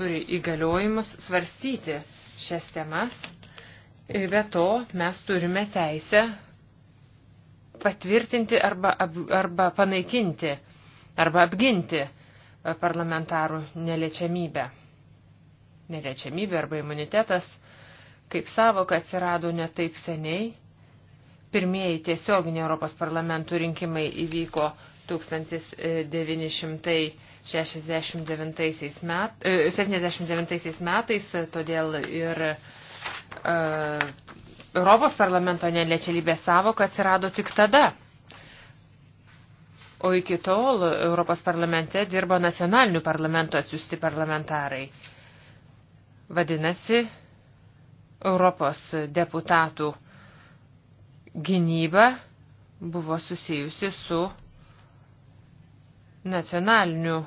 turi įgaliojimus svarstyti šias temas ir be to mes turime teisę patvirtinti arba, arba panaikinti arba apginti e, parlamentarų neliečiamybę. Neliečiamybė arba imunitetas kaip savoka atsirado netaip seniai. Pirmieji tiesioginiai Europos parlamentų rinkimai įvyko 1900. 69 met, 79 e, metais, todėl ir uh, Europos parlamento neliečialybės savoka atsirado tik tada. O iki tol Europos parlamente dirbo nacionalinių parlamentų atsiųsti parlamentarai. Vadinasi, Europos deputatų gynyba buvo susijusi su nacionaliniu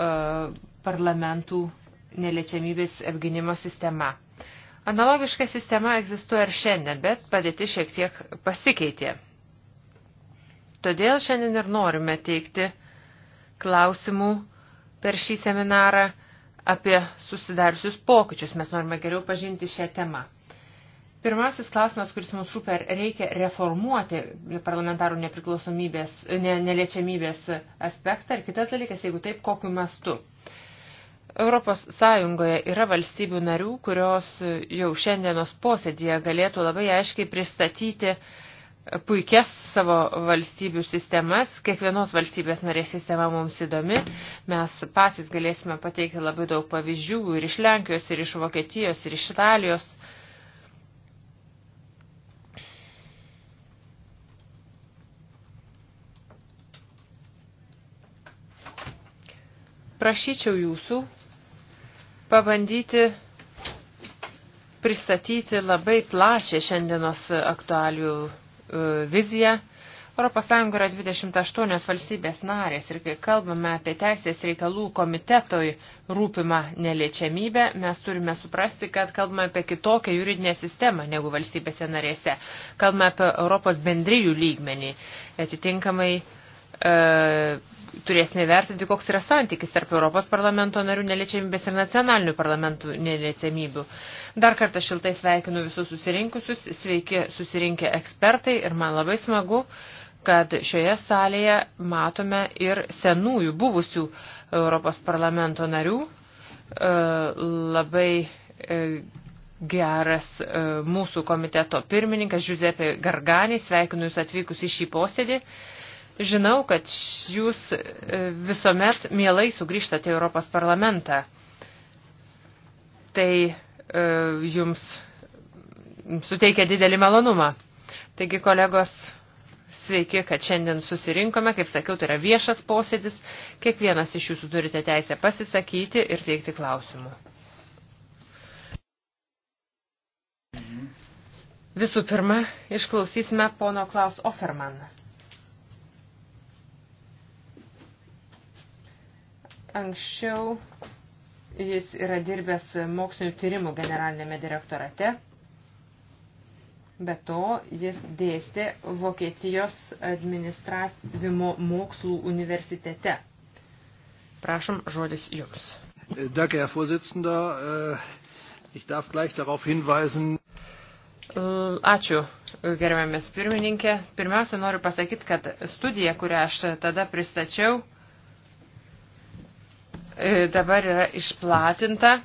E, parlamentų neliečiamybės apginimo sistema. Analogiška sistema egzistuoja ir šiandien, bet padėti šiek tiek pasikeitė. Todėl šiandien ir norime teikti klausimų per šį seminarą apie susidariusius pokyčius. Mes norime geriau pažinti šią temą. Pirmasis klausimas, kuris mums rūpia, ar reikia reformuoti parlamentarų nepriklausomybės, ne, neliečiamybės aspektą ir kitas dalykas, jeigu taip, kokiu mastu. Europos Sąjungoje yra valstybių narių, kurios jau šiandienos posėdėje galėtų labai aiškiai pristatyti puikias savo valstybių sistemas. Kiekvienos valstybės narės sistema mums įdomi. Mes patys galėsime pateikti labai daug pavyzdžių ir iš Lenkijos, ir iš Vokietijos, ir iš Italijos. Uh, prašyčiau jūsų pabandyti pristatyti labai plačią šiandienos aktualių e, viziją. ES yra 28 valstybės narės ir kai kalbame apie teisės reikalų komitetoj rūpimą neliečiamybę, mes turime suprasti, kad kalbame apie kitokią juridinę sistemą negu valstybėse narėse. Kalbame apie Europos bendrijų lygmenį. Atitinkamai uh, E, turėsime vertinti, koks yra santykis tarp Europos parlamento narių neliečiamybės ir nacionalinių parlamentų neliečiamybių. Dar kartą šiltai sveikinu visus susirinkusius, sveiki susirinkę ekspertai ir man labai smagu, kad šioje salėje matome ir senųjų buvusių Europos parlamento narių. E, labai e, geras mūsų komiteto pirmininkas Giuseppe Gargani, sveikinu Jūs atvykus į šį posėdį. Žinau, kad jūs e, visuomet mielai sugrįžtate į Europos parlamentą. Tai e, jums suteikia didelį malonumą. Taigi, kolegos, sveiki, kad šiandien susirinkome. Kaip sakiau, tai yra viešas posėdis. Kiekvienas iš jūsų turite teisę pasisakyti ir teikti klausimų. Visų pirma, išklausysime pono Klaus Offermaną. Anksčiau jis yra dirbęs mokslinių tyrimų generalinėme direktorate. Be to, jis dėstė Vokietijos administravimo mokslų universitete. Prašom, žodis jums. Danke, Herr Vorsitzender. Äh, ich darf gleich darauf hinweisen. Ačiū, gerbiamės pirmininkė. Pirmiausia, noriu pasakyti, kad studija, kurią aš tada pristačiau, E, dabar yra išplatinta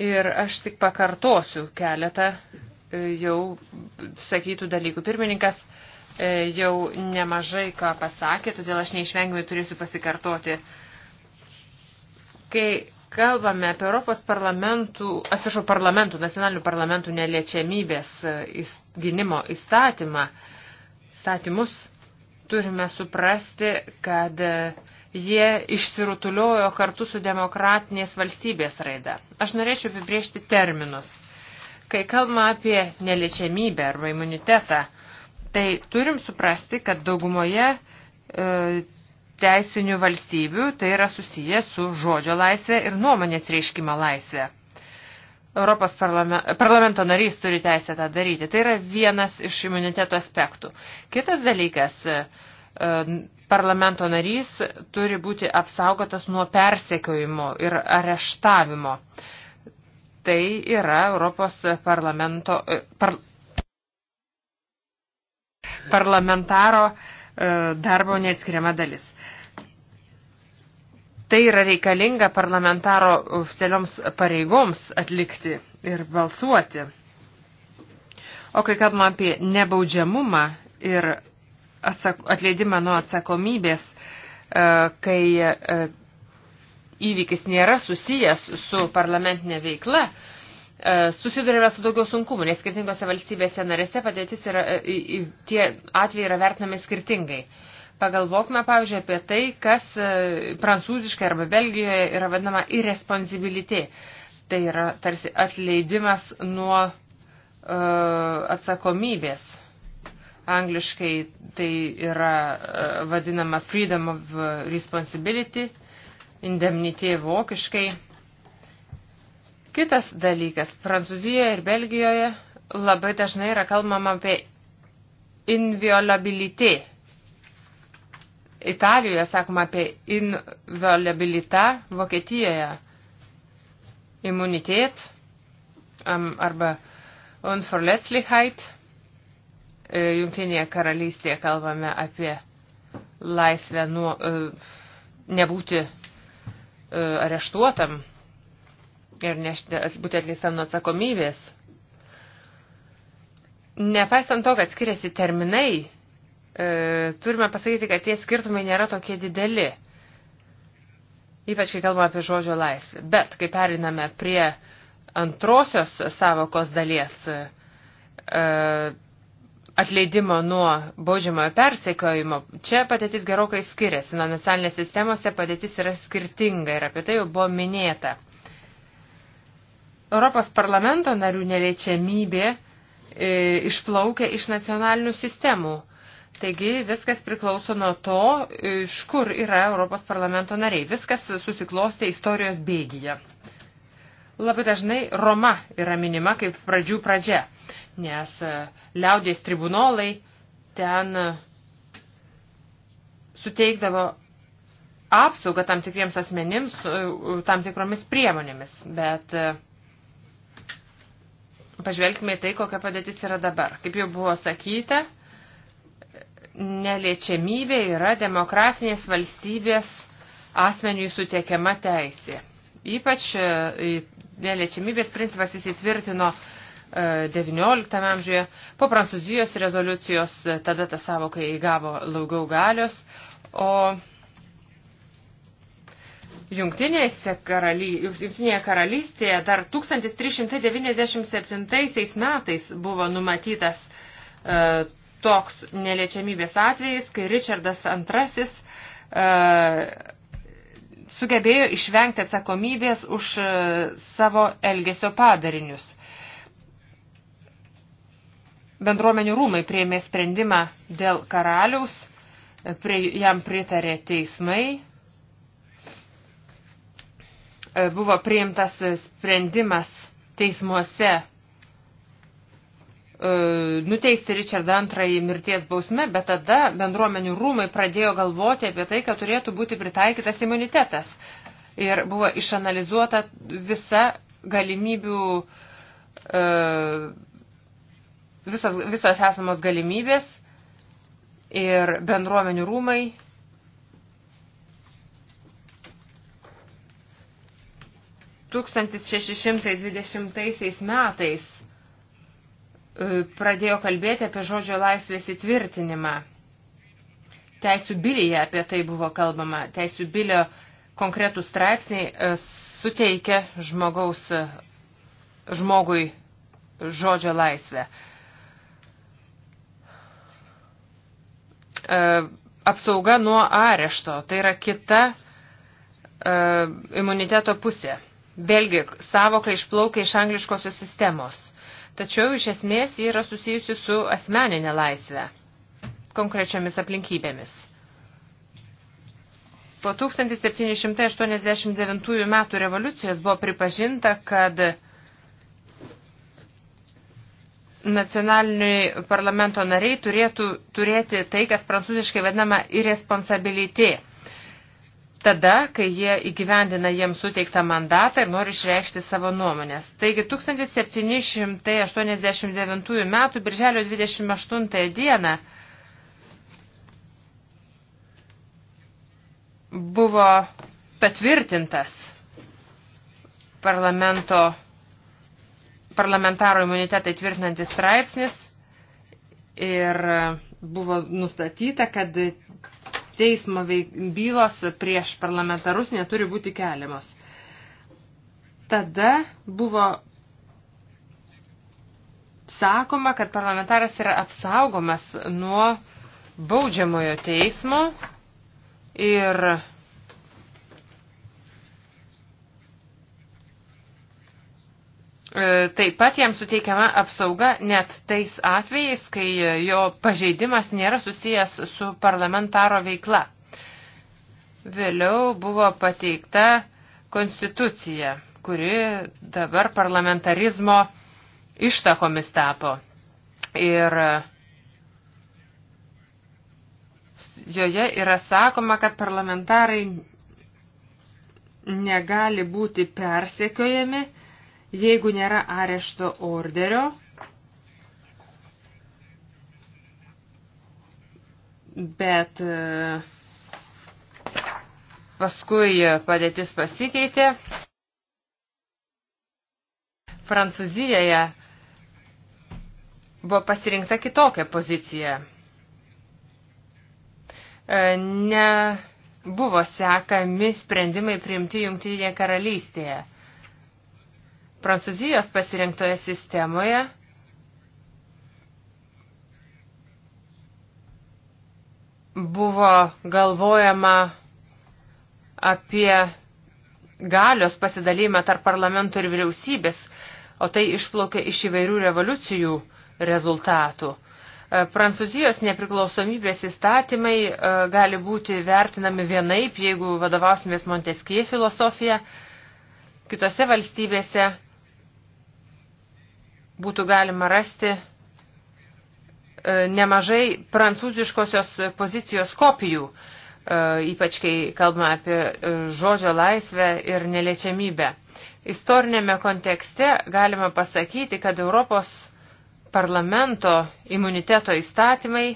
ir aš tik pakartosiu keletą e, jau sakytų dalykų. Pirmininkas e, jau nemažai ką pasakė, todėl aš neišvengiamai turėsiu pasikartoti. Kai kalbame apie Europos parlamentų, atsiprašau, parlamentų, nacionalinių parlamentų neliečiamybės gynimo įstatymą, statymus, turime suprasti, kad uh, jie išsirutuliojo kartu su demokratinės valstybės raida. Aš norėčiau apibriežti terminus. Kai kalbame apie neliečiamybę arba imunitetą, tai turim suprasti, kad daugumoje e, teisinių valstybių tai yra susiję su žodžio laisvė ir nuomonės reiškimo laisvė. Europos parlamento, parlamento narys turi teisę tą daryti. Tai yra vienas iš imuniteto aspektų. Kitas dalykas e, parlamento narys turi būti apsaugotas nuo persekiojimo ir areštavimo. Tai yra Europos parlamento, e, par, parlamentaro e, darbo neatskiriama dalis. Tai yra reikalinga parlamentaro oficialioms pareigoms atlikti ir balsuoti. O kai kalbama apie nebaudžiamumą ir atleidimą nuo atsakomybės, e, kai e, įvykis nėra susijęs su parlamentinė veikla, e, susidurime su daugiau sunkumų, nes skirtingose valstybėse narėse padėtis yra, tie atvejai yra vertinami skirtingai. Pagalvokime, pavyzdžiui, apie tai, kas prancūziškai arba Belgijoje yra vadinama irresponsibilitė. Tai yra tarsi atleidimas nuo uh, atsakomybės. Angliškai tai yra e, vadinama freedom of e, responsibility, indemnitė vokiškai. Kitas dalykas, Prancūzijoje ir Belgijoje labai dažnai yra kalbama apie inviolabilitė. Italijoje sakoma apie inviolabilitą, Vokietijoje imunitet arba unforletzlichkeit. E, Junktinėje karalystėje kalbame apie laisvę nuo, e, nebūti e, areštuotam ir nešti, būti atleistam nuo atsakomybės. Nepaisant to, kad skiriasi terminai, turime pasakyti, kad tie skirtumai nėra tokie dideli. Ypač, kai kalbame apie žodžio laisvę. Bet, kai periname prie antrosios savokos dalies, atleidimo nuo baudžiamojo persekiojimo, čia padėtis gerokai skiriasi. Nuo nacionalinės sistemose padėtis yra skirtinga ir apie tai jau buvo minėta. Europos parlamento narių neliečiamybė e, išplaukia iš nacionalinių sistemų. Taigi viskas priklauso nuo to, e, iš kur yra Europos parlamento nariai. Viskas susiklostė istorijos bėgyje. Labai dažnai Roma yra minima kaip pradžių pradžia nes e, liaudės tribunolai ten e, suteikdavo apsaugą tam tikriems asmenims, e, tam tikromis priemonėmis, bet pažvelgime į tai, kokia padėtis yra dabar. Kaip jau buvo sakyta, neliečiamybė yra demokratinės valstybės asmeniui sutiekiama teisė. Ypač neliečiamybės principas įsitvirtino uh, XIX amžiuje. Po Prancūzijos rezoliucijos tada ta savoka įgavo daugiau galios, o Jungtinėse karaly, Jungtinėje karalystėje dar 1397 metais buvo numatytas e, toks neliečiamybės atvejis, kai Richardas II e, sugebėjo išvengti atsakomybės už e, savo elgesio padarinius. Bendruomenių rūmai prieimė sprendimą dėl karaliaus, prie, jam pritarė teismai, e, buvo priimtas sprendimas teismuose e, nuteisti Richardą antrąjį mirties bausme, bet tada bendruomenių rūmai pradėjo galvoti apie tai, kad turėtų būti pritaikytas imunitetas. Ir buvo išanalizuota visa galimybių e, visos, visos esamos galimybės ir bendruomenių rūmai. Tūkstantis šešišimtai dvidešimtaisiais metais e, pradėjo kalbėti apie žodžio laisvės įtvirtinimą. Teisų bilyje apie tai buvo kalbama. Teisų bilio konkretų straipsniai e, suteikia žmogaus, žmogui žodžio laisvę. E, apsauga nuo arešto. Tai yra kita e, imuniteto pusė. Vėlgi, savoka išplaukia iš angliškosios sistemos. Tačiau iš esmės ji yra susijusi su asmeninė laisvė konkrečiomis aplinkybėmis. Po 1789 metų revoliucijos buvo pripažinta, kad nacionaliniai parlamento nariai turėtų turėti tai, kas prancūziškai vadinama irresponsabilitė. Tada, kai jie įgyvendina jiems suteiktą mandatą ir nori išreikšti savo nuomonės. Taigi 1789 m. birželio 28 dieną buvo patvirtintas parlamento parlamentaro imunitetą tvirtinantis straipsnis ir buvo nustatyta, kad teismo bylos prieš parlamentarus neturi būti keliamos. Tada buvo sakoma, kad parlamentaras yra apsaugomas nuo baudžiamojo teismo ir E, taip pat jam suteikiama apsauga net tais atvejais, kai e, jo pažeidimas nėra susijęs su parlamentaro veikla. Vėliau buvo pateikta konstitucija, kuri dabar parlamentarizmo ištakomis tapo. Ir e, joje yra sakoma, kad parlamentarai negali būti persekiojami Jeigu nėra arešto orderio, bet e, paskui padėtis pasikeitė. Prancūzijoje buvo pasirinkta kitokia pozicija. E, ne buvo sekami sprendimai priimti Jungtinėje karalystėje. Prancūzijos pasirinktoje sistemoje buvo galvojama apie galios pasidalymą tarp parlamento ir vyriausybės, o tai išplaukė iš įvairių revoliucijų rezultatų. E, Prancūzijos nepriklausomybės įstatymai e, gali būti vertinami vienaip, jeigu vadovausimės Montesquieu filosofija. Kitose valstybėse būtų galima rasti e, nemažai prancūziškosios pozicijos kopijų, e, ypač kai kalbame apie e, žodžio laisvę ir neliečiamybę. Istorinėme kontekste galima pasakyti, kad Europos parlamento imuniteto įstatymai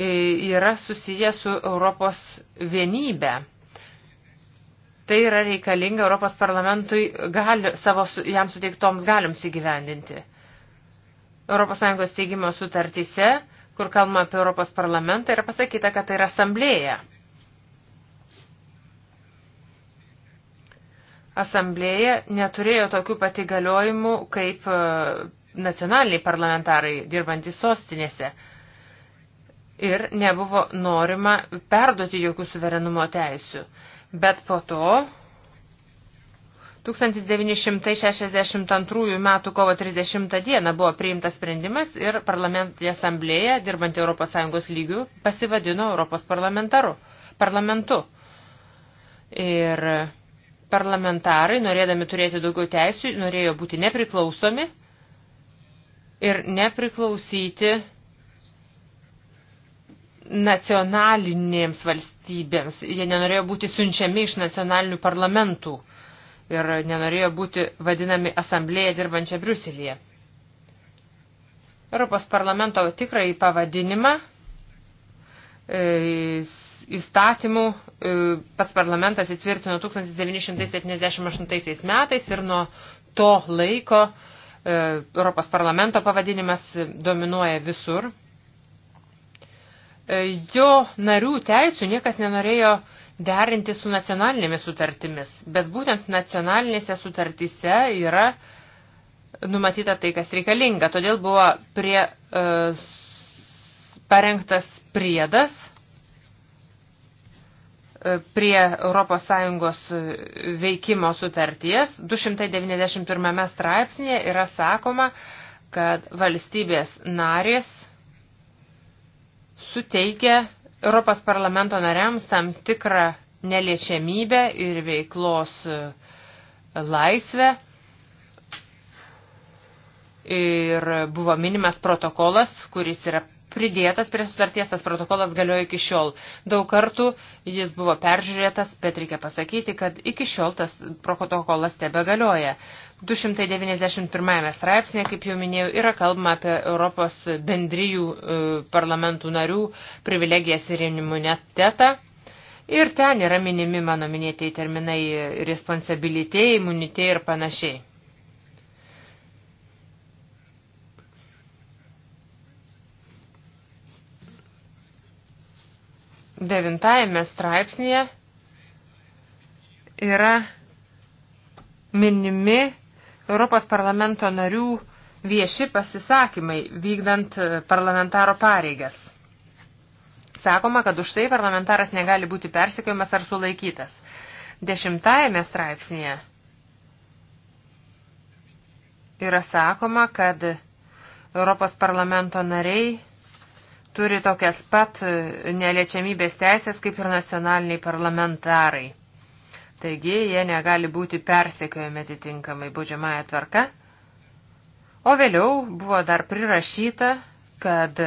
yra susiję su Europos vienybe tai yra reikalinga Europos parlamentui gali, savo jam suteiktoms galims įgyvendinti. ES teigimo sutartyse, kur kalbama apie Europos parlamentą, yra pasakyta, kad tai yra asamblėja. Asamblėja neturėjo tokių patigaliojimų kaip e, nacionaliniai parlamentarai dirbantys sostinėse ir nebuvo norima perduoti jokių suverenumo teisių. Bet po to 1962 m. kovo 30 d. buvo priimtas sprendimas ir parlamentinė asamblėja, dirbant ES lygių, pasivadino Europos parlamentaru, parlamentu. Ir parlamentarai, norėdami turėti daugiau teisų, norėjo būti nepriklausomi ir nepriklausyti nacionalinėms valstybėms. Jie nenorėjo būti siunčiami iš nacionalinių parlamentų ir nenorėjo būti vadinami asamblėje dirbančia Briuselėje. Europos parlamento tikrai pavadinimą e, įstatymų e, pats parlamentas įtvirtino 1978 metais ir nuo to laiko e, Europos parlamento pavadinimas dominuoja visur. E, jo narių teisų niekas nenorėjo derinti su nacionalinėmis sutartimis, bet būtent nacionalinėse sutartyse yra numatyta tai, kas reikalinga. Todėl buvo prie, e, parengtas priedas e, prie ES veikimo sutarties. 291 straipsnėje yra sakoma, kad valstybės narės suteikia Europos parlamento nariams tam tikrą neliečiamybę ir veiklos e, laisvę. Ir buvo minimas protokolas, kuris yra pridėtas prie sutarties, tas protokolas galioja iki šiol. Daug kartų jis buvo peržiūrėtas, bet reikia pasakyti, kad iki šiol tas protokolas tebe galioja. 291 straipsnė, kaip jau minėjau, yra kalbama apie Europos bendrijų e, parlamentų narių privilegijas ir imunitetą. Ir ten yra minimi mano minėtieji terminai e, responsabilitė, imunitė ir panašiai. devintajame straipsnėje yra minimi Europos parlamento narių vieši pasisakymai vykdant e, parlamentaro pareigas. Sakoma, kad už tai parlamentaras negali būti persikiojamas ar sulaikytas. Dešimtajame straipsnėje yra sakoma, kad Europos parlamento nariai turi tokias pat neliečiamybės teisės kaip ir nacionaliniai parlamentarai. Taigi jie negali būti persekiojami atitinkamai baudžiamąją tvarką. O vėliau buvo dar prirašyta, kad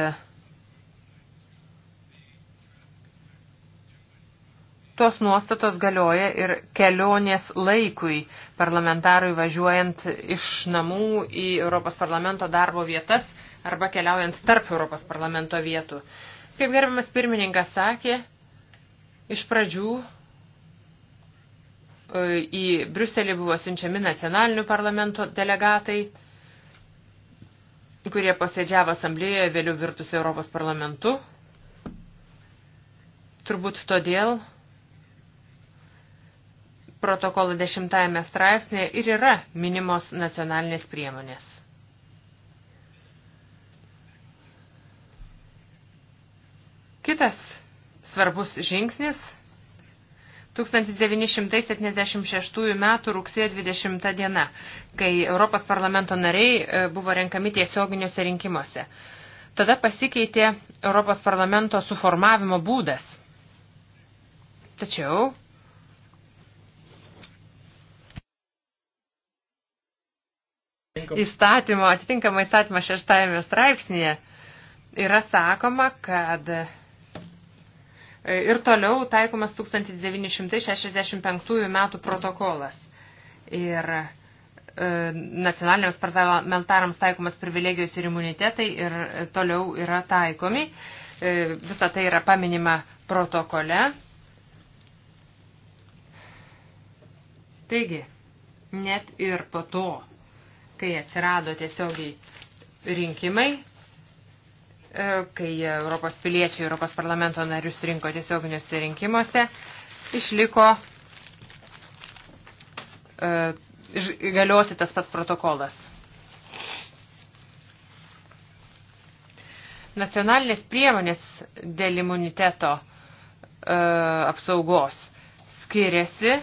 tos nuostatos galioja ir kelionės laikui parlamentarui važiuojant iš namų į Europos parlamento darbo vietas arba keliaujant tarp Europos parlamento vietų. Kaip gerbiamas pirmininkas sakė, iš pradžių e, į Briuselį buvo siunčiami nacionalinių parlamento delegatai, kurie posėdžiavo asamblėje vėliau virtus Europos parlamentu. Turbūt todėl protokolo dešimtajame straipsnėje ir yra minimos nacionalinės priemonės. Kitas svarbus žingsnis 1976 m. rugsėjo 20 diena, kai Europos parlamento nariai e, buvo renkami tiesioginiuose rinkimuose. Tada pasikeitė Europos parlamento suformavimo būdas. Tačiau įstatymo, atitinkama įstatymo šeštajame straipsnėje yra sakoma, kad Ir toliau taikomas 1965 metų protokolas. Ir e, nacionaliniams parlamentarams taikomas privilegijos ir imunitetai ir e, toliau yra taikomi. E, visa tai yra paminima protokole. Taigi, net ir po to, kai atsirado tiesiogiai rinkimai, E, kai Europos piliečiai Europos parlamento narius rinko tiesioginiuose rinkimuose, išliko e, galioti tas pats protokolas. Nacionalinės priemonės dėl imuniteto e, apsaugos skiriasi,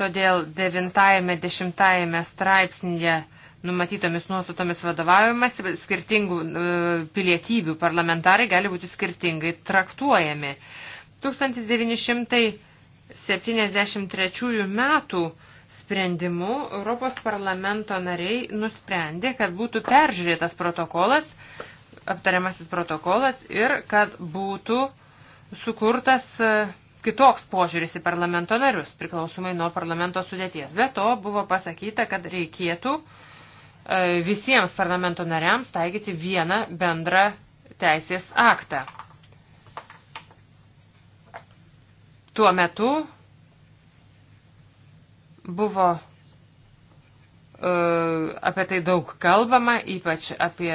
todėl 90-10 straipsnėje numatytomis nuostatomis vadovavimas, skirtingų e, pilietybių parlamentarai gali būti skirtingai traktuojami. 1973 metų sprendimu Europos parlamento nariai nusprendė, kad būtų peržiūrėtas protokolas, aptariamasis protokolas ir kad būtų sukurtas e, kitoks požiūris į parlamento narius, priklausomai nuo parlamento sudėties. Be to buvo pasakyta, kad reikėtų uh, E, visiems parlamento nariams taikyti vieną bendrą teisės aktą. Tuo metu buvo e, apie tai daug kalbama, ypač apie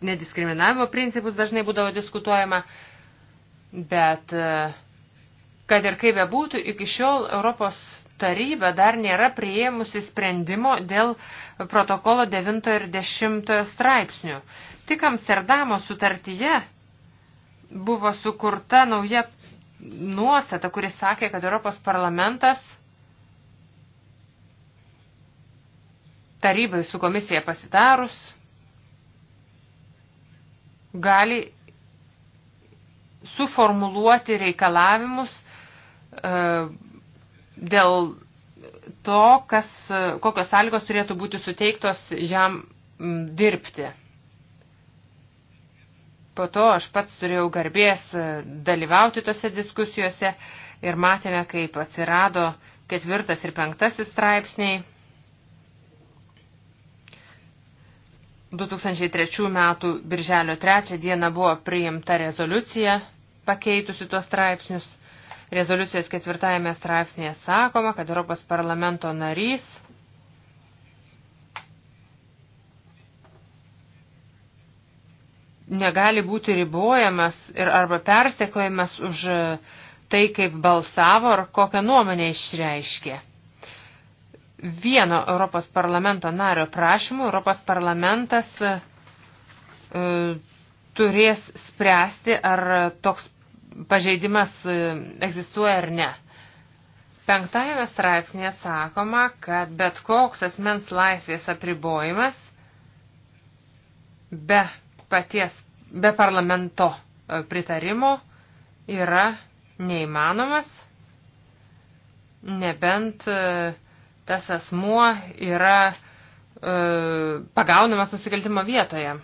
nediskriminavimo principus dažnai būdavo diskutuojama, bet e, kad ir kaip bebūtų, iki šiol Europos taryba dar nėra prieimusi sprendimo dėl protokolo 9 ir 10 straipsnių. Tik Amsterdamo sutartyje buvo sukurta nauja nuostata, kuris sakė, kad Europos parlamentas tarybai su komisija pasitarus gali suformuluoti reikalavimus e, dėl to, kas, kokios sąlygos turėtų būti suteiktos jam mm, dirbti. Po to aš pats turėjau garbės e, dalyvauti tose diskusijose ir matėme, kaip atsirado ketvirtas ir penktasis straipsniai. 2003 metų birželio 3 dieną buvo priimta rezoliucija pakeitusi tuos straipsnius Rezoliucijos ketvirtajame straipsnėje sakoma, kad Europos parlamento narys negali būti ribojamas ir arba persekojamas už tai, kaip balsavo ar kokią nuomonę išreiškė. Vieno Europos parlamento nario prašymų Europos parlamentas e, turės spręsti, ar toks pažeidimas e, egzistuoja ar ne. Penktajame straipsnėje sakoma, kad bet koks asmens laisvės apribojimas be paties, be parlamento e, pritarimo yra neįmanomas, nebent e, tas asmuo yra e, pagaunamas nusikaltimo vietoje.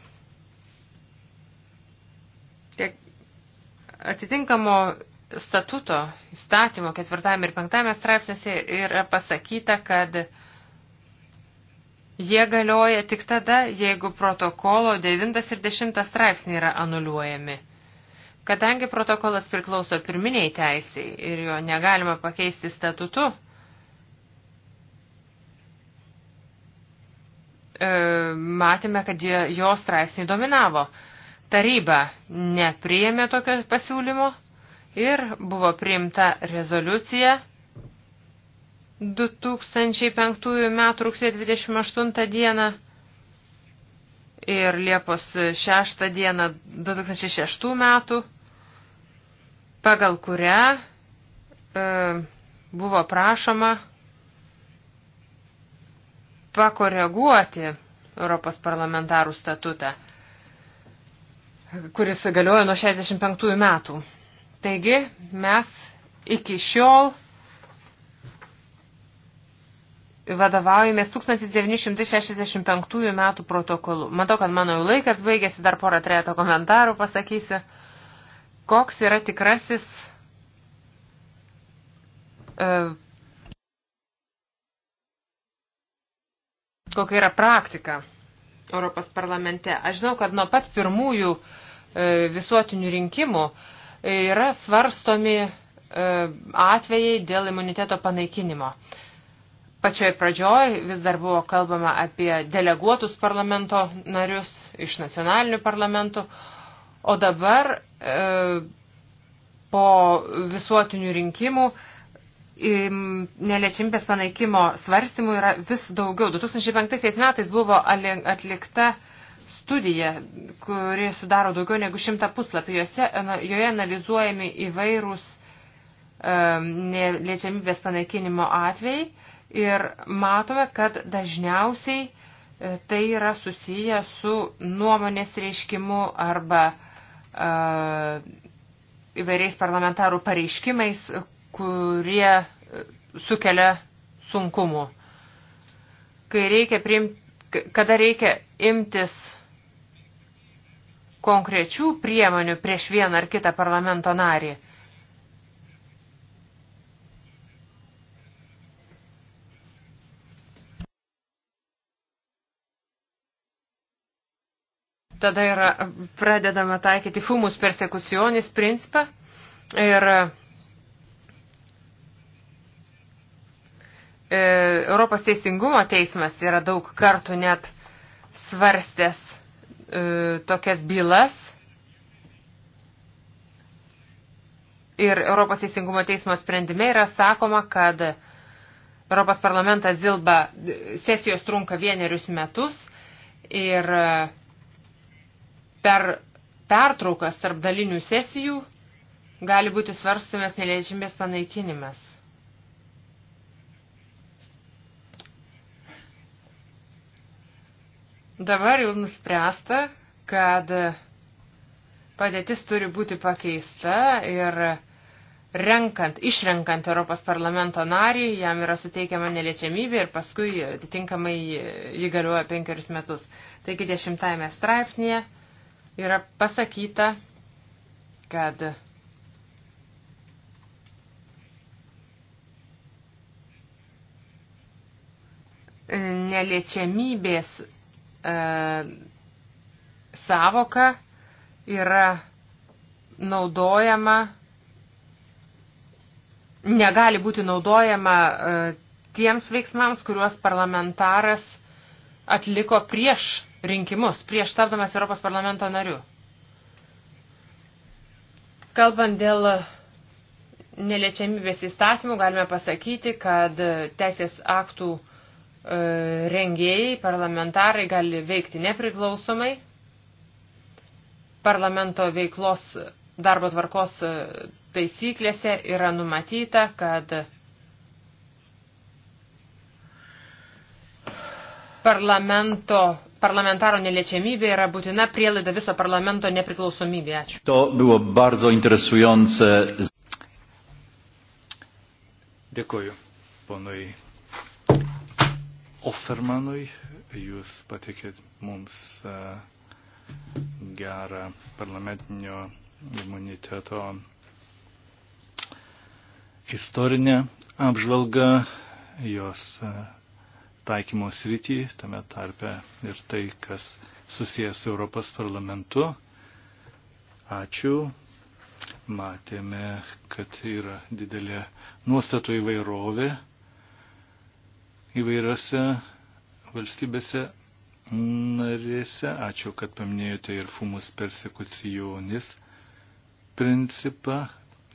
Atitinkamo statuto įstatymo ketvirtame ir penktame straipsniuose yra pasakyta, kad jie galioja tik tada, jeigu protokolo 9 ir 10 straipsniai yra anuliuojami. Kadangi protokolas priklauso pirminiai teisiai ir jo negalima pakeisti statutu, e, matėme, kad jo straipsniai dominavo. Taryba nepriėmė tokio pasiūlymo ir buvo priimta rezoliucija 2005 m. rugsėjo 28 dieną ir Liepos 6 dieną 2006 metų, pagal kurią e, buvo prašoma pakoreguoti Europos parlamentarų statutą kuris galiojo nuo 65 metų. Taigi mes iki šiol vadovaujamės 1965 metų protokolu. Matau, kad mano jau laikas baigėsi, dar porą trejato komentarų pasakysiu. Koks yra tikrasis uh, kokia yra praktika Europos parlamente. Aš žinau, kad nuo pat pirmųjų uh, E, visuotinių rinkimų e, yra svarstomi e, atvejai dėl imuniteto panaikinimo. Pačioj pradžioj vis dar buvo kalbama apie deleguotus parlamento narius iš nacionalinių parlamentų, o dabar e, po visuotinių rinkimų neliečiambės panaikimo svarstymų yra vis daugiau. 2005 metais buvo atlikta e, studija, kuri sudaro daugiau negu šimtą puslapį. Jose, joje analizuojami įvairūs um, neliečiamybės panaikinimo atvejai ir matome, kad dažniausiai e, tai yra susiję su nuomonės reiškimu arba uh, įvairiais parlamentarų pareiškimais, kurie e, sukelia sunkumų. Kai reikia priimti, kada reikia imtis konkrečių priemonių prieš vieną ar kitą parlamento narį. Tada yra pradedama taikyti fumus persekucionis principą ir e, Europos teisingumo teismas yra daug kartų net svarstęs E, tokias bylas ir Europos teisingumo teismo sprendime yra sakoma, kad Europos parlamentas dilba, sesijos trunka vienerius metus ir e, per pertraukas tarp dalinių sesijų gali būti svarstamas neliežimės panaikinimas. Dabar jau nuspręsta, kad padėtis turi būti pakeista ir renkant, išrenkant Europos parlamento narį, jam yra suteikiama neliečiamybė ir paskui atitinkamai jį galioja penkerius metus. Taigi dešimtajame straipsnėje yra pasakyta, kad neliečiamybės E, savoka yra naudojama, negali būti naudojama e, tiems veiksmams, kuriuos parlamentaras atliko prieš rinkimus, prieš tapdamas Europos parlamento nariu. Kalbant dėl neliečiamybės įstatymų, galime pasakyti, kad teisės aktų uh, E, rengėjai, parlamentarai gali veikti nepriklausomai. Parlamento veiklos darbo tvarkos e, taisyklėse yra numatyta, kad parlamento, parlamentaro neliečiamybė yra būtina prielaida viso parlamento nepriklausomybė. Ačiū. To buvo bardzo interesujące. Dėkuoju, ponui Offermanui. Jūs patikėt mums e, gerą parlamentinio imuniteto istorinę apžvalgą, jos e, taikymo srity, tame tarpe ir tai, kas susijęs Europos parlamentu. Ačiū. Matėme, kad yra didelė nuostatų įvairovė įvairiose valstybėse narėse. Ačiū, kad paminėjote ir fumus persekucijonis principą.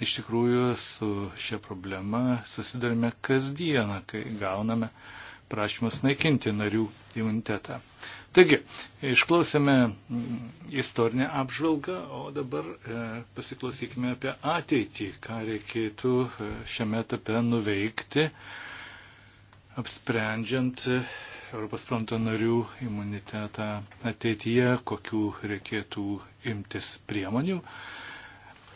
Iš tikrųjų, su šia problema susidarime kasdieną, kai gauname prašymus naikinti narių imunitetą. Taigi, išklausėme istorinę apžvalgą, o dabar e, pasiklausykime apie ateitį, ką reikėtų e, šiame etape nuveikti. E, apsprendžiant Europos fronto narių imunitetą ateityje, kokių reikėtų imtis priemonių.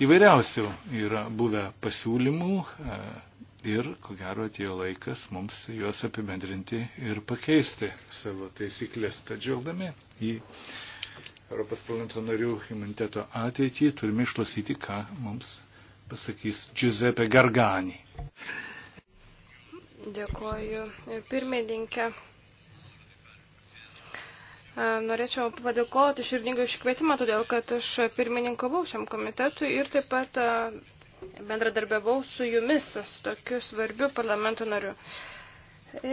Įvairiausių yra buvę pasiūlymų e, ir, ko gero, atėjo laikas mums juos apibendrinti ir pakeisti savo taisyklės. Tad žvelgdami į Europos parlamento narių imuniteto ateitį turime išklausyti, ką mums pasakys Giuseppe Gargani. Dėkoju pirmininkė. Norėčiau padėkoti širdingai iškvietimą, todėl kad aš pirmininkavau šiam komitetui ir taip pat bendradarbiavau su jumis, su tokiu svarbiu parlamento nariu.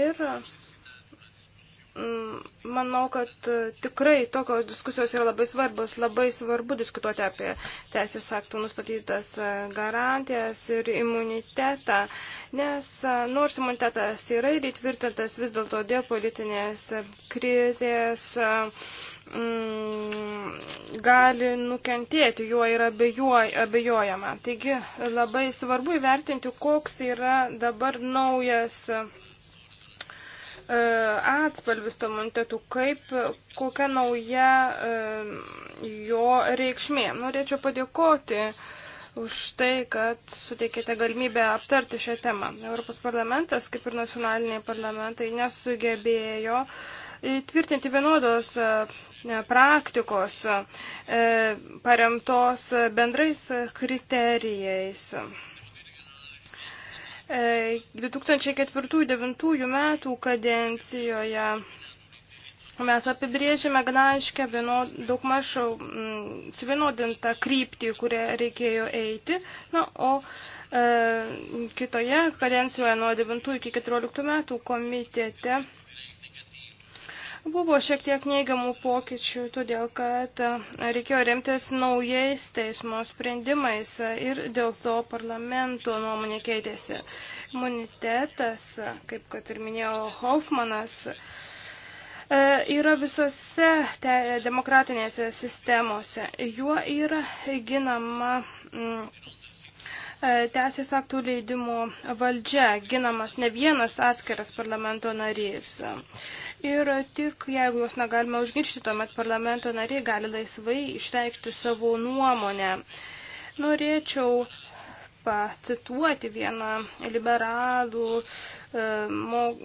Ir Mm, manau, kad e, tikrai tokios diskusijos yra labai svarbios, labai svarbu diskutuoti apie teisės aktų nustatytas e, garantijas ir imunitetą, nes e, nors imunitetas yra ir įtvirtintas vis dėlto dėl politinės krizės m, mm, gali nukentėti, juo yra abejojama. Taigi labai svarbu įvertinti, koks yra dabar naujas E, atspalvis to imunitetų, kaip, kokia nauja e, jo reikšmė. Norėčiau padėkoti už tai, kad suteikėte galimybę aptarti šią temą. Europos parlamentas, kaip ir nacionaliniai parlamentai, nesugebėjo tvirtinti vienodos e, praktikos paremtos bendrais kriterijais. 2004-2009 e, metų kadencijoje mes apibrėžėme gana aiškę daugmaž mm, suvienodintą kryptį, kurią reikėjo eiti. Na, o e, kitoje kadencijoje nuo 9 iki 14 metų komitete Buvo šiek tiek neigiamų pokyčių, todėl kad e, reikėjo remtis naujais teismo sprendimais ir dėl to parlamento nuomonė keitėsi. Imunitetas, kaip kad ir minėjo Hoffmanas, e, yra visose te, demokratinėse sistemose. Juo yra ginama m, mm, e, teisės aktų leidimo valdžia, ginamas ne vienas atskiras parlamento narys. Ir tik jeigu jos negalime užginčyti, tuomet parlamento nariai gali laisvai išreikšti savo nuomonę. Norėčiau pacituoti vieną liberalų e,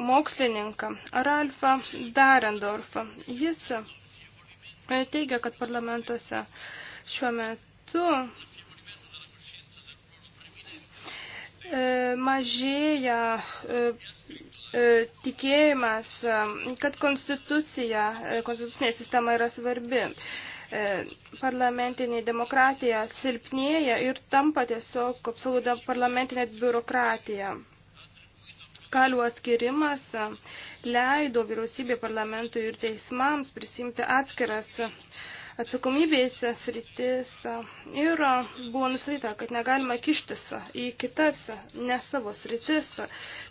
mokslininką, Ralfą Darendorfą. Jis e, teigia, kad parlamentuose šiuo metu e, mažėja e, E, tikėjimas, e, kad konstitucija, e, konstitucinė sistema yra svarbi. Parlamentinė demokratija silpnėja ir tampa tiesiog apsauda parlamentinė biurokratija. Kalių atskirimas leido vyriausybė parlamentui ir teismams prisimti atskiras uh, atsakomybės sritis ir buvo nustatyta, kad negalima kištis į kitas, ne savo sritis.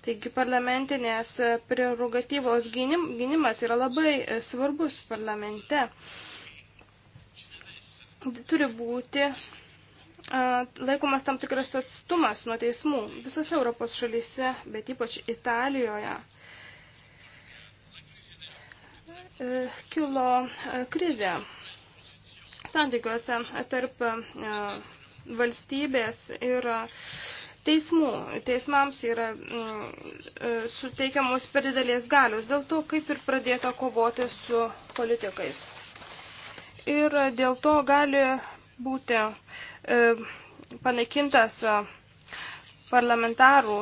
Taigi parlamentinės prerogatyvos gynimas yra labai e, svarbus parlamente. Turi būti laikomas tam tikras atstumas nuo teismų visose Europos šalyse, bet ypač Italijoje. E, kilo e, krizė santykiuose tarp e, valstybės ir teismų. Teismams yra mm, e, suteikiamos per didelės galios, dėl to kaip ir pradėta kovoti su politikais. Ir dėl to gali būti e, panaikintas parlamentarų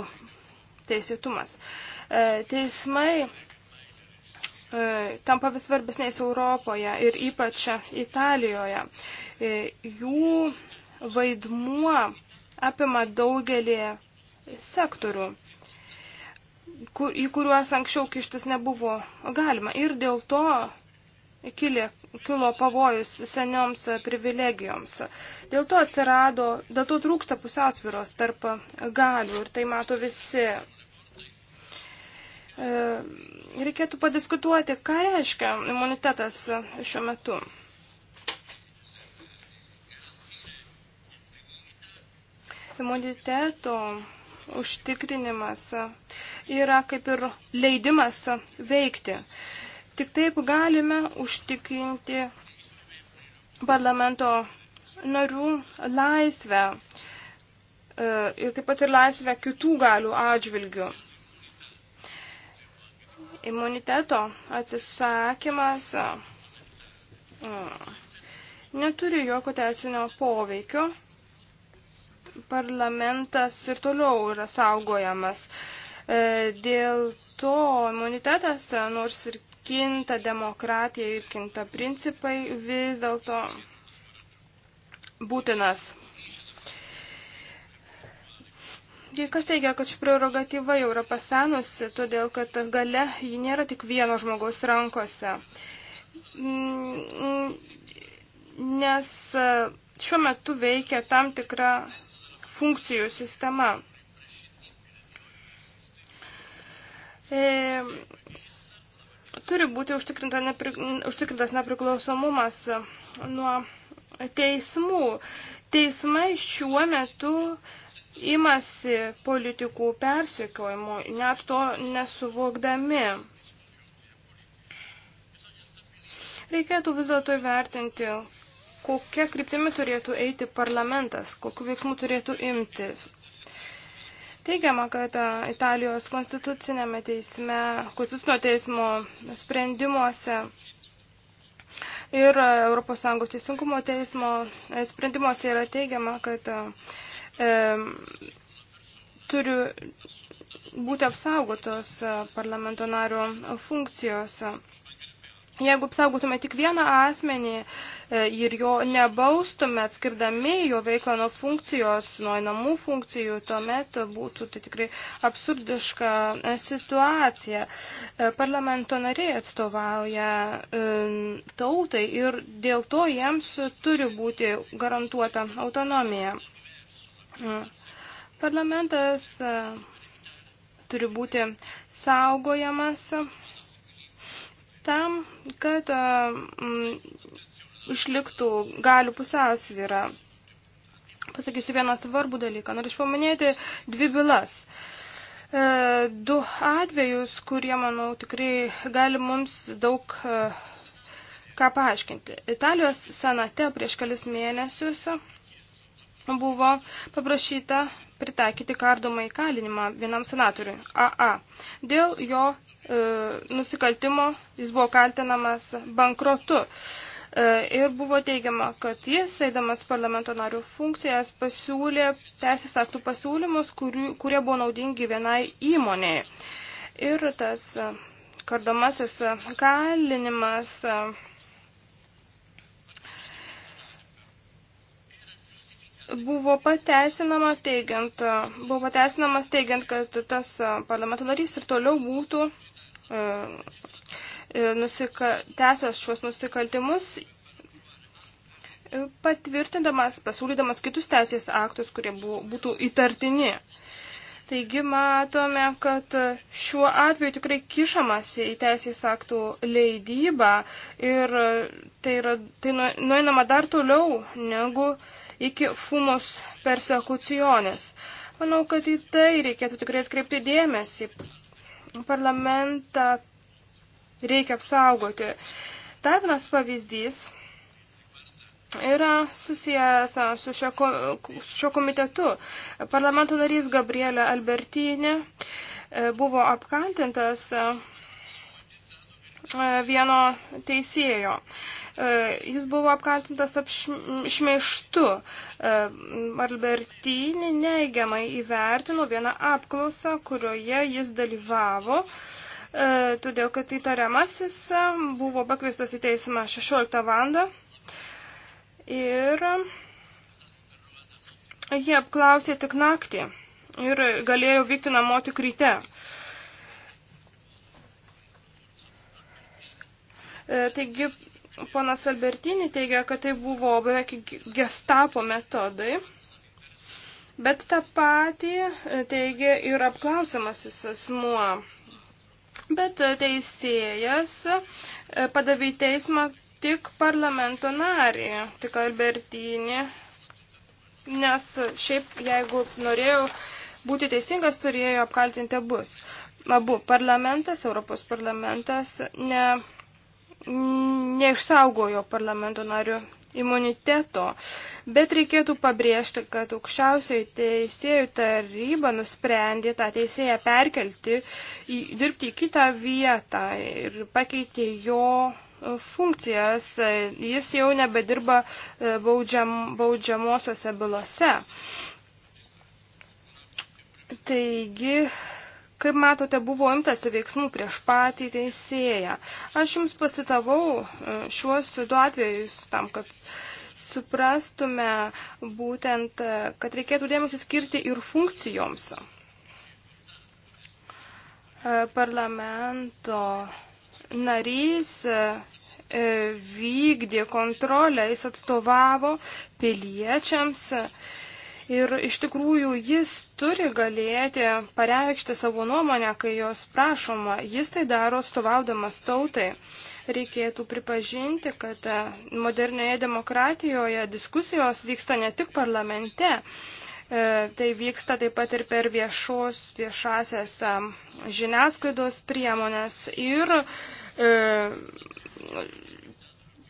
teisėtumas. Teismai E, tampa vis svarbesniais Europoje ir ypač Italijoje. E, jų vaidmuo apima daugelį sektorių, kur, į kuriuos anksčiau kištis nebuvo galima. Ir dėl to kilė, kilo pavojus senioms privilegijoms. Dėl to atsirado, dėl to trūksta pusiausviros tarp galių ir tai mato visi E, reikėtų padiskutuoti, ką reiškia imunitetas šiuo metu. Imuniteto užtikrinimas yra kaip ir leidimas veikti. Tik taip galime užtikrinti parlamento narių laisvę e, ir taip pat ir laisvę kitų galių atžvilgių. Imuniteto atsisakymas neturi jokio teisinio poveikio. Parlamentas ir toliau yra saugojamas. E, dėl to imunitetas, nors ir kinta demokratija ir kinta principai, vis dėlto būtinas Kas teigia, kad ši prerogatyva jau yra pasenusi, todėl kad gale ji nėra tik vieno žmogaus rankose. Mm, nes šiuo metu veikia tam tikra funkcijų sistema. E, turi būti užtikrinta nepri, užtikrintas nepriklausomumas nuo teismų. Teismai šiuo metu e, imasi politikų persekiojimų, net to nesuvokdami. Reikėtų vis dėlto įvertinti, kokia kryptimi turėtų eiti parlamentas, kokiu veiksmu turėtų imtis. Teigiama, kad Italijos konstitucinėme teisme, konstitucinio teismo sprendimuose ir ES teisingumo teismo sprendimuose yra teigiama, kad turi būti apsaugotos e, parlamento nario funkcijos. Jeigu apsaugotume tik vieną asmenį e, ir jo nebaustume, atskirdami jo veiklą nuo funkcijos, nuo namų funkcijų, tuomet būtų tai tikrai absurdiška e, situacija. Parlamento nariai atstovauja tautai ir dėl to jiems turi būti garantuota autonomija. Parlamentas e, turi būti saugojamas tam, kad e, išliktų galių pusiausvyra. Pasakysiu vieną svarbų dalyką. Noriu paminėti dvi bylas. E, du atvejus, kurie, manau, tikrai gali mums daug ką paaiškinti. Italijos senate prieš kelis mėnesius buvo paprašyta pritaikyti kardomą įkalinimą vienam senatoriui AA. Dėl jo e, nusikaltimo jis buvo kaltinamas bankrotu. E, ir buvo teigiama, kad jis, eidamas parlamento narių funkcijas, pasiūlė teisės aktų pasiūlymus, kurių, kurie buvo naudingi vienai įmonėje. Ir tas kardomasis kalinimas. E, buvo pateisinama teigiant, buvo pateisinamas teigiant, kad tas parlamento narys ir toliau būtų e, nusika, tęsęs šios nusikaltimus, patvirtindamas, pasiūlydamas kitus teisės aktus, kurie buvo, būtų įtartini. Taigi matome, kad šiuo atveju tikrai kišamasi į teisės aktų leidybą ir tai, yra, tai nueinama dar toliau negu uh, iki fumos persekucionės. Manau, kad į tai reikėtų tikrai atkreipti dėmesį. Parlamentą reikia apsaugoti. Dar vienas pavyzdys yra susijęs su šio, su šio komitetu. Parlamento narys Gabrielė Albertinė e, buvo apkaltintas e, vieno teisėjo. E, jis buvo apkaltintas apšmeištu. E, Albertini neigiamai įvertino vieną apklausą, kurioje jis dalyvavo e, todėl kad įtariamasis buvo pakvistas į teismą 16 valandą ir jie apklausė tik naktį ir galėjo vykti namo tik ryte. Taigi Ponas Albertini teigia, kad tai buvo beveik gestapo metodai. Bet tą patį teigia ir apklausiamasis asmuo. Bet teisėjas padavė į teismą tik parlamento narį, tik Albertinį, nes šiaip jeigu norėjau būti teisingas, turėjo apkaltinti abus. Abu parlamentas, Europos parlamentas ne neišsaugojo parlamento narių imuniteto, bet reikėtų pabrėžti, kad aukščiausioji teisėjų taryba nusprendė tą teisėją perkelti, į, dirbti į kitą vietą ir pakeitė jo e, funkcijas. Jis jau nebedirba e, baudžiam, baudžiamosiose bylose. Taigi, Kaip matote, buvo imtasi veiksmų prieš patį teisėją. Aš jums pasitavau e, šiuos du atvejus tam, kad suprastume būtent, e, kad reikėtų dėmesį skirti ir funkcijoms. E, parlamento narys vykdė kontrolę, jis atstovavo piliečiams Ir iš tikrųjų jis turi galėti pareikšti savo nuomonę, kai jos prašoma. Jis tai daro stovaudamas tautai. Reikėtų pripažinti, kad modernioje demokratijoje diskusijos vyksta ne tik parlamente, e, Tai vyksta taip pat ir per viešos, viešasias žiniasklaidos priemonės ir e,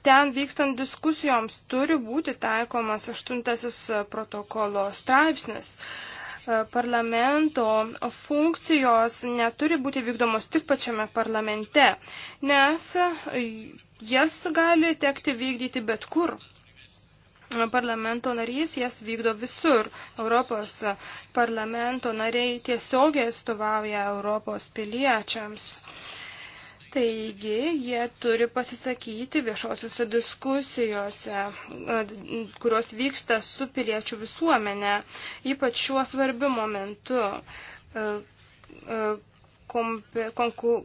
ten vykstant diskusijoms turi būti taikomas aštuntasis e, protokolo straipsnis. E, parlamento funkcijos neturi būti vykdomos tik pačiame parlamente, nes jas gali tekti vykdyti bet kur parlamento narys jas vykdo visur. Europos parlamento nariai tiesiogiai atstovauja Europos piliečiams. Taigi jie turi pasisakyti viešosiuose diskusijose, e, kurios vyksta su piliečių visuomenė, ypač šiuo svarbiu momentu. E, e,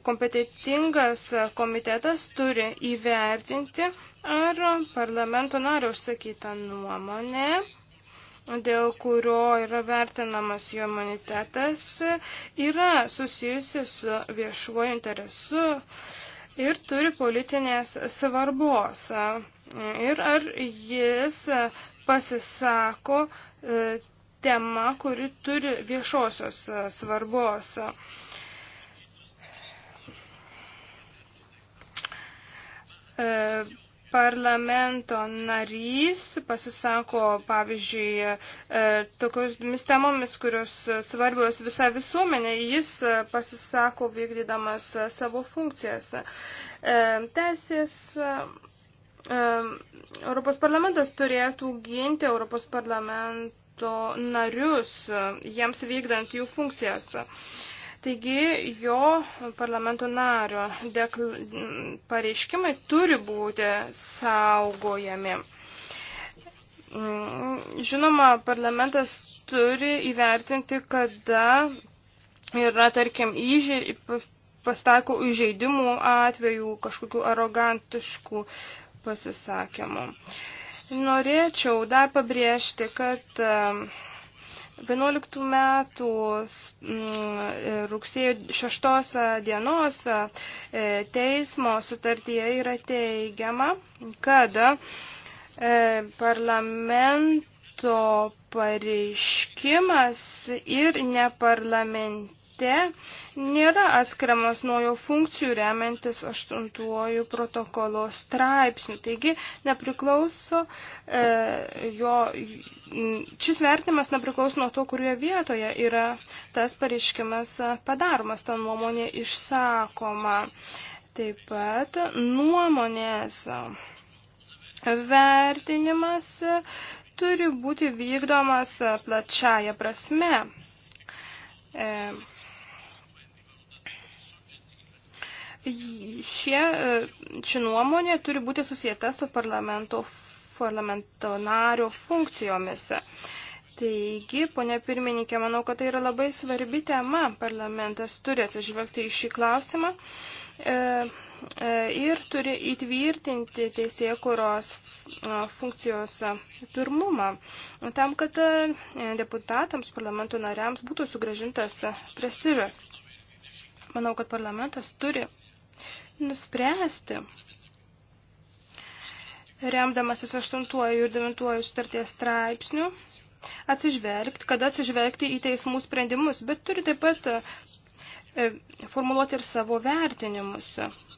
kompetitingas komitetas turi įvertinti, ar parlamento nario užsakyta nuomonė dėl kurio yra vertinamas jo imunitetas, yra susijusi su viešuoju interesu ir turi politinės svarbos. Ir ar jis pasisako e, tema, kuri turi viešosios svarbos. E, parlamento narys pasisako, pavyzdžiui, e, tokiamis temomis, kurios svarbios visą visuomenę, jis pasisako vykdydamas savo funkcijas. E, teisės e, Europos parlamentas turėtų ginti Europos parlamento narius, jiems vykdant jų funkcijas. Taigi jo parlamento nario dekl... pareiškimai turi būti saugojami. Mm, žinoma, parlamentas turi įvertinti, kada yra, tarkim, įžė... pastako įžeidimų atvejų, kažkokių arogantiškų pasisakymų. Norėčiau dar pabrėžti, kad uh, 11 metų mm, rugsėjo 6 dienos e, teismo sutartyje yra teigiama, kad e, parlamento pareiškimas ir neparlament akte nėra atskiriamas nuo jo funkcijų remiantis aštuntuoju protokolo straipsniu. Taigi nepriklauso e, jo, šis vertimas nepriklauso nuo to, kurioje vietoje yra tas pareiškimas padaromas, ta nuomonė išsakoma. Taip pat nuomonės vertinimas turi būti vykdomas plačiaja prasme. E, Šie, e, ši nuomonė turi būti susijęta su parlamento, parlamento nario funkcijomis. Taigi, ponė pirmininkė, manau, kad tai yra labai svarbi tema. Parlamentas turi atsižvelgti į šį klausimą e, e, ir turi įtvirtinti teisėjų kuros e, funkcijos pirmumą, tam, kad e, deputatams, parlamento nariams būtų sugražintas prestižas. Manau, kad parlamentas turi nuspręsti, remdamasis 8 ir 9 sutarties straipsnių, atsižvelgti, kada atsižvelgti į teismų sprendimus, bet turi taip pat e, formuluoti ir savo vertinimus.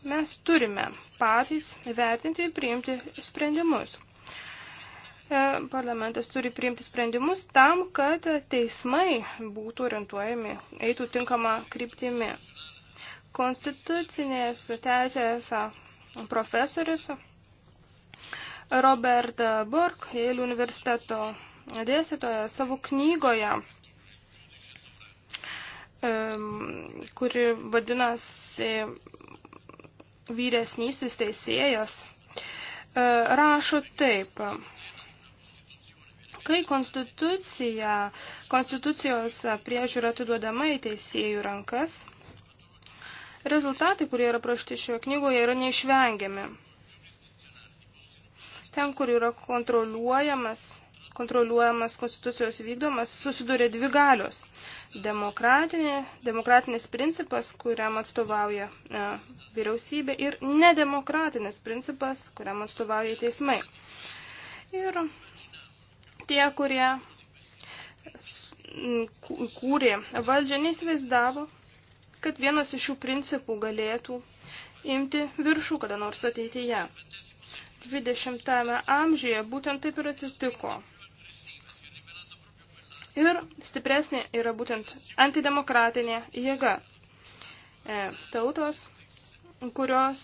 Mes turime patys vertinti ir priimti sprendimus. E, parlamentas turi priimti sprendimus tam, kad teismai būtų orientuojami, eitų tinkamą kryptimį. Konstitucinės teisės profesorius Robert Burke, Yale universiteto dėstytoja, savo knygoje, kuri vadinasi Vyresnysis teisėjas, e, rašo taip. Kai konstitucija, konstitucijos priežiūra atiduodama į teisėjų rankas, Rezultatai, kurie yra prašti šioje knygoje, yra neišvengiami. Ten, kur yra kontroliuojamas, kontroliuojamas konstitucijos vykdomas, susiduria dvi galios. Demokratinė, demokratinis principas, kuriam atstovauja e, vyriausybė, ir nedemokratinis principas, kuriam atstovauja teismai. Ir tie, kurie kūrė valdžią, neįsivaizdavo, kad vienas iš šių principų galėtų imti viršų kada nors ateityje. 20-ame amžiuje būtent taip ir atsitiko. Ir stipresnė yra būtent antidemokratinė jėga. E, tautos, kurios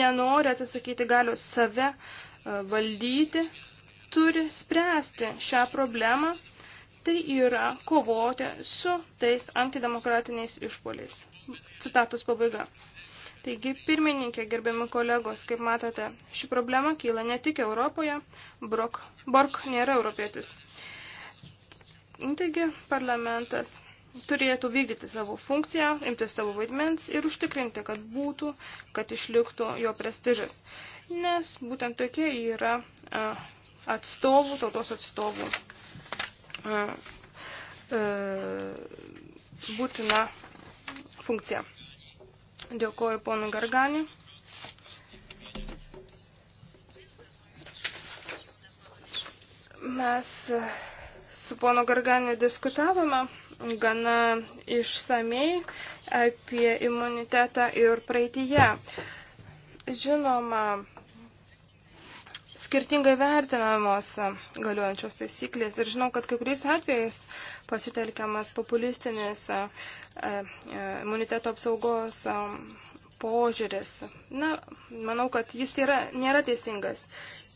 nenori atsisakyti galių save e, valdyti, turi spręsti šią problemą tai yra kovoti su tais antidemokratiniais išpoliais. Citatus pabaiga. Taigi, pirmininkė, gerbiami kolegos, kaip matote, ši problema kyla ne tik Europoje, Brok, Bork nėra europietis. Nu, taigi, parlamentas turėtų vykdyti savo funkciją, imtis savo vaidmens ir užtikrinti, kad būtų, kad išliktų jo prestižas. Nes būtent tokie yra atstovų, tautos atstovų E, e, būtina funkcija. Dėkuoju ponui Garganį. Mes su pono Garganį diskutavome gana išsamei apie imunitetą ir praeitįje. Žinoma, skirtingai vertinamos galiuojančios taisyklės ir žinau, kad kai kuriais atvejais pasitelkiamas populistinis imuniteto apsaugos požiūris. Na, manau, kad jis yra, nėra teisingas.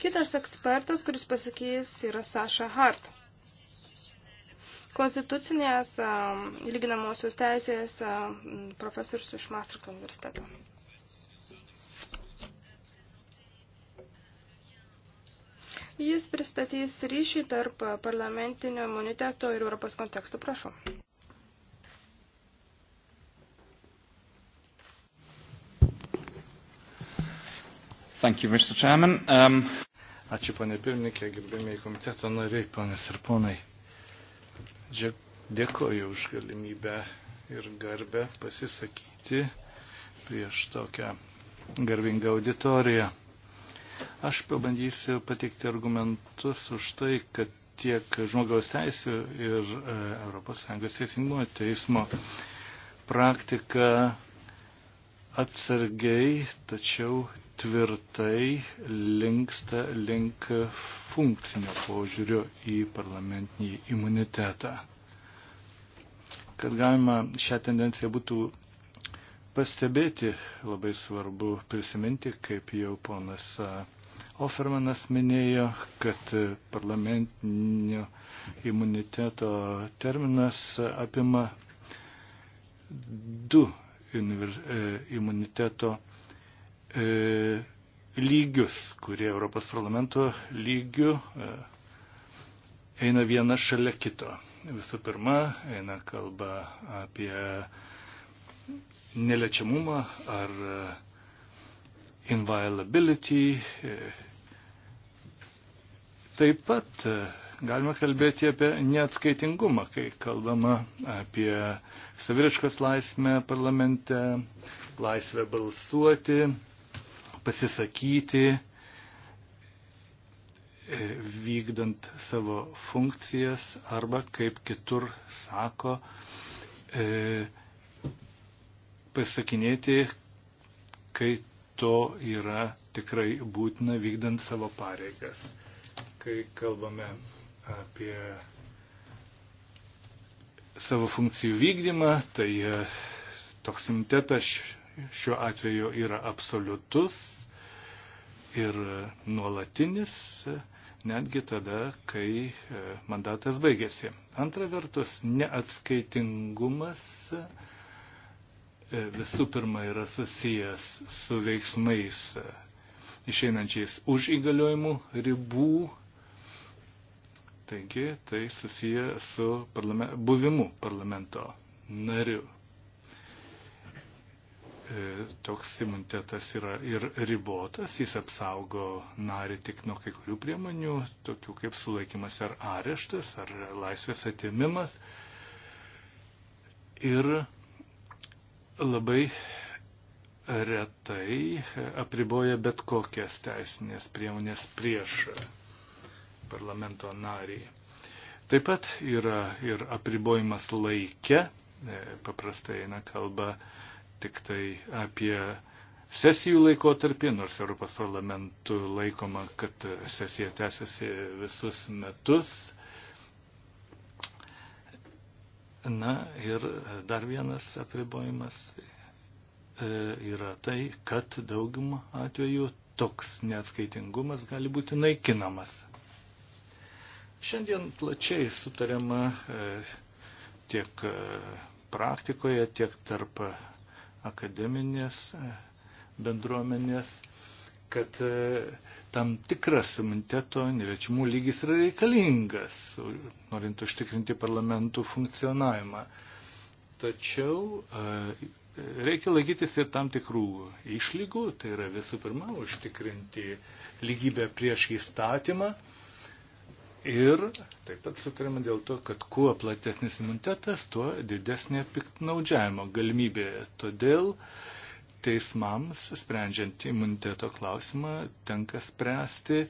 Kitas ekspertas, kuris pasakys, yra Saša Hart. Konstitucinės lyginamosios teisės profesorius iš Mastrichto universiteto. Jis pristatys ryšį tarp parlamentinio imuniteto ir Europos kontekstų. Prašau. Thank you, Mr. Chairman. Um... Ačiū, ponė pirmininkė, gerbėmiai komiteto nariai, ponės ir ponai. Dėkoju už galimybę ir garbę pasisakyti prieš tokią garbingą auditoriją. Aš pabandysiu pateikti argumentus už tai, kad tiek žmogaus teisų ir ES teisingumo teismo praktika atsargiai, tačiau tvirtai linksta link funkcinio požiūrio į parlamentinį imunitetą. Kad galima šią tendenciją būtų pastebėti, labai svarbu prisiminti, kaip jau ponas Ofermanas minėjo, kad parlamentinio imuniteto terminas apima du e, imuniteto e, lygius, kurie Europos parlamento lygių e, eina viena šalia kito. Visų pirma, eina kalba apie neliečiamumą ar eh, inviolability. Eh, taip pat eh, galima kalbėti apie neatskaitingumą, kai kalbama apie saviriškos laisvę parlamente, laisvę balsuoti, pasisakyti, vykdant savo funkcijas arba, kaip kitur sako, e, pasakinėti, kai to yra tikrai būtina vykdant savo pareigas. Kai kalbame apie savo funkcijų vykdymą, tai e, toks imitetas šiuo atveju yra absoliutus ir nuolatinis, netgi tada, kai e, mandatas baigėsi. Antra vertus, neatskaitingumas E, visų pirma yra susijęs su veiksmais e, išeinančiais už įgaliojimų ribų. Taigi tai susiję su parlame, buvimu parlamento nariu. E, toks imunitetas yra ir ribotas, jis apsaugo narį tik nuo kai kurių priemonių, tokių kaip sulaikimas ar areštas, ar laisvės atėmimas. Ir labai retai apriboja bet kokias teisinės priemonės prieš parlamento narį. Taip pat yra ir apribojimas laike, e, paprastai eina kalba tik tai apie sesijų laikotarpį, nors Europos parlamentų laikoma, kad sesija tęsiasi visus metus. Na ir e, dar vienas apribojimas e, yra tai, kad daugumą atveju toks neatskaitingumas gali būti naikinamas. Šiandien plačiai sutariama e, tiek praktikoje, tiek tarp akademinės bendruomenės kad e, tam tikras imuniteto neliečiamų lygis yra reikalingas, norint užtikrinti parlamentų funkcionavimą. Tačiau e, reikia laikytis ir tam tikrų išlygų, tai yra visų pirma užtikrinti lygybę prieš įstatymą. Ir taip pat sutarėme dėl to, kad kuo platesnis imunitetas, tuo didesnė piktnaudžiavimo galimybė. Todėl uh, teismams, sprendžiant imuniteto klausimą, tenka spręsti,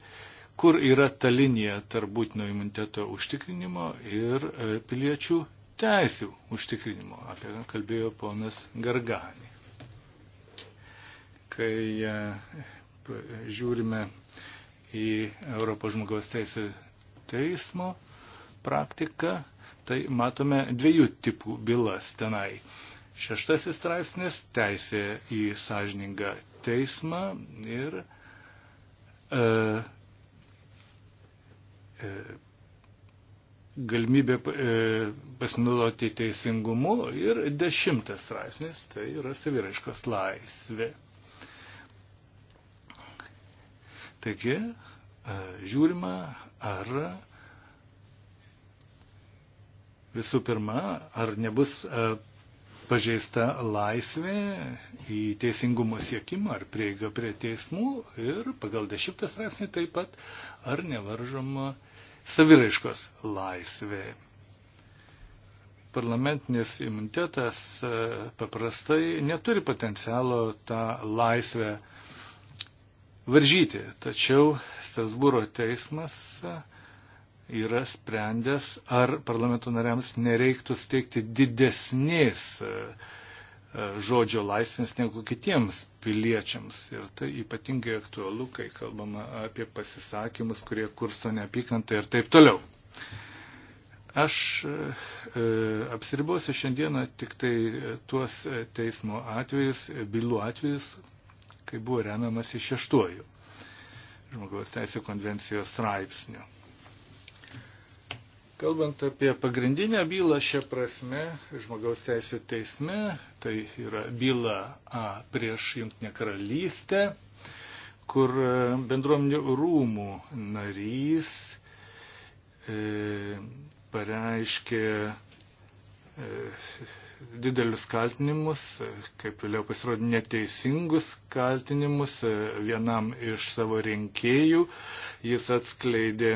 kur yra ta linija tarp būtino imuniteto užtikrinimo ir e, piliečių teisių užtikrinimo, apie ką kalbėjo ponas Gargani. Kai e, žiūrime į Europos žmogaus teisų teismo praktiką, tai matome dviejų tipų bylas tenai. Šeštasis straipsnis - teisė į sąžiningą teismą ir e, e, galimybė e, pasinaudoti teisingumu. Ir dešimtas straipsnis - tai yra saviraiškos laisvė. Taigi, e, žiūrima, ar visų pirma, ar nebus e, pažeista laisvė į teisingumo siekimą ar prieiga prie teismų ir pagal dešimtą straipsnį taip pat ar nevaržoma saviraiškos laisvė. Parlamentinis imunitetas e, paprastai neturi potencialo tą laisvę varžyti, tačiau Strasbūro teismas yra sprendęs, ar parlamento nariams nereiktų steigti didesnės e, e, žodžio laisvės negu kitiems piliečiams. Ir tai ypatingai aktualu, kai kalbama apie pasisakymus, kurie kursto neapykantą ir taip toliau. Aš e, e apsiribosiu šiandieną tik tai tuos teismo atvejus, bylų atvejus, kai buvo remiamasi šeštuoju žmogaus teisė konvencijos straipsniu. Kalbant apie pagrindinę bylą šią prasme, žmogaus teisų teisme, tai yra byla A prieš Junktinę karalystę, kur e, bendruomenių rūmų narys e, pareiškė e, didelius kaltinimus, e, kaip vėliau pasirodė neteisingus kaltinimus e, vienam iš savo rinkėjų. Jis atskleidė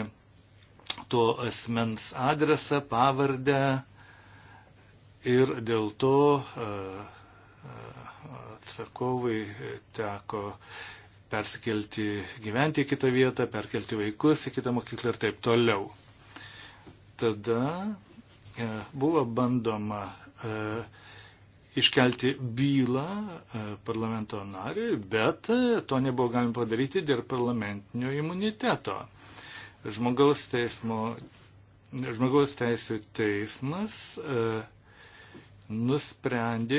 to asmens adresą, pavardę ir dėl to e, e, atsakovai teko persikelti gyventi į kitą vietą, perkelti vaikus į kitą mokyklą ir taip toliau. Tada e, buvo bandoma iškelti bylą parlamento nariui, bet to nebuvo galima padaryti dėl parlamentinio imuniteto. Žmogaus, teismo, žmogaus teisų teismas e, nusprendė,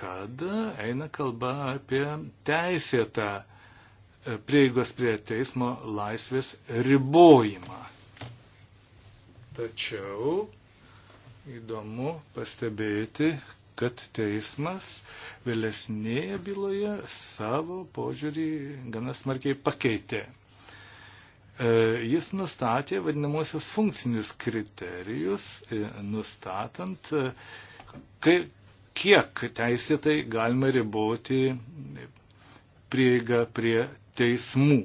kad eina kalba apie teisėtą e, prieigos prie teismo laisvės ribojimą. Tačiau įdomu pastebėti, kad teismas vėlesnėje byloje savo požiūrį gana smarkiai pakeitė. E, jis nustatė vadinamosius funkcinius kriterijus, e, nustatant, e, kai, kiek teisėtai galima riboti prieigą prie teismų.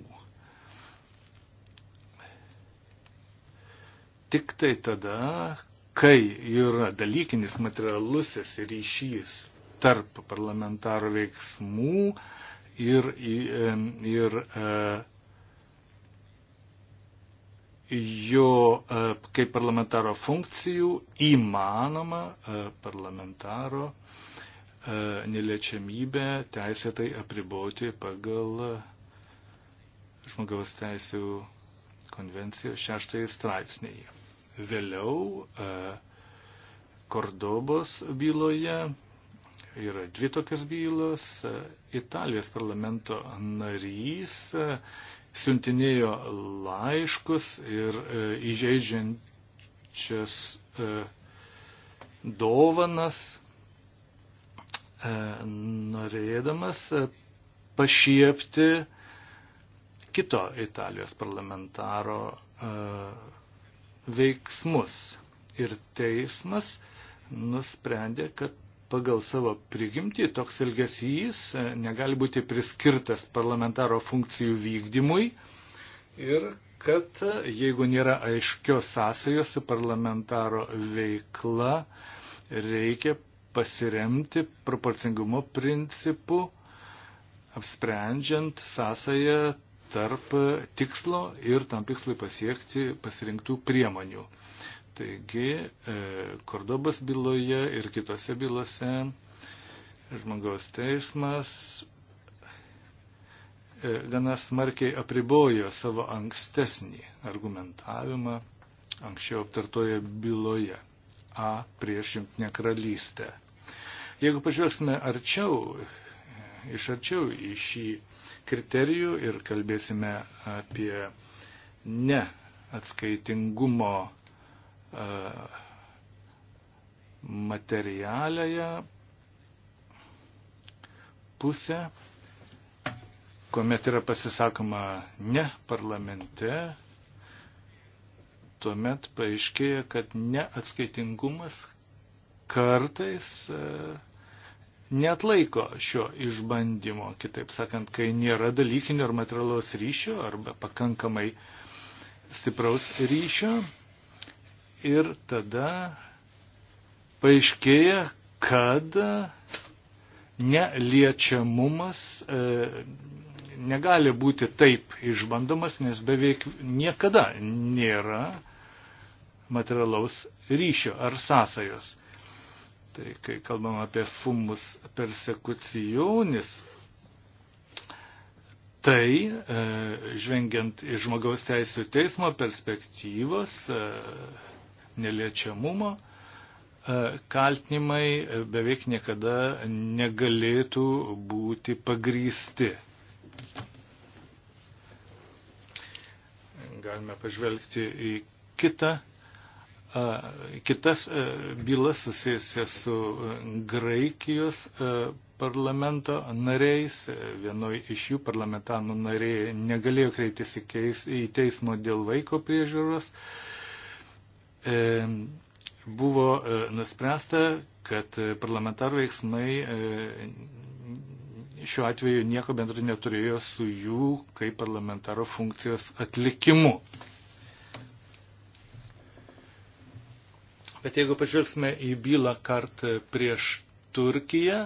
Tik tai tada, kai yra dalykinis materialusis ryšys tarp parlamentaro veiksmų ir, ir, ir jo e, kaip parlamentaro funkcijų įmanoma e, parlamentaro e, neliečiamybę teisėtai apriboti pagal žmogaus teisų konvencijos šeštąjį straipsnėje. Vėliau Kordobos byloje yra dvi tokios bylos. Italijos parlamento narys siuntinėjo laiškus ir e, įžeidžiančias e, dovanas, e, norėdamas e, pašiepti kito Italijos parlamentaro e, veiksmus. Ir teismas nusprendė, kad pagal savo prigimtį toks elgesys e, negali būti priskirtas parlamentaro funkcijų vykdymui ir kad e, jeigu nėra aiškios sąsajos su parlamentaro veikla, reikia pasiremti proporcingumo principu, apsprendžiant sąsają tarp tikslo ir tam tikslui pasiekti pasirinktų priemonių. Taigi, e, Kordobos byloje ir kitose bylose žmogaus teismas e, gana smarkiai apribojo savo ankstesnį argumentavimą anksčiau aptartoje byloje A prieš Junktinę karalystę. Jeigu pažvelgsime arčiau, e, iš arčiau į šį kriterijų ir kalbėsime apie neatskaitingumo materialiąją pusę, kuomet yra pasisakoma ne parlamente, tuomet paaiškėja, kad neatskaitingumas kartais e, netlaiko šio išbandymo, kitaip sakant, kai nėra dalykinio ar materialaus ryšio arba pakankamai stipraus ryšio ir tada paaiškėja, kad neliečiamumas e, negali būti taip išbandomas, nes beveik niekada nėra materialaus ryšio ar sąsajos. Tai kai kalbam apie fumus persekucijonis, tai, e, žvengiant iš žmogaus teisų teismo perspektyvos, e, neliečiamumo, E, kaltinimai e, beveik niekada negalėtų būti pagrysti. Galime pažvelgti į kitą, e, kitas bylas susijusias su Graikijos parlamento nariais. Vienoje iš jų parlamentanų narė negalėjo kreiptis į, keis, į teismo dėl vaiko priežiūros. E, buvo e, nuspręsta, kad e, parlamentarų veiksmai e, šiuo atveju nieko bendro neturėjo su jų kaip parlamentaro funkcijos atlikimu. Bet jeigu pažvelgsime į bylą kart prieš Turkiją,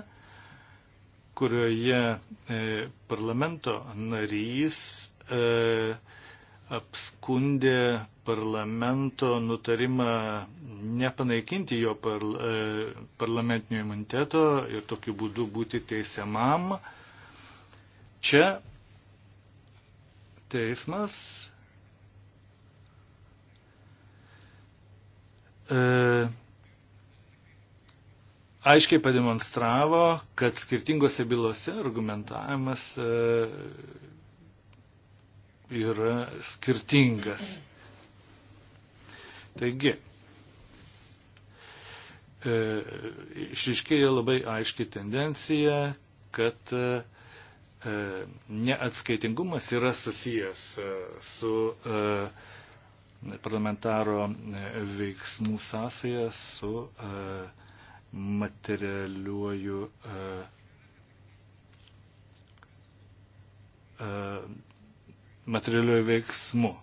kurioje e, parlamento narys e, apskundė parlamento nutarimą nepanaikinti jo parla, e, parlamentinio imuniteto ir tokiu būdu būti teisiamam. Čia teismas e, aiškiai pademonstravo, kad skirtingose bylose argumentavimas e, yra skirtingas. Taigi, e, išriškėja labai aiški tendencija, kad e, e neatskaitingumas yra susijęs e, su e, parlamentaro e, veiksmų sąsaja su e, materialiuoju e, materialiuoju veiksmu.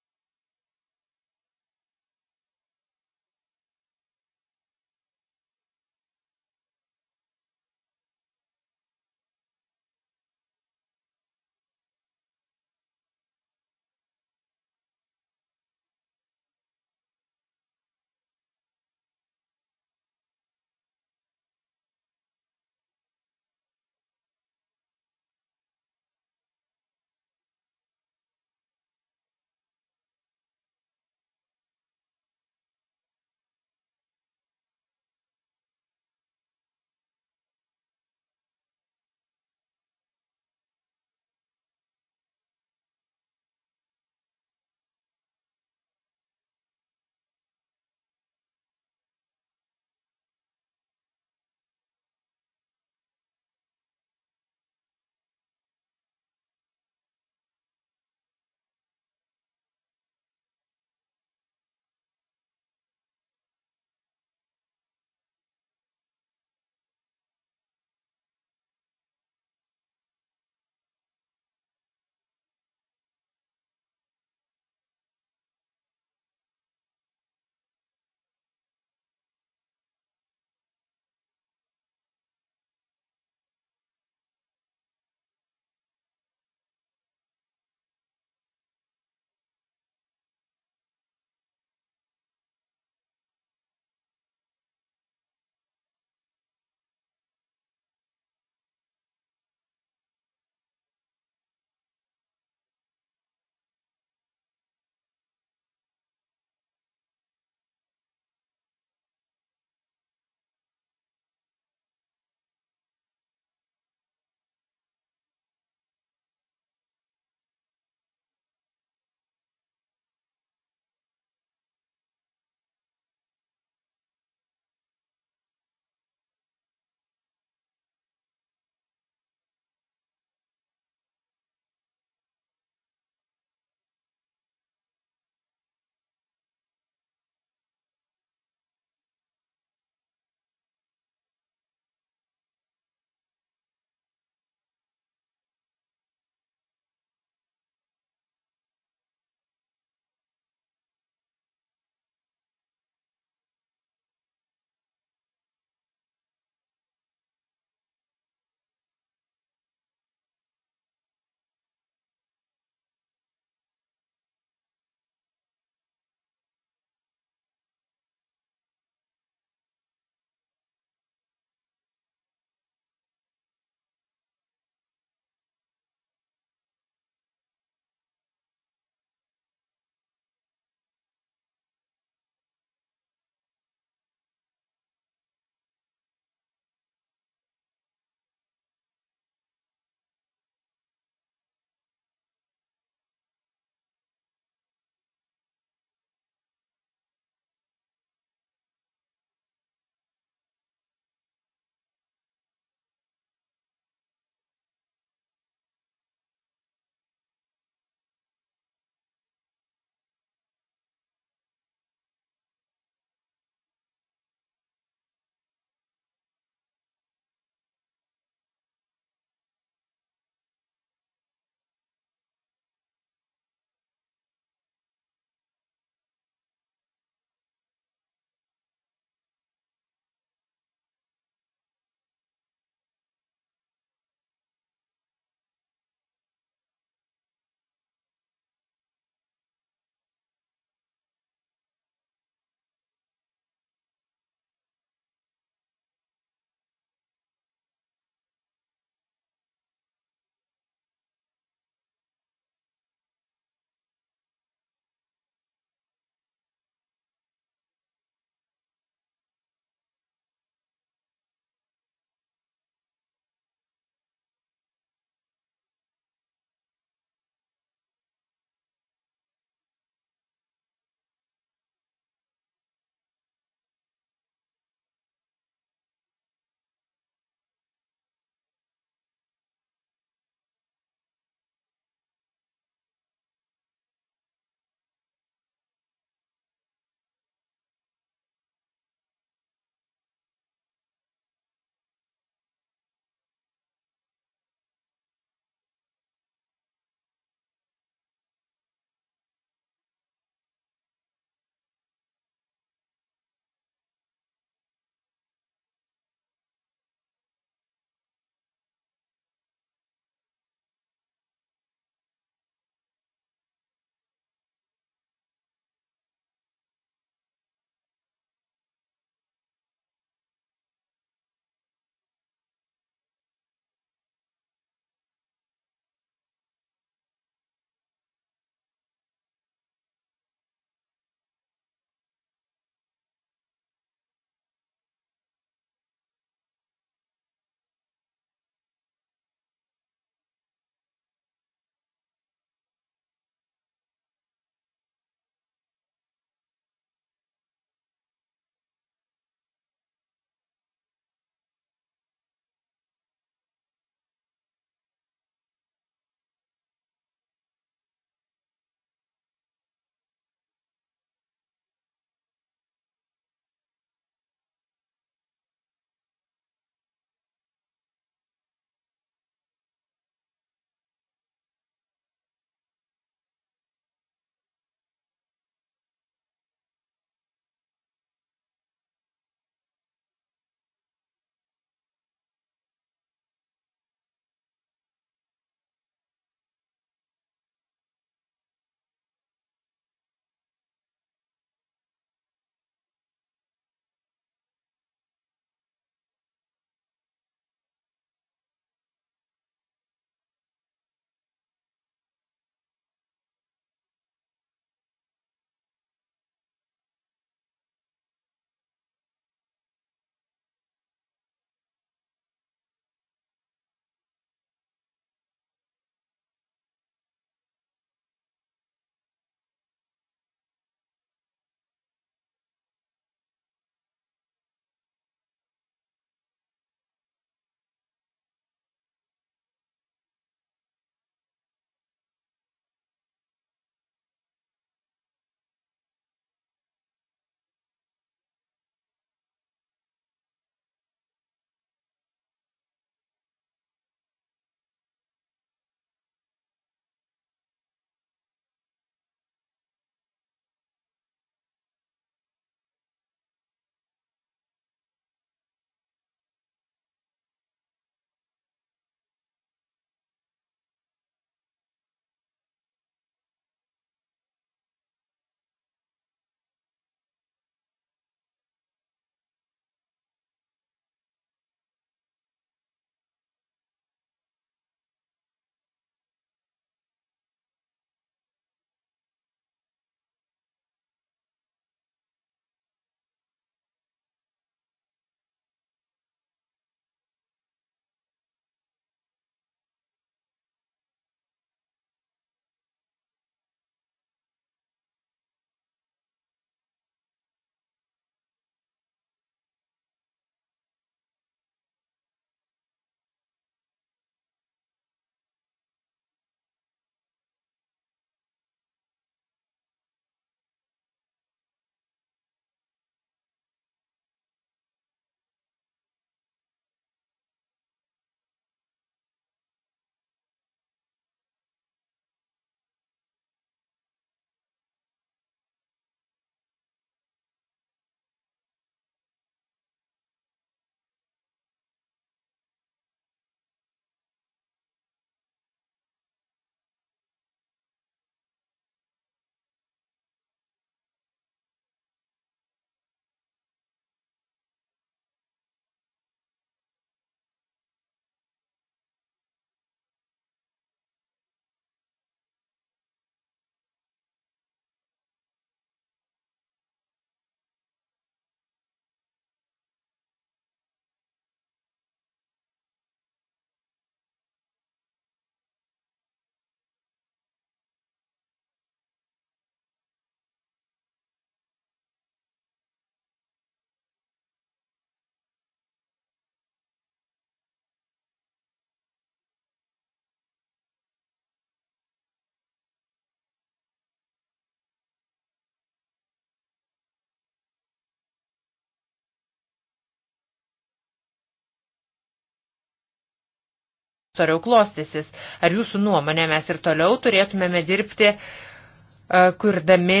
toliau klostysis. Ar jūsų nuomonė mes ir toliau turėtumėme dirbti, e, kurdami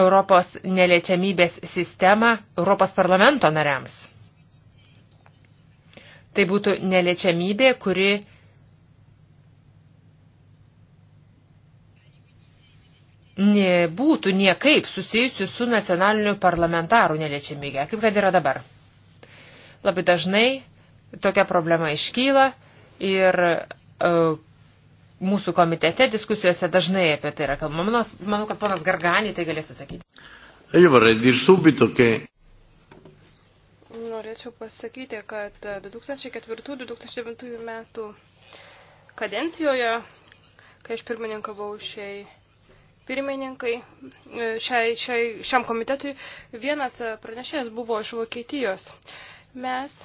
Europos neliečiamybės sistemą Europos parlamento nariams? Tai būtų neliečiamybė, kuri nebūtų niekaip susijusių su nacionaliniu parlamentaru neliečiamybė, kaip kad yra dabar. Labai dažnai tokia problema iškyla Ir e, mūsų komitete diskusijose dažnai apie tai yra kalbama. Manau, manau kad ponas Garganį tai galės atsakyti. Norėčiau pasakyti, kad 2004-2009 metų kadencijoje, kai aš pirmininkavau šiai pirmininkai, e, šiai, šiai, šiam komitetui, vienas pranešėjas buvo iš Vokietijos. Mes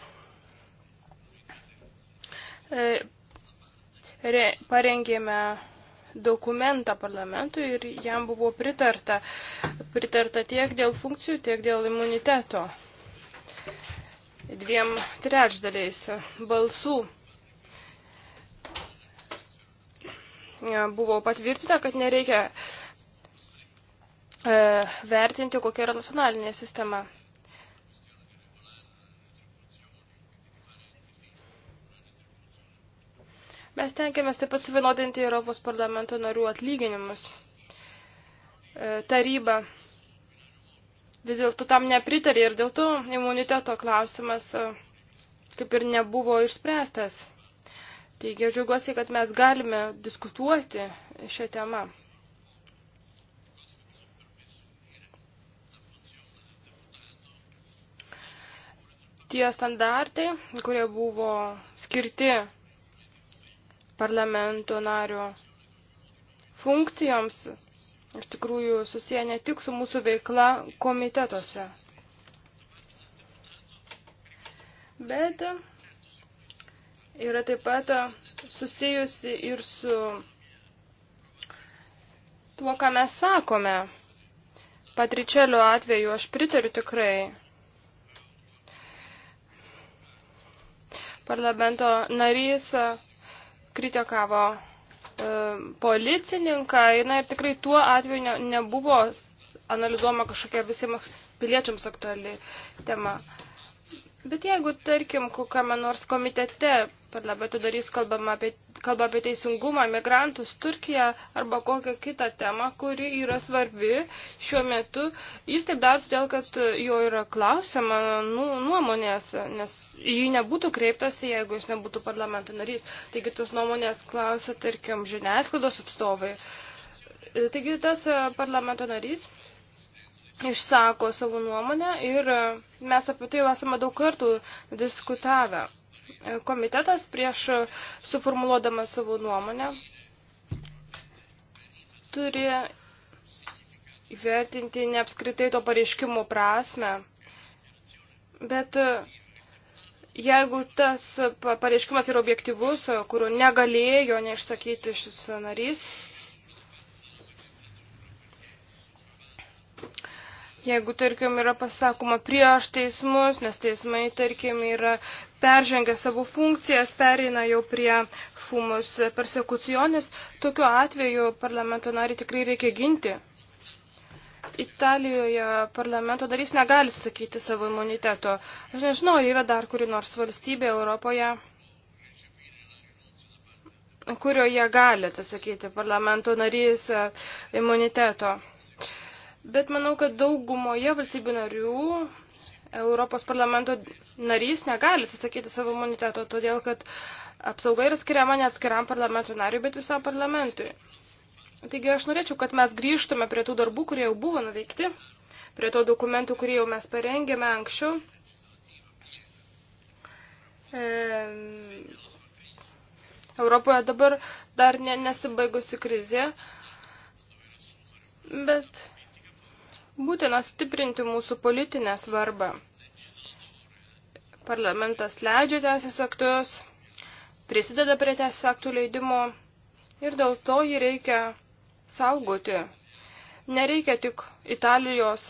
E, re, parengėme dokumentą parlamentui ir jam buvo pritarta, pritarta tiek dėl funkcijų, tiek dėl imuniteto. Dviem trečdaliais balsų e, buvo patvirtinta, kad nereikia e, vertinti, kokia yra nacionalinė sistema. Mes tenkiamės taip pat suvienodinti Europos parlamento narių atlyginimus. E, taryba vis dėlto tam nepritarė ir dėl to imuniteto klausimas e, kaip ir nebuvo išspręstas. Taigi aš džiaugiuosi, kad mes galime diskutuoti šią temą. Tie standartai, kurie buvo skirti parlamento nario funkcijoms iš tikrųjų susiję ne tik su mūsų veikla komitetuose, bet yra taip pat susijusi ir su tuo, ką mes sakome. Patričelio atveju aš pritariu tikrai. Parlamento narys kritikavo e, policininką, na ir tikrai tuo atveju ne, nebuvo analizuojama kažkokia visiems piliečiams aktuali tema. Bet jeigu, tarkim, kokiame nors komitete parlamento darys kalbama apie kalba apie teisingumą, migrantus, Turkiją arba kokią kitą temą, kuri yra svarbi šiuo metu. Jis taip daro todėl, kad jo yra klausima nu, nuomonės, nes jį nebūtų kreiptasi, jeigu jis nebūtų parlamento narys. Taigi tos nuomonės klausia, tarkim, žiniasklaidos atstovai. Taigi tas parlamento narys išsako savo nuomonę ir mes apie tai jau esame daug kartų diskutavę komitetas prieš suformuluodama savo nuomonę turi įvertinti ne apskritai to pareiškimo prasme, bet jeigu tas pareiškimas yra objektivus, kurio negalėjo neišsakyti šis narys, jeigu, tarkim, yra pasakoma prieš teismus, nes teismai, tarkim, yra peržengę savo funkcijas, pereina jau prie fumus persekucionis, tokiu atveju parlamento nariai tikrai reikia ginti. Italijoje parlamento darys negali sakyti savo imuniteto. Aš nežinau, yra dar kuri nors valstybė Europoje, kurioje gali atsisakyti parlamento narys imuniteto. Bet manau, kad daugumoje valstybių narių Europos parlamento narys negali atsisakyti savo imuniteto, todėl kad apsauga yra skiriama ne atskiram parlamento nariui, bet visam parlamentui. Taigi aš norėčiau, kad mes grįžtume prie tų darbų, kurie jau buvo nuveikti, prie to dokumentų, kurį jau mes parengėme anksčiau. E, Europoje dabar dar ne, nesibaigusi krizė, bet Būtina stiprinti mūsų politinę svarbą. Parlamentas leidžia teisės aktus, prisideda prie teisės aktų leidimo ir dėl to jį reikia saugoti. Nereikia tik Italijos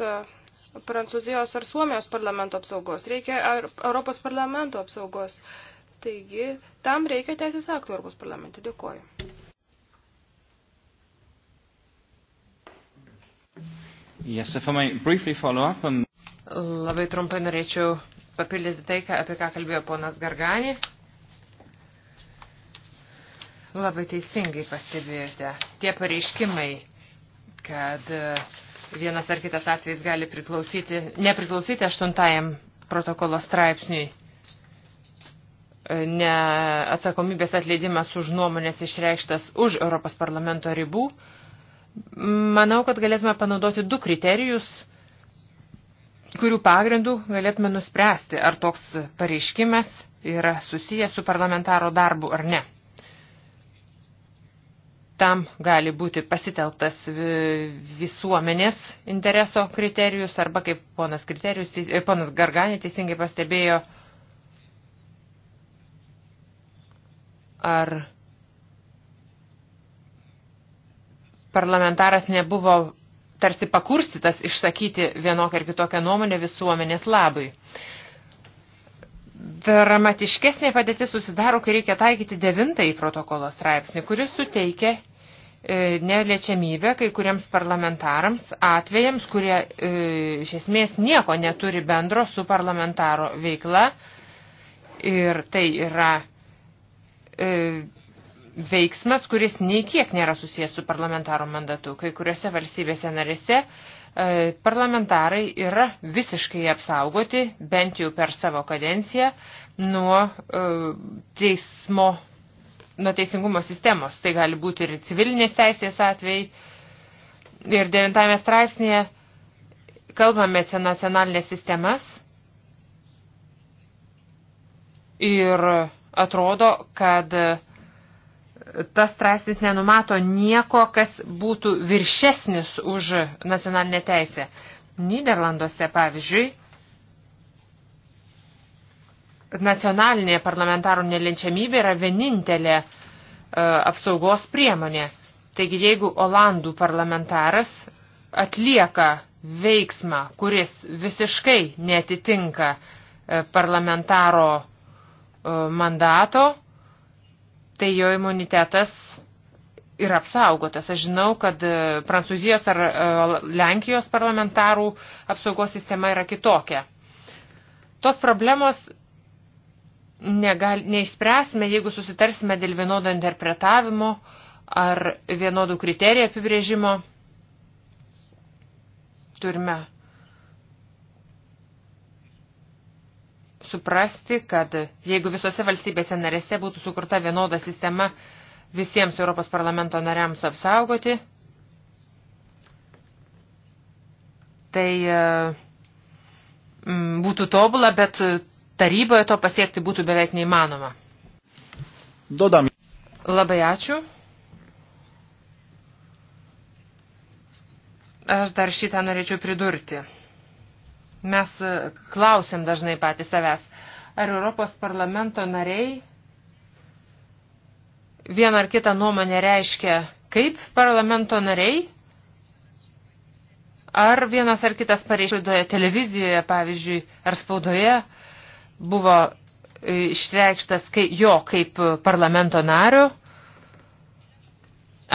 Prancūzijos ar Suomijos parlamento apsaugos, reikia Europos parlamento apsaugos. Taigi, tam reikia teisės aktų Europos parlamente. Dėkuoju. Yes, if I may briefly follow up on... Labai trumpai norėčiau papildyti tai, ką, apie ką kalbėjo ponas Gargani. Labai teisingai pastebėjote. Tie pareiškimai, kad e, vienas ar kitas atvejs gali priklausyti, nepriklausyti aštuntajam protokolo straipsniui, e, ne atsakomybės atleidimas už nuomonės išreikštas už Europos parlamento ribų, uh, Manau, kad galėtume panaudoti du kriterijus, kurių pagrindų galėtume nuspręsti, ar toks pareiškimas yra susijęs su parlamentaro darbu ar ne. Tam gali būti pasiteltas visuomenės intereso kriterijus arba, kaip ponas, e, ponas Garganė teisingai pastebėjo, ar parlamentaras nebuvo tarsi pakurstytas išsakyti vienokią ar kitokią nuomonę visuomenės labui. Dramatiškesnė padėtis susidaro, kai reikia taikyti devintąjį protokolo straipsnį, kuris suteikia e, neliečiamybę kai kuriems parlamentarams atvejams, kurie e, iš esmės nieko neturi bendro su parlamentaro veikla. Ir tai yra e, veiksmas, kuris nei kiek nėra susijęs su parlamentaro mandatu. Kai kuriuose valstybėse narėse e, parlamentarai yra visiškai apsaugoti, bent jau per savo kadenciją, nuo e, teismo, nuo teisingumo sistemos. Tai gali būti ir civilinės teisės atvejai. Ir devintame straipsnėje kalbame apie nacionalinės sistemas. Ir atrodo, kad uh, tas straipsnis nenumato nieko, kas būtų viršesnis už nacionalinę teisę. Niderlanduose, pavyzdžiui, nacionalinė parlamentarų nelinčiamybė yra vienintelė uh, apsaugos priemonė. Taigi, jeigu Olandų parlamentaras atlieka veiksmą, kuris visiškai netitinka e, parlamentaro e, mandato, tai jo imunitetas yra apsaugotas. Aš žinau, kad e, Prancūzijos ar e, Lenkijos parlamentarų apsaugos sistema yra kitokia. Tos problemos negal, neišspręsime, jeigu susitarsime dėl vienodo interpretavimo ar vienodų kriterijų apibrėžimo. Turime suprasti, kad jeigu visose valstybėse narėse būtų sukurta vienoda sistema visiems Europos parlamento nariams apsaugoti, tai e, būtų tobula, bet taryboje to pasiekti būtų beveik neįmanoma. Dodam. Labai ačiū. Aš dar šitą norėčiau pridurti. Mes e, klausim dažnai patys savęs, ar Europos parlamento nariai vieną ar kitą nuomonę reiškia kaip parlamento nariai, ar vienas ar kitas pareiškidoje televizijoje, pavyzdžiui, ar spaudoje buvo išreikštas kai, jo kaip parlamento nario,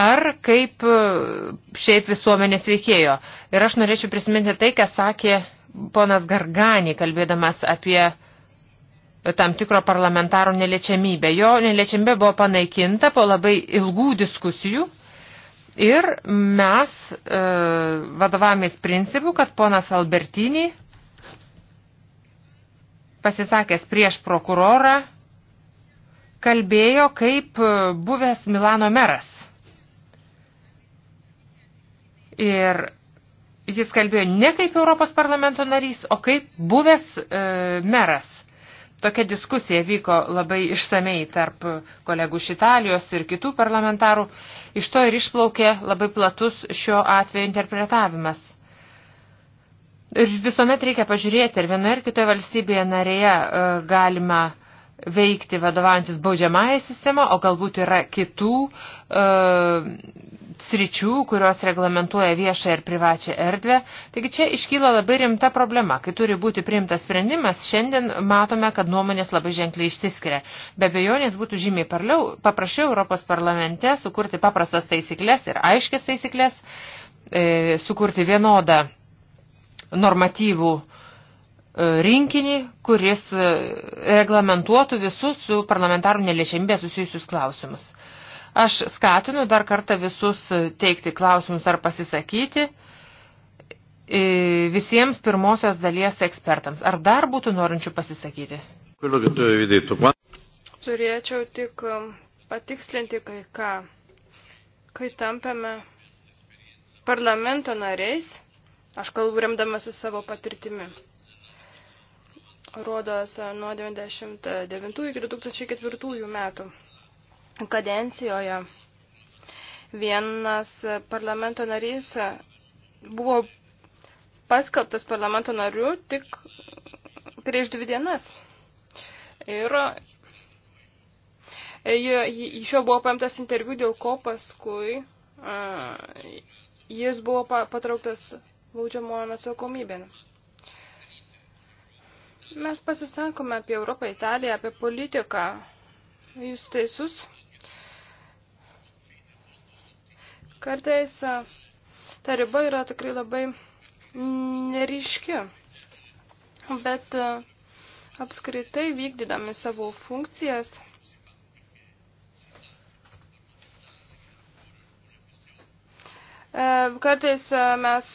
ar kaip e, šiaip visuomenės veikėjo. Ir aš norėčiau prisiminti tai, ką sakė ponas Garganį, kalbėdamas apie tam tikro parlamentaro neliečiamybę. Jo neliečiamybė buvo panaikinta po labai ilgų diskusijų ir mes e, vadovavomės principu, kad ponas Albertini pasisakęs prieš prokurorą kalbėjo kaip buvęs Milano meras. Ir jis kalbėjo ne kaip Europos parlamento narys, o kaip buvęs e, meras. Tokia diskusija vyko labai išsamei tarp kolegų iš Italijos ir kitų parlamentarų. Iš to ir išplaukė labai platus šio atveju interpretavimas. Ir visuomet reikia pažiūrėti, ar vienoje ir kitoje valstybėje narėje e, galima veikti vadovaujantis baudžiamąją sistemą, o galbūt yra kitų e, sričių, kurios reglamentuoja viešą ir privačią erdvę. Taigi čia iškyla labai rimta problema. Kai turi būti priimtas sprendimas, šiandien matome, kad nuomonės labai ženkliai išsiskiria. Be bejonės būtų žymiai parliau, paprašiau Europos parlamente sukurti paprastas taisyklės ir aiškės taisyklės, e, sukurti vienodą normatyvų e, rinkinį, kuris e, reglamentuotų visus su parlamentarų neliečiamybė susijusius klausimus. Aš skatinu dar kartą visus teikti klausimus ar pasisakyti e, visiems pirmosios dalies ekspertams. Ar dar būtų norinčių pasisakyti? Turėčiau tik um, patikslinti kai ką. Kai tampame parlamento nariais, aš kalbu remdamasi savo patirtimi. Rodos nuo 99 iki 2004 metų kadencijoje vienas parlamento narys buvo paskelbtas parlamento nariu tik prieš dvi dienas. Ir iš jo buvo paimtas interviu, dėl ko paskui jis buvo patrauktas baudžiamojo atsakomybėn. Mes pasisakome apie Europą, Italiją, apie politiką. Jūs teisus, Kartais ta riba yra tikrai labai neryški, bet apskritai vykdydami savo funkcijas Kartais mes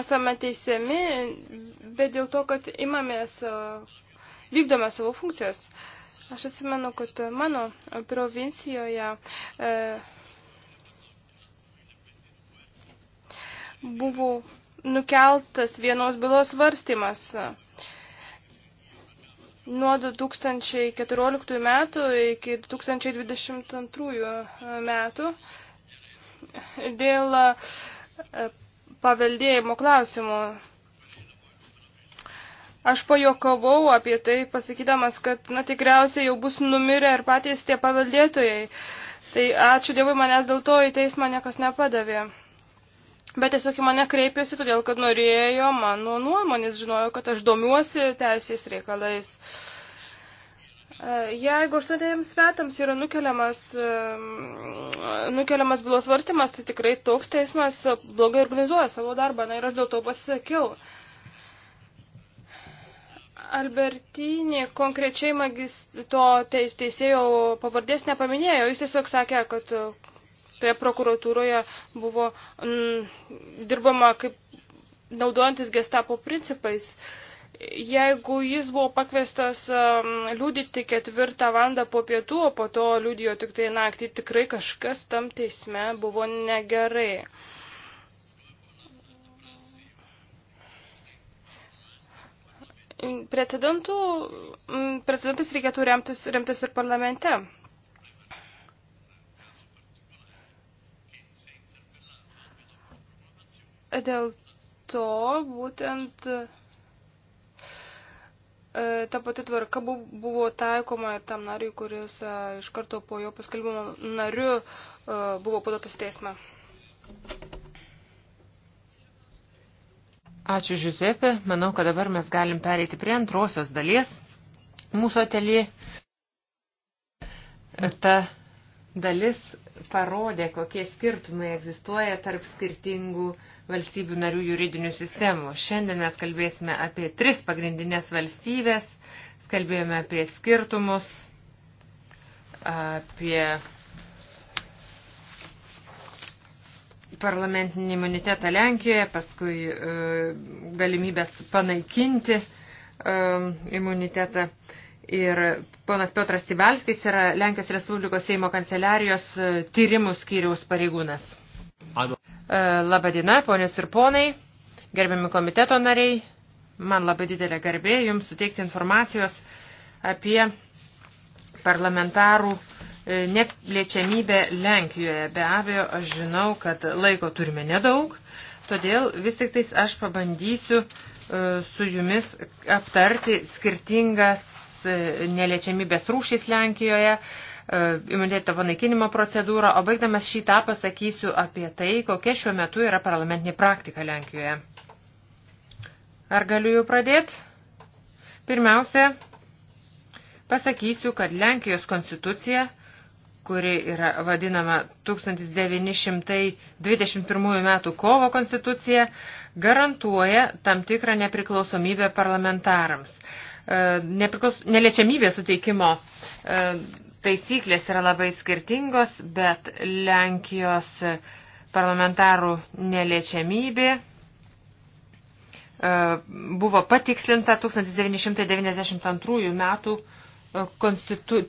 esame teisiami, bet dėl to, kad imamės, vykdome savo funkcijas. Aš atsimenu, kad mano provincijoje buvo nukeltas vienos bylos varstymas. Nuo 2014 metų iki 2022 metų dėl e, paveldėjimo klausimų. Aš pajokavau apie tai, pasakydamas, kad, na, tikriausiai jau bus numirę ir patys tie paveldėtojai. Tai ačiū Dievui, manęs dėl to į teismą niekas nepadavė. Bet tiesiog į mane kreipėsi, todėl kad norėjo mano nuomonės, žinojo, kad aš domiuosi teisės reikalais. E, jeigu aštuoniems metams yra nukeliamas, e, nukeliamas bylos varstimas, tai tikrai toks teismas blogai organizuoja savo darbą. Na ir aš dėl to pasisakiau. Albertinė konkrečiai magis, to teisėjo pavardės nepaminėjo. Jis tiesiog sakė, kad toje prokuratūroje buvo m, mm, dirbama kaip naudojantis gestapo principais. Jeigu jis buvo pakvestas um, mm, liūdyti ketvirtą valandą po pietų, o po to liūdijo tik tai naktį, tikrai kažkas tam teisme buvo negerai. precedentų, mm, precedentais reikėtų remtis, remtis ir parlamente. dėl to būtent e, ta pati tvarka buvo taikoma ir tam nariui, kuris e, iš karto po jo paskelbimo nariu e, buvo padotas teismą. Ačiū, Žiusepė. Manau, kad dabar mes galim pereiti prie antrosios dalies mūsų atelį. Ta dalis parodė, kokie skirtumai egzistuoja tarp skirtingų valstybių narių juridinių sistemų. Šiandien mes kalbėsime apie tris pagrindinės valstybės, kalbėjome apie skirtumus, apie parlamentinį imunitetą Lenkijoje, paskui e, galimybės panaikinti e, imunitetą. Ir ponas Piotras Cibelskis yra Lenkijos Respublikos Seimo kanceliarijos e, tyrimų skyriaus pareigūnas. E, Labadiena, ponios ir ponai, gerbiami komiteto nariai, man labai didelė garbė jums suteikti informacijos apie parlamentarų e, nepliečiamybę Lenkijoje. Be abejo, aš žinau, kad laiko turime nedaug, todėl vis tik tais aš pabandysiu su jumis aptarti skirtingas neliečiamybės rūšys Lenkijoje, e, imuniteto panaikinimo procedūrą, o baigdamas šitą pasakysiu apie tai, kokia šiuo metu yra parlamentinė praktika Lenkijoje. Ar galiu jau pradėti? Pirmiausia, pasakysiu, kad Lenkijos konstitucija kuri yra vadinama 1921 metų kovo konstitucija, garantuoja tam tikrą nepriklausomybę parlamentarams. E, neliečiamybės suteikimo e, taisyklės yra labai skirtingos, bet Lenkijos parlamentarų neliečiamybė e, buvo patikslinta 1992 metų konstitu...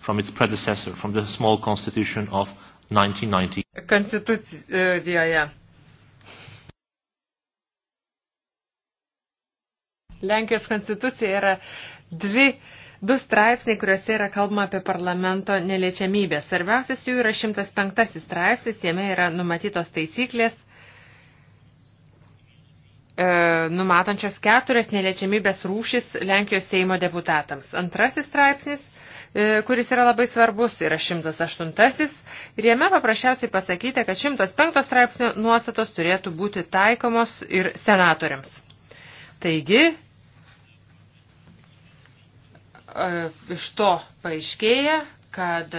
From its predecessor, from the small constitution of 1990. Konstitucijoje. Lenkijos konstitucija yra dvi, du straipsniai, kuriuose yra kalbama apie parlamento neliečiamybę. Svarbiausias jų yra 105 straipsnis, jame yra numatytos taisyklės, e, numatančios keturias neliečiamybės rūšis Lenkijos Seimo deputatams. Antrasis straipsnis e, kuris yra labai svarbus, yra 108 ir jame paprasčiausiai pasakyti, kad 105 straipsnio nuostatos turėtų būti taikomos ir senatoriams. Taigi, E, iš to paaiškėja, kad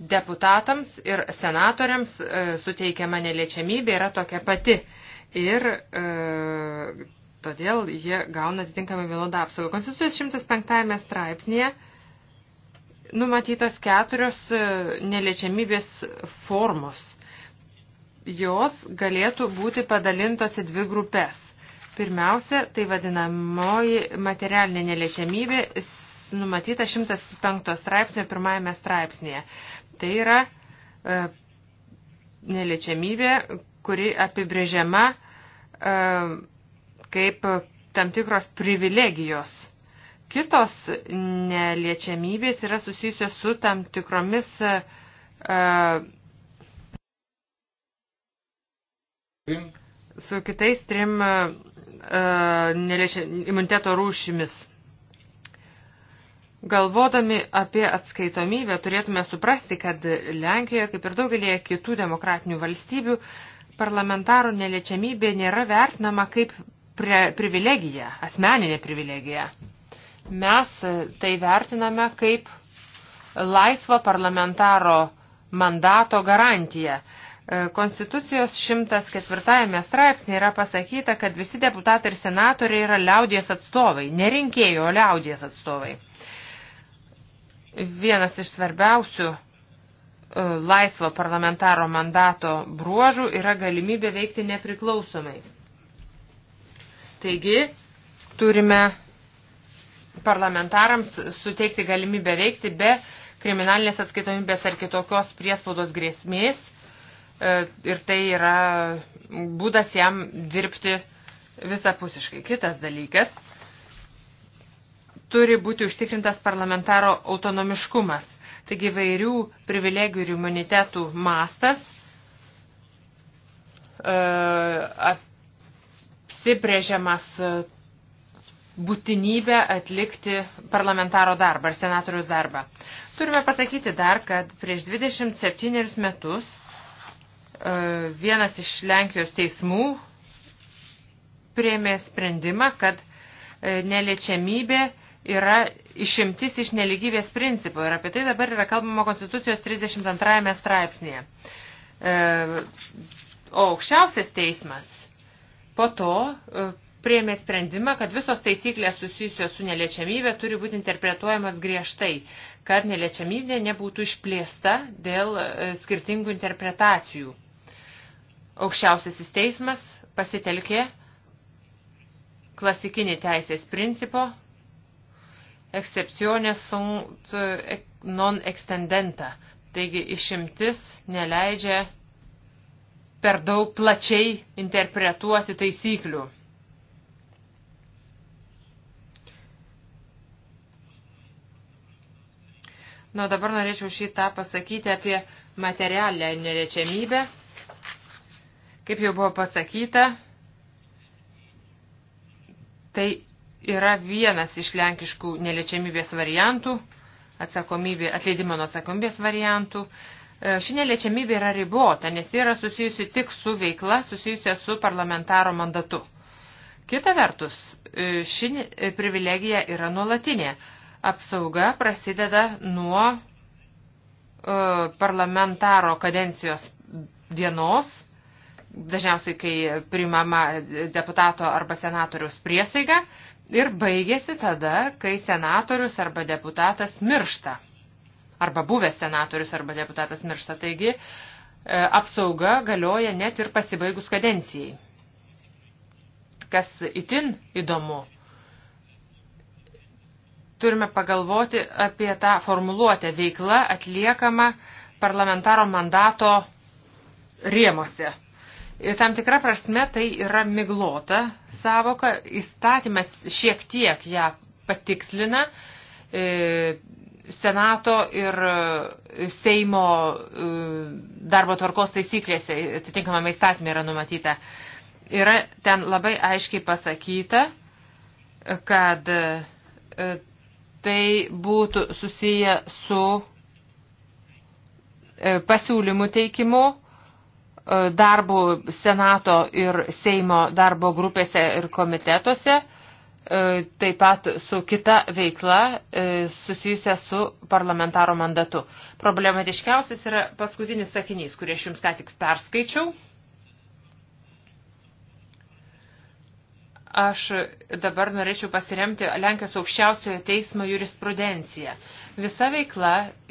deputatams ir senatoriams e, suteikiama neliečiamybė yra tokia pati. Ir e, todėl jie gauna atitinkamą vienodą apsaugą. Konstitucijos 105 straipsnėje numatytos keturios e, neliečiamybės formos. Jos galėtų būti padalintos į dvi grupės. Pirmiausia, tai vadinamoji materialinė neliečiamybė numatyta 105 straipsnio pirmajame straipsnėje. Tai yra e, neliečiamybė, kuri apibrėžiama e, kaip tam tikros privilegijos. Kitos neliečiamybės yra susijusios su tam tikromis e, e su kitais trim uh, e, neliečia, imuniteto rūšimis. Galvodami apie atskaitomybę turėtume suprasti, kad Lenkijoje, kaip ir daugelėje kitų demokratinių valstybių, parlamentarų neliečiamybė nėra vertinama kaip pre, privilegija, asmeninė privilegija. Mes tai vertiname kaip laisvo parlamentaro mandato garantiją. Konstitucijos 104 straipsnė yra pasakyta, kad visi deputatai ir senatoriai yra liaudies atstovai, nerinkėjo liaudies atstovai vienas iš svarbiausių e, laisvo parlamentaro mandato bruožų yra galimybė veikti nepriklausomai. Taigi, turime parlamentarams suteikti galimybę veikti be kriminalinės atskaitomybės ar kitokios priespaudos grėsmės e, ir tai yra būdas jam dirbti visapusiškai. Kitas dalykas – turi būti užtikrintas parlamentaro autonomiškumas. Taigi vairių privilegijų ir imunitetų mastas e, apsibrėžiamas e, būtinybę atlikti parlamentaro darbą ar senatorių darbą. Turime pasakyti dar, kad prieš 27 metus e, vienas iš Lenkijos teismų prieimė sprendimą, kad neliečiamybė yra išimtis iš neligybės principo ir apie tai dabar yra kalbama Konstitucijos 32 straipsnėje. E, o aukščiausias teismas po to e, priėmė sprendimą, kad visos taisyklės susijusios su neliečiamybė turi būti interpretuojamos griežtai, kad neliečiamybė nebūtų išplėsta dėl e, skirtingų interpretacijų. Aukščiausiasis teismas pasitelkė klasikinį teisės principo excepcionė sunt eh, non extendenta. Taigi išimtis neleidžia per daug plačiai interpretuoti taisyklių. Na, nu, dabar norėčiau šitą pasakyti apie materialę neliečiamybę. Kaip jau buvo pasakyta, tai yra vienas iš lenkiškų neliečiamybės variantų, atsakomybė, atleidimo nuo atsakomybės variantų. E, ši neliečiamybė yra ribota, nes yra susijusi tik su veikla, susijusia su parlamentaro mandatu. Kita vertus, e, ši e, privilegija yra nuolatinė. Apsauga prasideda nuo e, parlamentaro kadencijos dienos, dažniausiai kai primama deputato arba senatoriaus priesaiga, e, ir baigėsi tada, kai senatorius arba deputatas miršta. Arba buvęs senatorius arba deputatas miršta. Taigi e, apsauga galioja net ir pasibaigus kadencijai. Kas itin įdomu, turime pagalvoti apie tą formuluotę veiklą atliekamą parlamentaro mandato rėmose. Tam tikra prasme tai yra miglota savoka, įstatymas šiek tiek ją patikslina, e, Senato ir e, Seimo e, darbo tvarkos taisyklėse atitinkamame įstatymė yra numatyta. Yra ten labai aiškiai pasakyta, kad tai būtų susiję su pasiūlymų teikimu E, darbų Senato ir Seimo darbo grupėse ir komitetuose, e, taip pat su kita veikla e, susijusia su parlamentaro mandatu. Problematiškiausias yra paskutinis sakinys, kurį aš jums ką tik perskaičiau. Aš dabar norėčiau pasiremti Lenkijos aukščiausiojo teismo jurisprudenciją. Visa veikla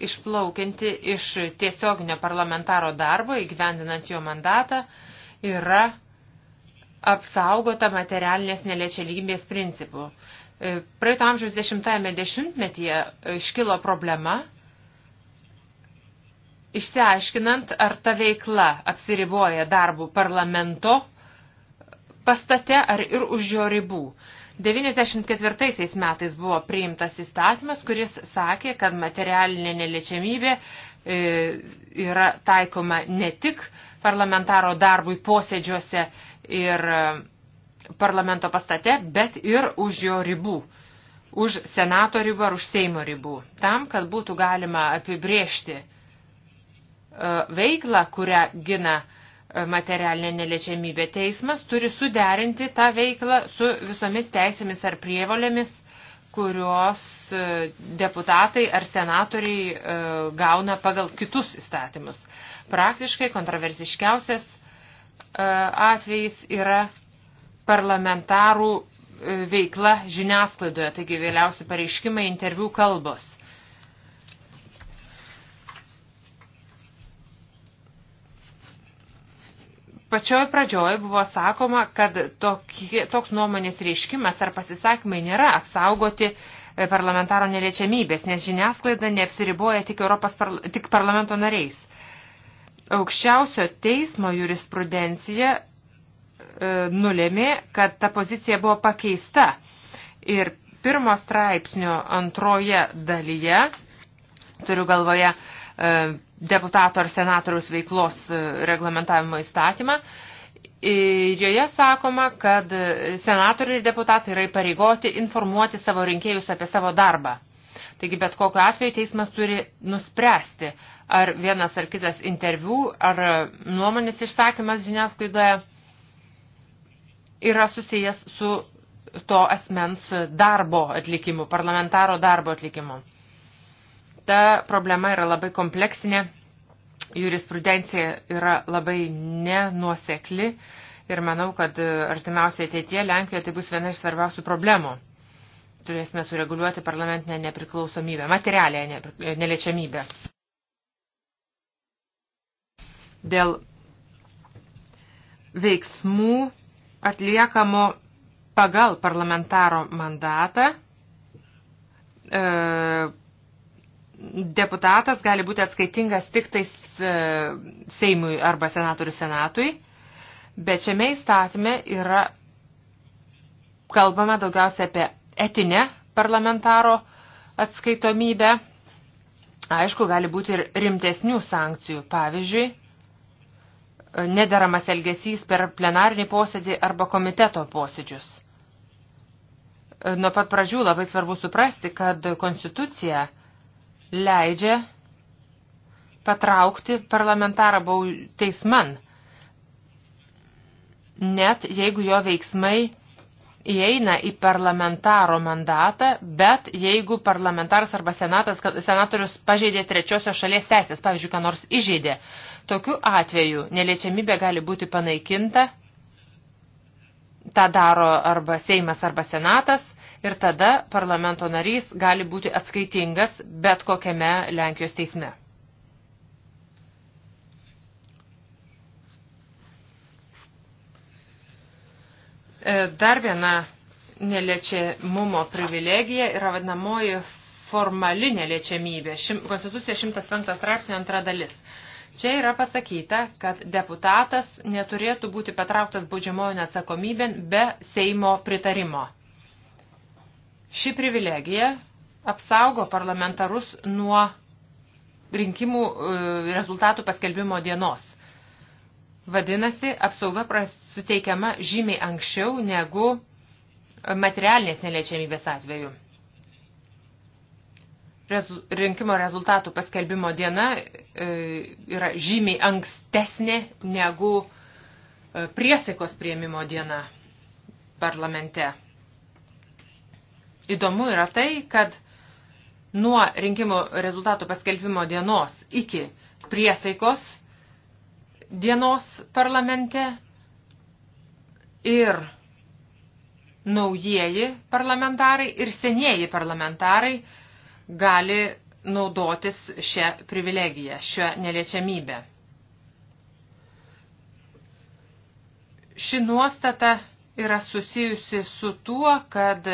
išplaukianti iš tiesioginio parlamentaro darbo, įgyvendinant jo mandatą, yra apsaugota materialinės neliečialybės principų. E, praeito amžiaus dešimtajame dešimtmetyje iškilo problema, išsiaiškinant, ar ta veikla apsiriboja darbų parlamento, pastate ar ir už jo ribų. 94 metais buvo priimtas įstatymas, kuris sakė, kad materialinė neliečiamybė e, yra taikoma ne tik parlamentaro darbui posėdžiuose ir e, parlamento pastate, bet ir už jo ribų, už senato ribų ar už Seimo ribų, tam, kad būtų galima apibriežti e, veiklą, kurią gina uh, materialinė neliečiamybė. Teismas turi suderinti tą veiklą su visomis teisėmis ar prievolėmis, kurios e, deputatai ar senatoriai e, gauna pagal kitus įstatymus. Praktiškai kontroversiškiausias e, atvejis yra parlamentarų veikla žiniasklaidoje, taigi vėliausi pareiškimai, interviu kalbos. Pačioj pradžioj buvo sakoma, kad tokie, toks nuomonės reiškimas ar pasisakymai nėra apsaugoti e, parlamentaro neliečiamybės, nes žiniasklaida neapsiriboja tik, Europos, parla, tik parlamento nariais. Aukščiausio teismo jurisprudencija e, nulėmė, kad ta pozicija buvo pakeista. Ir pirmo straipsnio antroje dalyje, turiu galvoje e, deputato ar senatoriaus veiklos e, reglamentavimo įstatymą. Joje sakoma, kad senatoriai ir deputatai yra įpareigoti informuoti savo rinkėjus apie savo darbą. Taigi bet kokiu atveju teismas turi nuspręsti, ar vienas ar kitas interviu, ar nuomonės išsakymas žiniasklaidoje yra susijęs su to asmens darbo atlikimu, parlamentaro darbo atlikimu ta problema yra labai kompleksinė, jurisprudencija yra labai nenuosekli ir manau, kad artimiausiai ateitie Lenkijoje tai bus viena iš svarbiausių problemų. Turėsime sureguliuoti parlamentinę nepriklausomybę, materialę neliečiamybę. Dėl veiksmų atliekamo pagal parlamentaro mandatą e, deputatas gali būti atskaitingas tik tais e, Seimui arba senatorių senatui, bet šiame įstatyme yra kalbama daugiausia apie etinę parlamentaro atskaitomybę. Aišku, gali būti ir rimtesnių sankcijų, pavyzdžiui, nederamas elgesys per plenarinį posėdį arba komiteto posėdžius. Nuo pat pradžių labai svarbu suprasti, kad konstitucija – leidžia patraukti parlamentarą teisman, net jeigu jo veiksmai įeina į parlamentaro mandatą, bet jeigu parlamentaras arba senatas, senatorius pažeidė trečiosios šalies teisės, pavyzdžiui, ką nors įžeidė, tokiu atveju neliečiamybė gali būti panaikinta, tą daro arba Seimas arba Senatas, ir tada parlamento narys gali būti atskaitingas bet kokiame Lenkijos teisme. E, dar viena neliečiamumo privilegija yra vadinamoji formali neliečiamybė. Konstitucija 105 straipsnio antra dalis. Čia yra pasakyta, kad deputatas neturėtų būti patrauktas baudžiamojo neatsakomybėn be Seimo pritarimo. Ši privilegija apsaugo parlamentarus nuo rinkimų e, rezultatų paskelbimo dienos. Vadinasi, apsauga suteikiama žymiai anksčiau negu materialinės neliečiamybės atveju. Rezu, rinkimo rezultatų paskelbimo diena e, yra žymiai ankstesnė negu e, priesaikos prieimimo diena parlamente. Įdomu yra tai, kad nuo rinkimų rezultatų paskelbimo dienos iki priesaikos dienos parlamente ir naujieji parlamentarai ir senieji parlamentarai gali naudotis šią privilegiją, šią neliečiamybę. Ši nuostata yra susijusi su tuo, kad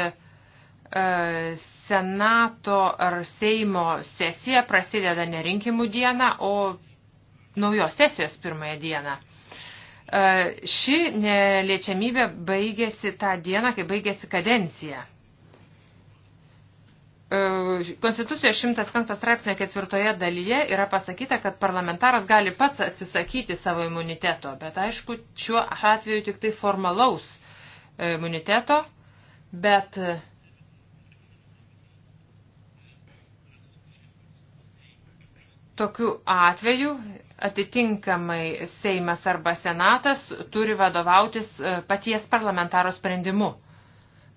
E, Senato ar Seimo sesija prasideda ne rinkimų dieną, o naujos sesijos pirmąją dieną. E, ši neliečiamybė baigėsi tą dieną, kai baigėsi kadencija. E, Konstitucijos 105 straipsnio ketvirtoje dalyje yra pasakyta, kad parlamentaras gali pats atsisakyti savo imuniteto, bet aišku, šiuo atveju tik tai formalaus imuniteto, bet uh, Tokiu atveju atitinkamai Seimas arba Senatas turi vadovautis e, paties parlamentaro sprendimu.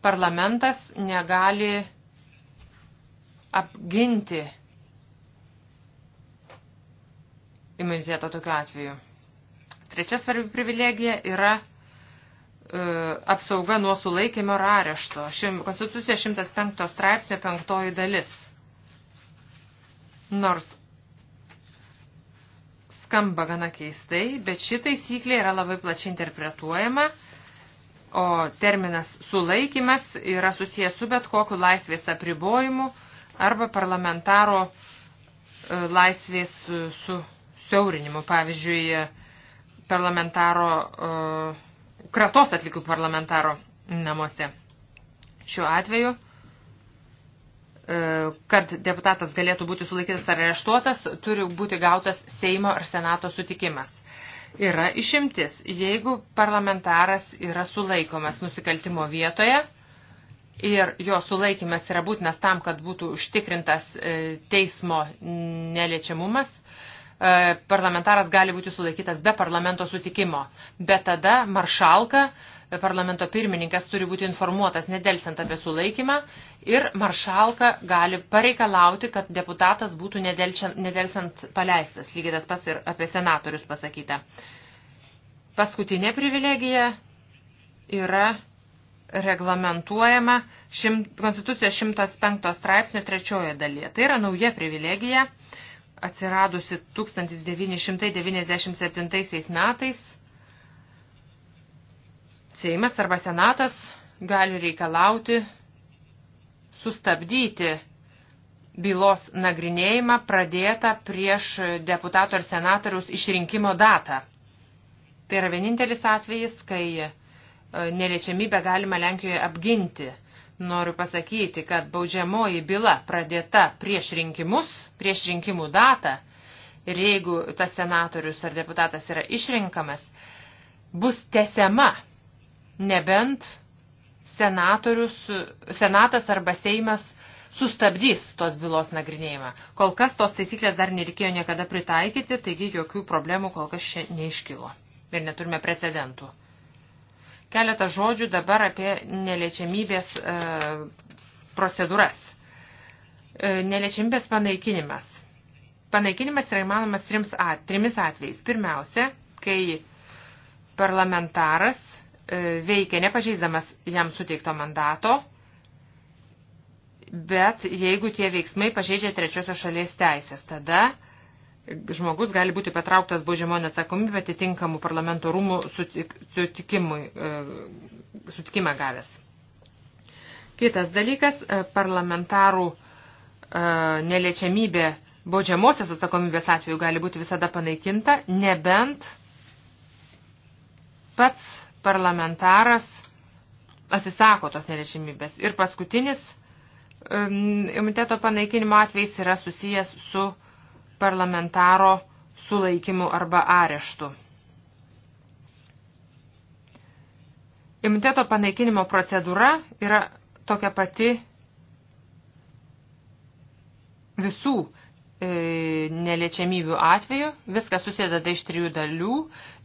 Parlamentas negali apginti imuniteto tokiu atveju. Trečia svarbi privilegija yra e, apsauga nuo sulaikymio ir arešto. Konstitucija 105 straipsnio penktoji dalis. Nors skamba gana keistai, bet ši taisyklė yra labai plačiai interpretuojama, o terminas sulaikimas yra susijęs su bet kokiu laisvės apribojimu arba parlamentaro e, laisvės e, su siaurinimu. Pavyzdžiui, e, parlamentaro, kratos atlikų parlamentaro namuose. Šiuo atveju E, kad deputatas galėtų būti sulaikytas ar areštuotas, turi būti gautas Seimo ar Senato sutikimas. Yra išimtis, jeigu parlamentaras yra sulaikomas nusikaltimo vietoje ir jo sulaikimas yra būtinas tam, kad būtų užtikrintas e, teismo neliečiamumas, e, parlamentaras gali būti sulaikytas be parlamento sutikimo. Bet tada maršalka parlamento pirmininkas turi būti informuotas nedelsiant apie sulaikymą ir maršalka gali pareikalauti, kad deputatas būtų nedelsiant paleistas. Lygiai tas pas ir apie senatorius pasakyta. Paskutinė privilegija yra reglamentuojama šim, Konstitucijos 105 straipsnio trečiojo dalyje. Tai yra nauja privilegija, atsiradusi 1997 metais Seimas arba Senatas gali reikalauti sustabdyti bylos nagrinėjimą pradėtą prieš deputato ar senatoriaus išrinkimo datą. Tai yra vienintelis atvejis, kai e, neliečiamybę galima Lenkijoje apginti. Noriu pasakyti, kad baudžiamoji byla pradėta prieš rinkimus, prieš rinkimų datą, ir jeigu tas senatorius ar deputatas yra išrinkamas, bus tesiama nebent senatorius, senatas arba Seimas sustabdys tos bylos nagrinėjimą. Kol kas tos taisyklės dar nereikėjo niekada pritaikyti, taigi jokių problemų kol kas čia neiškilo ir neturime precedentų. Keletą žodžių dabar apie neliečiamybės e, procedūras. E, neliečiamybės panaikinimas. Panaikinimas yra įmanomas trims at, trimis atvejais. Pirmiausia, kai parlamentaras E, veikia nepažeisdamas jam suteikto mandato, bet jeigu tie veiksmai pažeidžia trečiosios šalies teisės, tada žmogus gali būti patrauktas baudžiamo neatsakomybė atitinkamų parlamento rūmų e, sutikimą gavęs. Kitas dalykas e, – parlamentarų neliečiamybė baudžiamosios atsakomybės atveju gali būti visada panaikinta, nebent pats parlamentaras atsisako tos neliečiamybės. Ir paskutinis imuniteto panaikinimo atvejs yra susijęs su parlamentaro sulaikimu arba areštu. Imuniteto panaikinimo procedūra yra tokia pati visų e, neliečiamybių atveju. Viskas susideda iš trijų dalių,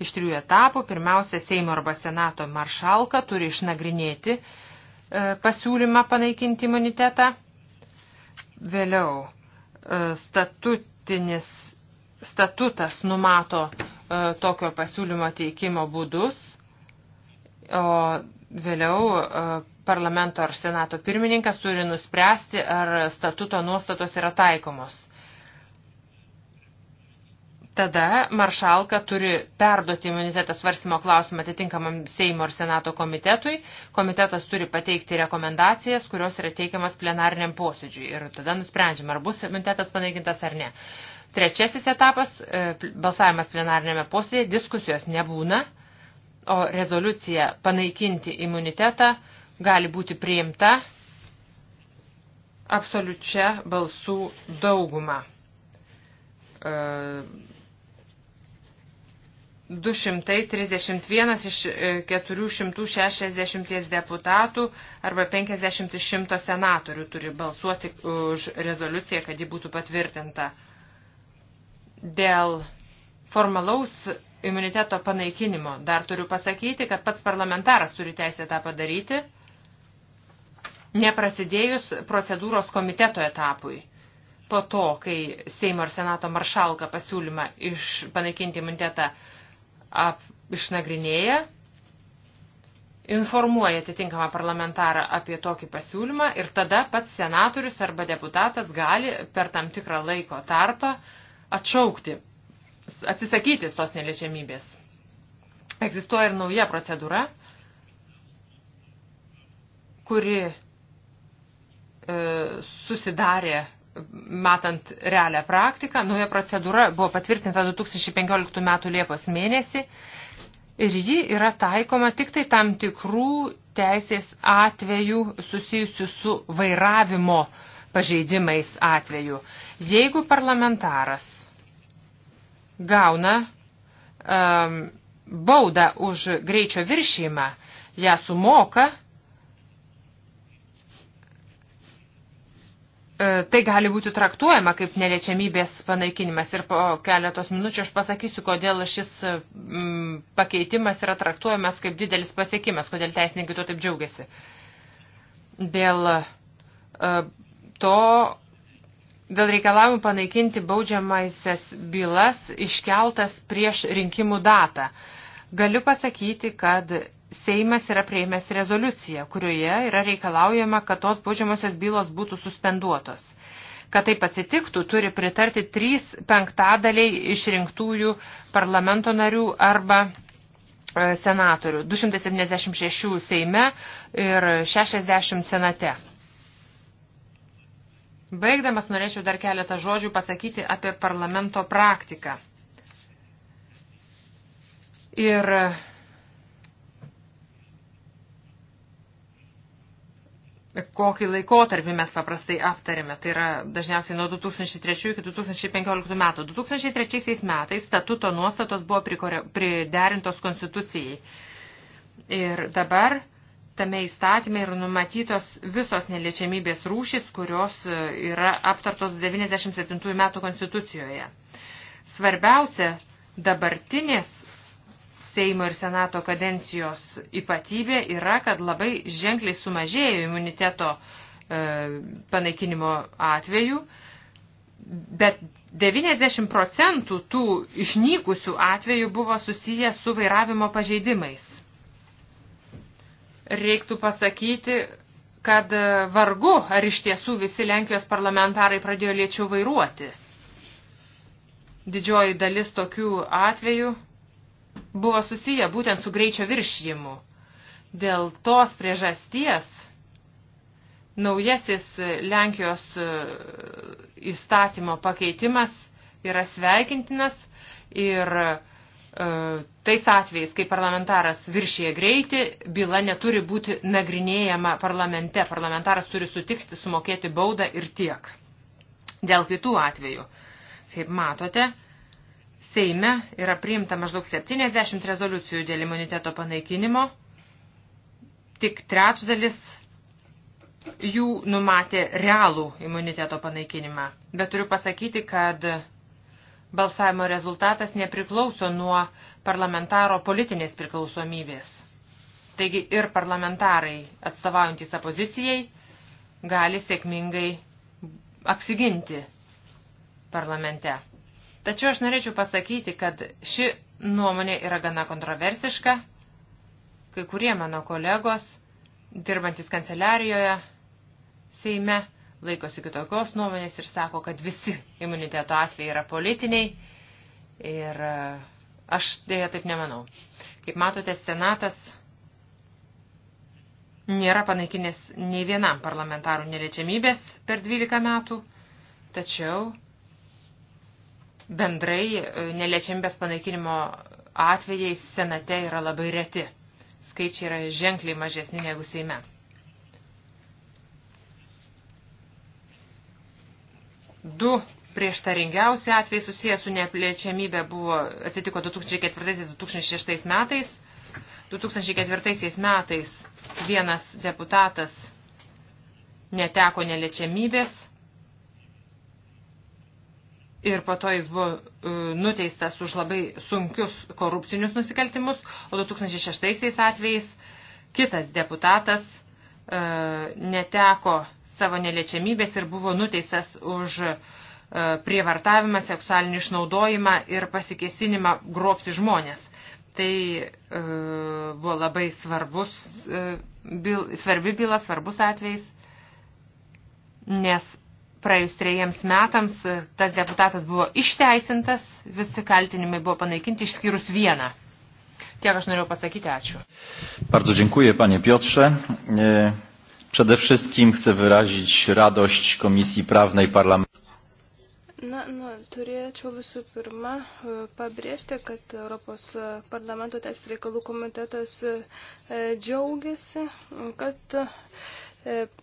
iš trijų etapų. Pirmiausia, Seimo arba Senato maršalka turi išnagrinėti e, pasiūlymą panaikinti imunitetą. Vėliau e, statutinis, statutas numato e, tokio pasiūlymo teikimo būdus, o vėliau parlamento ar senato pirmininkas turi nuspręsti, ar statuto nuostatos yra taikomos. Tada maršalka turi perduoti imunitetą svarstymo klausimą atitinkamam Seimo ir Senato komitetui. Komitetas turi pateikti rekomendacijas, kurios yra teikiamas plenariniam posėdžiui. Ir tada nusprendžiama, ar bus imunitetas panaikintas ar ne. Trečiasis etapas e, - balsavimas plenarinėme posėdėje. Diskusijos nebūna, o rezoliucija panaikinti imunitetą gali būti priimta absoliučia balsų dauguma e, 231 iš 460 e, deputatų arba 50 iš 100 senatorių turi balsuoti už rezoliuciją, kad ji būtų patvirtinta. Dėl formalaus imuniteto panaikinimo dar turiu pasakyti, kad pats parlamentaras turi teisę tą padaryti, neprasidėjus procedūros komiteto etapui po to, kai Seimo ir Senato maršalka pasiūlymą iš panaikinti imunitetą ap, išnagrinėję, informuoja atitinkamą parlamentarą apie tokį pasiūlymą ir tada pats senatorius arba deputatas gali per tam tikrą laiko tarpą atšaukti, atsisakyti tos neliečiamybės. Egzistuoja ir nauja procedūra, kuri e, susidarė matant realią praktiką, nauja procedūra buvo patvirtinta 2015 m. Liepos mėnesį ir ji yra taikoma tik tai tam tikrų teisės atvejų susijusių su vairavimo pažeidimais atveju. Jeigu parlamentaras gauna um, baudą už greičio viršymą, ją sumoka, E, tai gali būti traktuojama kaip neliečiamybės panaikinimas. Ir po keletos minučių aš pasakysiu, kodėl šis mm, pakeitimas yra traktuojamas kaip didelis pasiekimas, kodėl teisininkai to taip džiaugiasi. Dėl uh, to, dėl reikalavimų panaikinti baudžiamaisias bylas iškeltas prieš rinkimų datą. Galiu pasakyti, kad Seimas yra prieimęs rezoliuciją, kurioje yra reikalaujama, kad tos baudžiamosios bylos būtų suspenduotos. Kad taip atsitiktų, turi pritarti trys penktadaliai išrinktųjų parlamento narių arba e, senatorių, 276 Seime ir 60 Senate. Baigdamas norėčiau dar keletą žodžių pasakyti apie parlamento praktiką. Ir kokį laikotarpį mes paprastai aptarėme. Tai yra dažniausiai nuo 2003 iki 2015 metų. 2003 metais statuto nuostatos buvo priderintos konstitucijai. Ir dabar tame įstatyme yra numatytos visos neliečiamybės rūšys, kurios e, yra aptartos 97 metų konstitucijoje. Svarbiausia dabartinės Seimo ir Senato kadencijos ypatybė yra, kad labai ženkliai sumažėjo imuniteto e, panaikinimo atveju, bet 90 procentų tų išnykusių atvejų buvo susiję su vairavimo pažeidimais. Reiktų pasakyti, kad e, vargu, ar iš tiesų visi Lenkijos parlamentarai pradėjo lėčiau vairuoti. Didžioji dalis tokių atvejų buvo susiję būtent su greičio viršijimu. Dėl tos priežasties naujasis Lenkijos e, įstatymo pakeitimas yra sveikintinas ir e, tais atvejais, kai parlamentaras viršyje greitį, byla neturi būti nagrinėjama parlamente. Parlamentaras turi sutikti sumokėti baudą ir tiek. Dėl kitų atvejų, kaip matote, Seime yra priimta maždaug 70 rezoliucijų dėl imuniteto panaikinimo. Tik trečdalis jų numatė realų imuniteto panaikinimą. Bet turiu pasakyti, kad balsavimo rezultatas nepriklauso nuo parlamentaro politinės priklausomybės. Taigi ir parlamentarai atstovaujantis opozicijai gali sėkmingai apsiginti parlamente. Tačiau aš norėčiau pasakyti, kad ši nuomonė yra gana kontroversiška. Kai kurie mano kolegos, dirbantis kanceliarijoje, Seime, laikosi kitokios nuomonės ir sako, kad visi imuniteto atvejai yra politiniai. Ir e, aš dėja taip nemanau. Kaip matote, Senatas nėra panaikinęs nei vienam parlamentarų neliečiamybės per 12 metų, tačiau bendrai e, neliečiambės panaikinimo atvejai senate yra labai reti. Skaičiai yra ženkliai mažesni negu Seime. Du prieštaringiausi atvejai susijęs su nepliečiamybė buvo, atsitiko 2004-2006 metais. 2004 metais vienas deputatas neteko neliečiamybės ir po to jis buvo e, nuteistas už labai sunkius korupcinius nusikaltimus, o 2006 atvejais kitas deputatas e, neteko savo neliečiamybės ir buvo nuteistas už e, prievartavimą, seksualinį išnaudojimą ir pasikesinimą grobti žmonės. Tai e, buvo labai svarbus, e, bil, svarbi byla, svarbus atvejs, nes praėjus trejiems metams e, tas deputatas buvo išteisintas, visi kaltinimai buvo panaikinti išskyrus vieną. Tiek aš norėjau pasakyti, ačiū. Bardzo dziękuję, panie Piotrze. E, przede wszystkim chcę wyrazić radość Komisji Prawnej Parlamentu. Na, na, turėčiau visų pirma e, pabrėžti, kad Europos parlamento teisės reikalų komitetas džiaugiasi, kad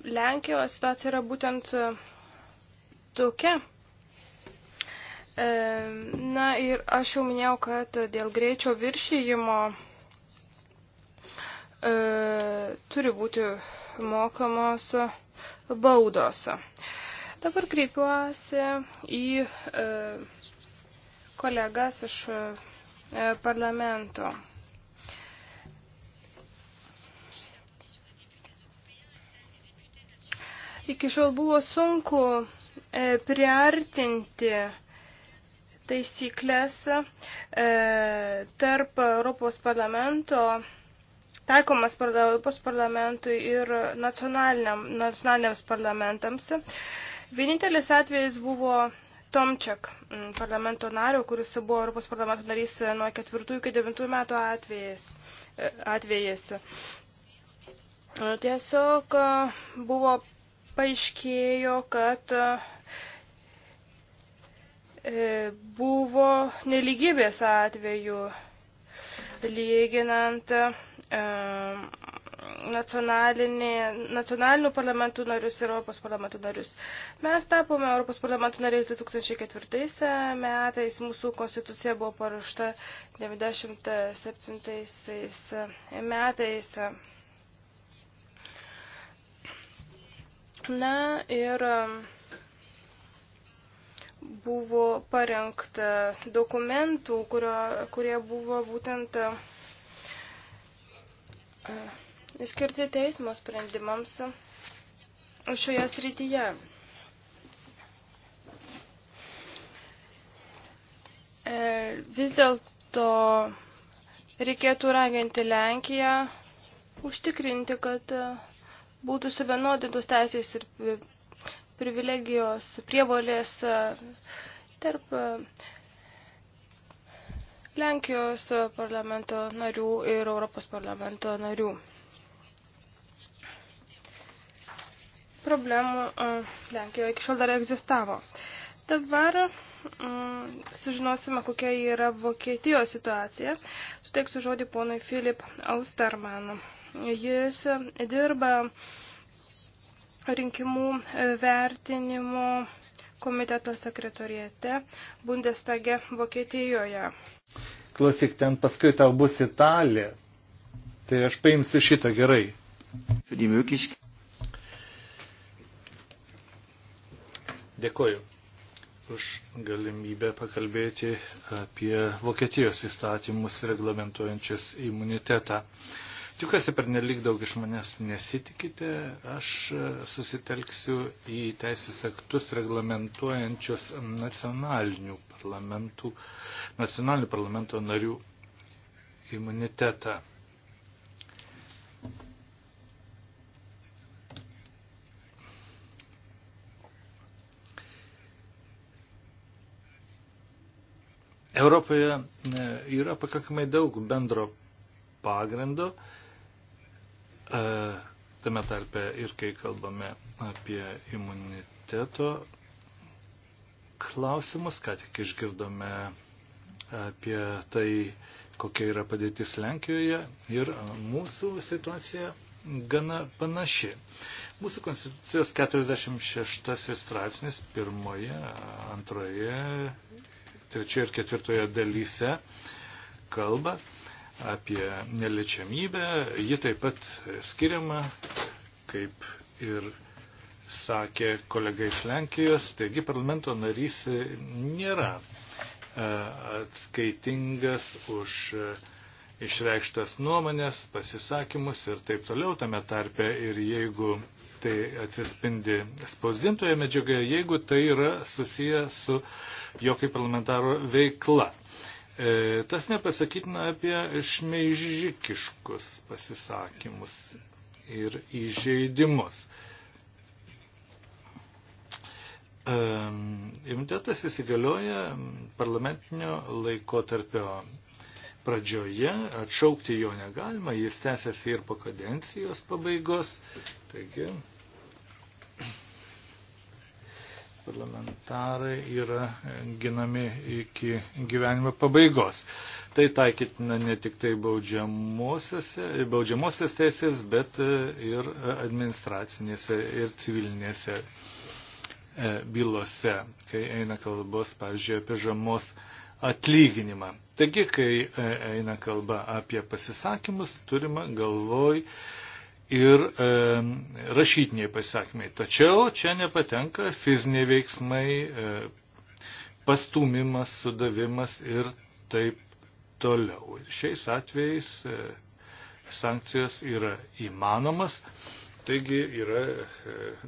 Lenkijoje situacija yra būtent tokia. E, na ir aš jau minėjau, kad dėl greičio viršyjimo e, turi būti mokamos baudos. Dabar kreipiuosi į e, kolegas iš parlamento. Iki šiol buvo sunku E, priartinti taisyklės e, tarp Europos parlamento taikomas Europos parlamentui ir nacionaliniam, nacionaliniams parlamentams. Vienintelis atvejis buvo Tomčiak, parlamento nario, kuris buvo Europos parlamento narys nuo 4 iki 9 metų atvejais. E, atvejais. Tiesiog buvo paaiškėjo, kad e, buvo neligybės atveju lyginant e, nacionalinių parlamentų narius ir Europos parlamentų narius. Mes tapome Europos parlamentų nariais 2004 metais, mūsų konstitucija buvo paruošta 97 metais Na ir um, buvo parengta dokumentų, kurio, kurie buvo būtent uh, skirti teismo sprendimams šioje srityje. E, vis dėlto reikėtų raginti Lenkiją užtikrinti, kad būtų suvienodintos teisės ir privilegijos, prievolės e, tarp e, Lenkijos parlamento narių ir Europos parlamento narių. Problemų e, Lenkijoje iki šiol dar egzistavo. Dabar mm, sužinosime, kokia yra Vokietijos situacija. Suteiksiu žodį ponui Filip Austermanui. Jis dirba rinkimų vertinimo komiteto sekretorijate Bundestage Vokietijoje. Klausyk, ten paskui tau bus Italija. Tai aš paimsiu šitą gerai. Dėkoju už galimybę pakalbėti apie Vokietijos įstatymus reglamentuojančias imunitetą. Uh, Tikiuosi, per nelik daug iš manęs nesitikite. Aš e, susitelksiu į teisės aktus reglamentuojančius nacionalinių parlamentų, nacionalinių parlamento narių imunitetą. Europoje e, yra pakankamai daug bendro pagrindo E, tame tarpe ir kai kalbame apie imuniteto klausimus, ką tik išgirdome apie tai, kokia yra padėtis Lenkijoje ir mūsų situacija gana panaši. Mūsų konstitucijos 46 straipsnis pirmoje, antroje, trečioje ir ketvirtoje dalyse kalba apie neliečiamybę. Ji taip pat skiriama, kaip ir sakė kolega iš Lenkijos, taigi parlamento narys nėra e, atskaitingas už e, išreikštas nuomonės, pasisakymus ir taip toliau tame tarpe. Ir jeigu tai atsispindi spausdintoje medžiagoje, jeigu tai yra susiję su jo kaip parlamentaro veikla. E, tas nepasakytina apie šmeižikiškus pasisakymus ir įžeidimus. E, Imitetas įsigalioja parlamentinio laikotarpio pradžioje, atšaukti jo negalima, jis tęsiasi ir po kadencijos pabaigos, taigi parlamentarai yra ginami iki gyvenimo pabaigos. Tai taikytina ne tik tai baudžiamosios teisės, bet e, ir administracinėse ir civilinėse e, bylose, kai eina kalbos, pavyzdžiui, apie žamos atlyginimą. Taigi, kai e, eina kalba apie pasisakymus, turima galvoj ir e, rašytiniai pasisakymai. Tačiau čia nepatenka fiziniai veiksmai, e, pastumimas, sudavimas ir taip toliau. Šiais atvejais e, sankcijos yra įmanomas, taigi yra e,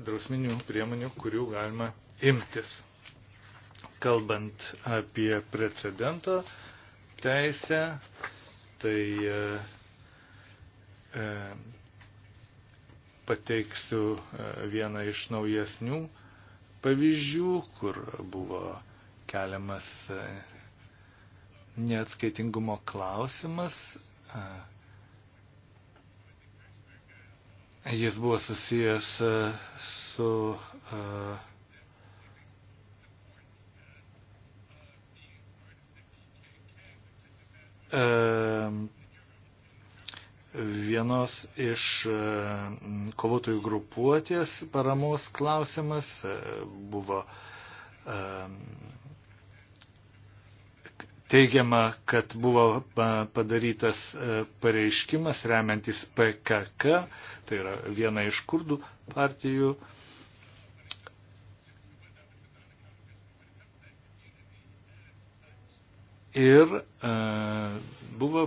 drausminių priemonių, kurių galima imtis. Kalbant apie precedento teisę, tai e, e pateiksiu e, vieną iš naujesnių pavyzdžių, kur buvo keliamas e, neatskaitingumo klausimas. E, jis buvo susijęs su uh, vienos iš e, kovotojų grupuotės paramos klausimas e, buvo e, teigiama, kad buvo padarytas pareiškimas remiantis PKK, tai yra viena iš kurdų partijų. Ir e, buvo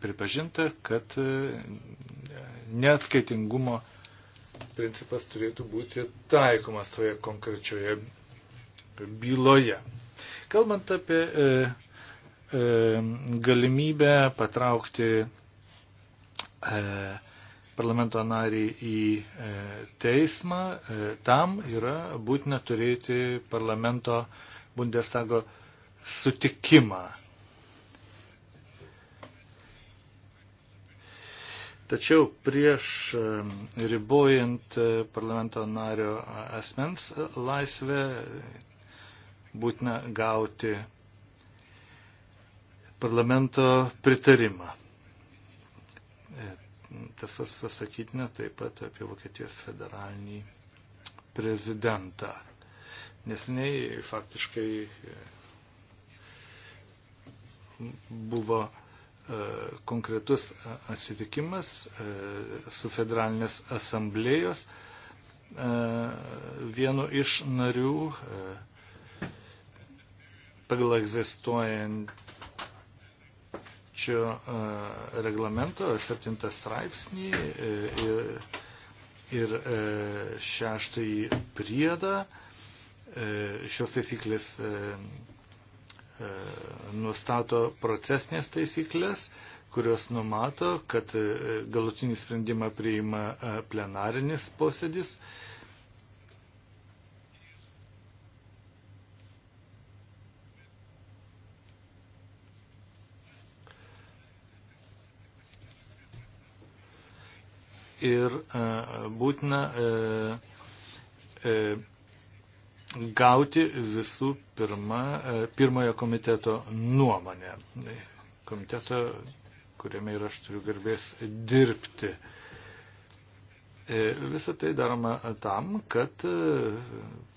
pripažinta, kad e, neatskaitingumo principas turėtų būti taikomas toje konkrečioje byloje. Kalbant apie e, e, galimybę patraukti e, parlamento narį į e, teismą, e, tam yra būtina turėti parlamento Bundestago sutikimą. Tačiau prieš ribojant e, parlamento nario e, asmens e, laisvę būtina gauti parlamento pritarimą. Tas vas pasakytina taip pat apie Vokietijos federalinį prezidentą. Nesiniai faktiškai buvo E, konkretus atsitikimas e, su federalinės asamblėjos e, vienu iš narių pagal egzistuojančio reglamento 7 straipsnį ir šeštąjį priedą šios taisyklės E, nustato procesinės taisyklės, kurios numato, kad e, galutinį sprendimą priima e, plenarinis posėdis. ir būtina gauti visų pirma, e, pirmojo komiteto nuomonę. Komiteto, kuriame ir aš turiu garbės dirbti. E, Visą tai daroma tam, kad e,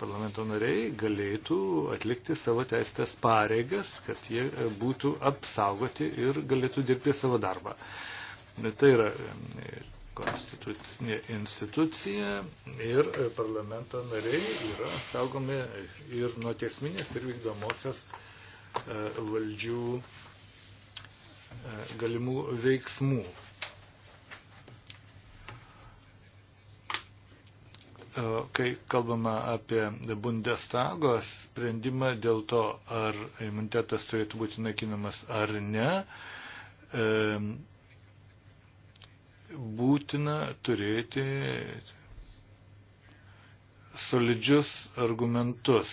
parlamento nariai galėtų atlikti savo teistas pareigas, kad jie būtų apsaugoti ir galėtų dirbti savo darbą. Tai yra konstitucinė institucija ir e, parlamento nariai yra saugomi ir nuo tiesminės ir vykdomosios e, valdžių e, galimų veiksmų. kai kalbama apie Bundestago sprendimą dėl to, ar imunitetas turėtų būti naikinamas ar ne, būtina turėti solidžius argumentus.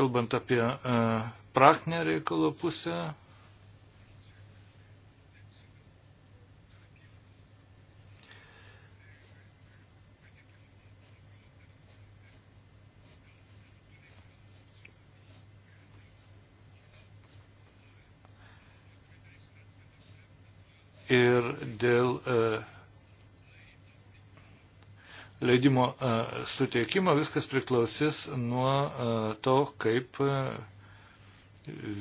Kalbant apie e, praktinę reikalo pusę, dėl e, leidimo e, suteikimo viskas priklausys nuo e, to, kaip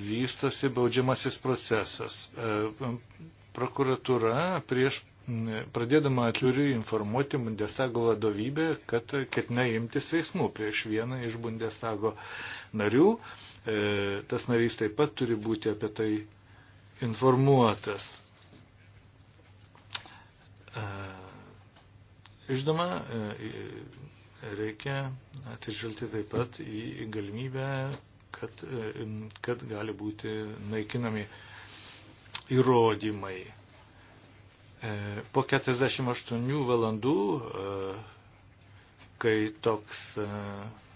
vystosi baudžiamasis procesas. Prokuratūra prieš pradėdama atviriai informuoti Bundestago vadovybę, kad ketina imtis veiksmų prieš vieną iš Bundestago narių. Tas narys taip pat turi būti apie tai informuotas. E, Išdama e, reikia atsižvelgti taip pat į galimybę, kad, e, kad gali būti naikinami įrodymai. Po 48 valandų, kai toks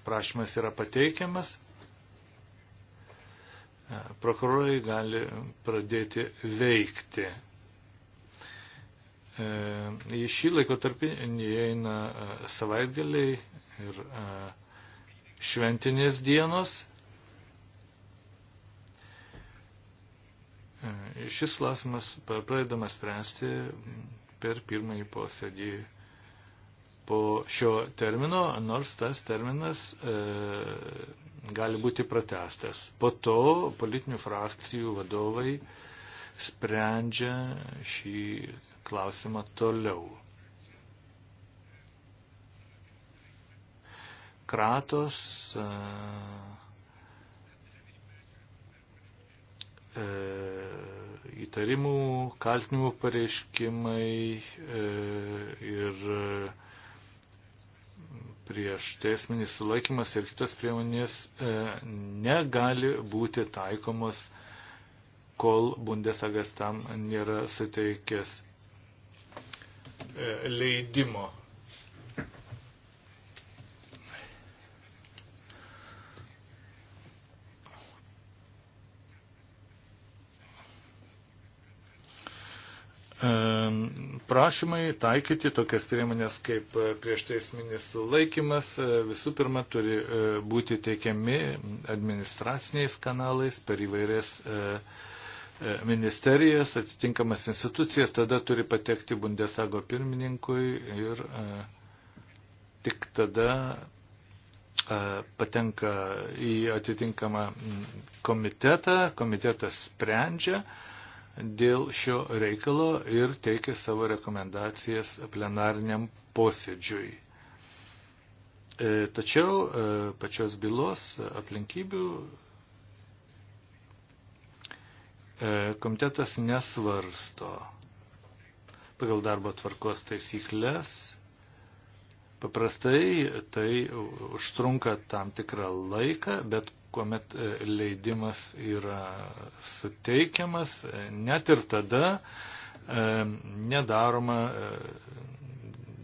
prašymas yra pateikiamas, prokurorai gali pradėti veikti E, į šį laikotarpį įeina e, savaitgaliai ir e, šventinės dienos. Šis klausimas pradedamas spręsti per pirmąjį posėdį po šio termino, nors tas terminas e, gali būti pratestas. Po to politinių frakcijų vadovai sprendžia šį klausimą toliau. Kratos e, e, įtarimų, kaltinimų pareiškimai e, ir e, prieš teisminį tai sulaikymas ir kitos priemonės e, negali būti taikomos, kol Bundesagas tam nėra suteikęs E, leidimo. Prašymai taikyti tokias priemonės kaip prieš teisminis sulaikimas e, visų pirma turi e, būti teikiami administraciniais kanalais per įvairias e, ministerijas, atitinkamas institucijas, tada turi patekti Bundestago pirmininkui ir e, tik tada e, patenka į atitinkamą komitetą, komitetas sprendžia dėl šio reikalo ir teikia savo rekomendacijas plenariniam posėdžiui. E, tačiau pačios bylos aplinkybių E, komitetas nesvarsto pagal darbo tvarkos taisyklės. Paprastai tai užtrunka tam tikrą laiką, bet kuomet e, leidimas yra suteikiamas, e, net ir tada nedaroma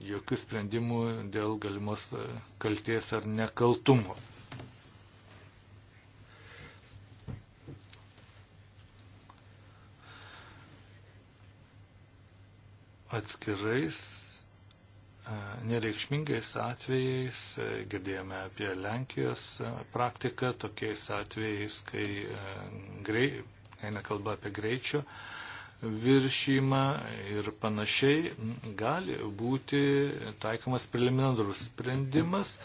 jokių sprendimų dėl galimos kalties ar nekaltumo. atskirais e, nereikšmingais atvejais, e, girdėjome apie Lenkijos e, praktiką, tokiais atvejais, kai grei, eina kalba apie greičio viršymą ir panašiai, gali būti taikomas preliminarus sprendimas.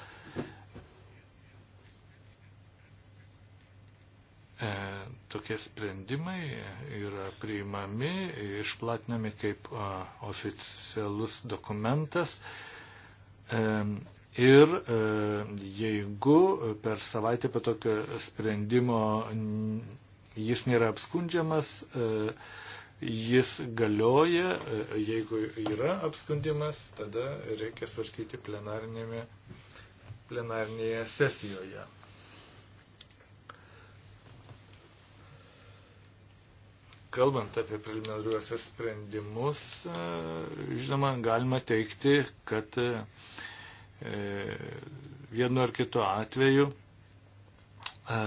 E, tokie sprendimai yra priimami, išplatinami kaip oficialus dokumentas. Ir e, jeigu per savaitę po tokio sprendimo jis nėra apskundžiamas, e, jis galioja, e, jeigu yra apskundimas, tada reikia svarstyti plenarinėje sesijoje. Kalbant apie preliminariuosius sprendimus, e, žinoma, galima teikti, kad e, vienu ar kitu atveju e,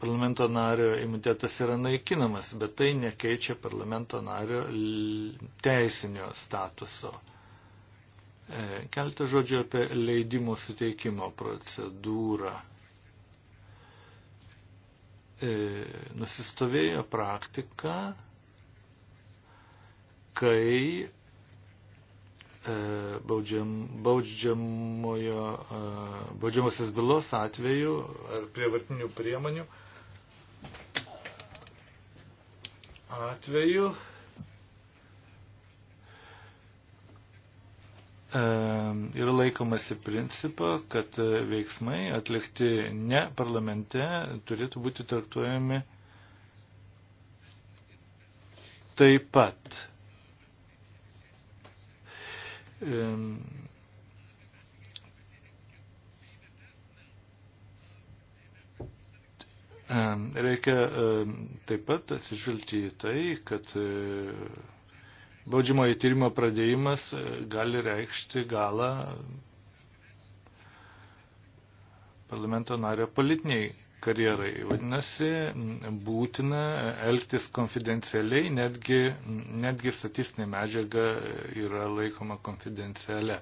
parlamento nario imunitetas yra naikinamas, bet tai nekeičia parlamento nario teisinio statuso. Keltą žodžių apie leidimo suteikimo procedūrą. E, nusistovėjo praktika, kai e, baudžiam, baudžiamojo, e, baudžiamosios bylos atveju ar prievartinių priemonių atveju yra laikomasi principo, kad veiksmai atlikti ne parlamente turėtų būti traktuojami taip pat. Reikia taip pat atsižvelgti į tai, kad baudžiamojo tyrimo pradėjimas e, gali reikšti galą parlamento nario politiniai karjerai. Vadinasi, būtina elgtis konfidencialiai, netgi, netgi statistinė medžiaga yra laikoma konfidencialia.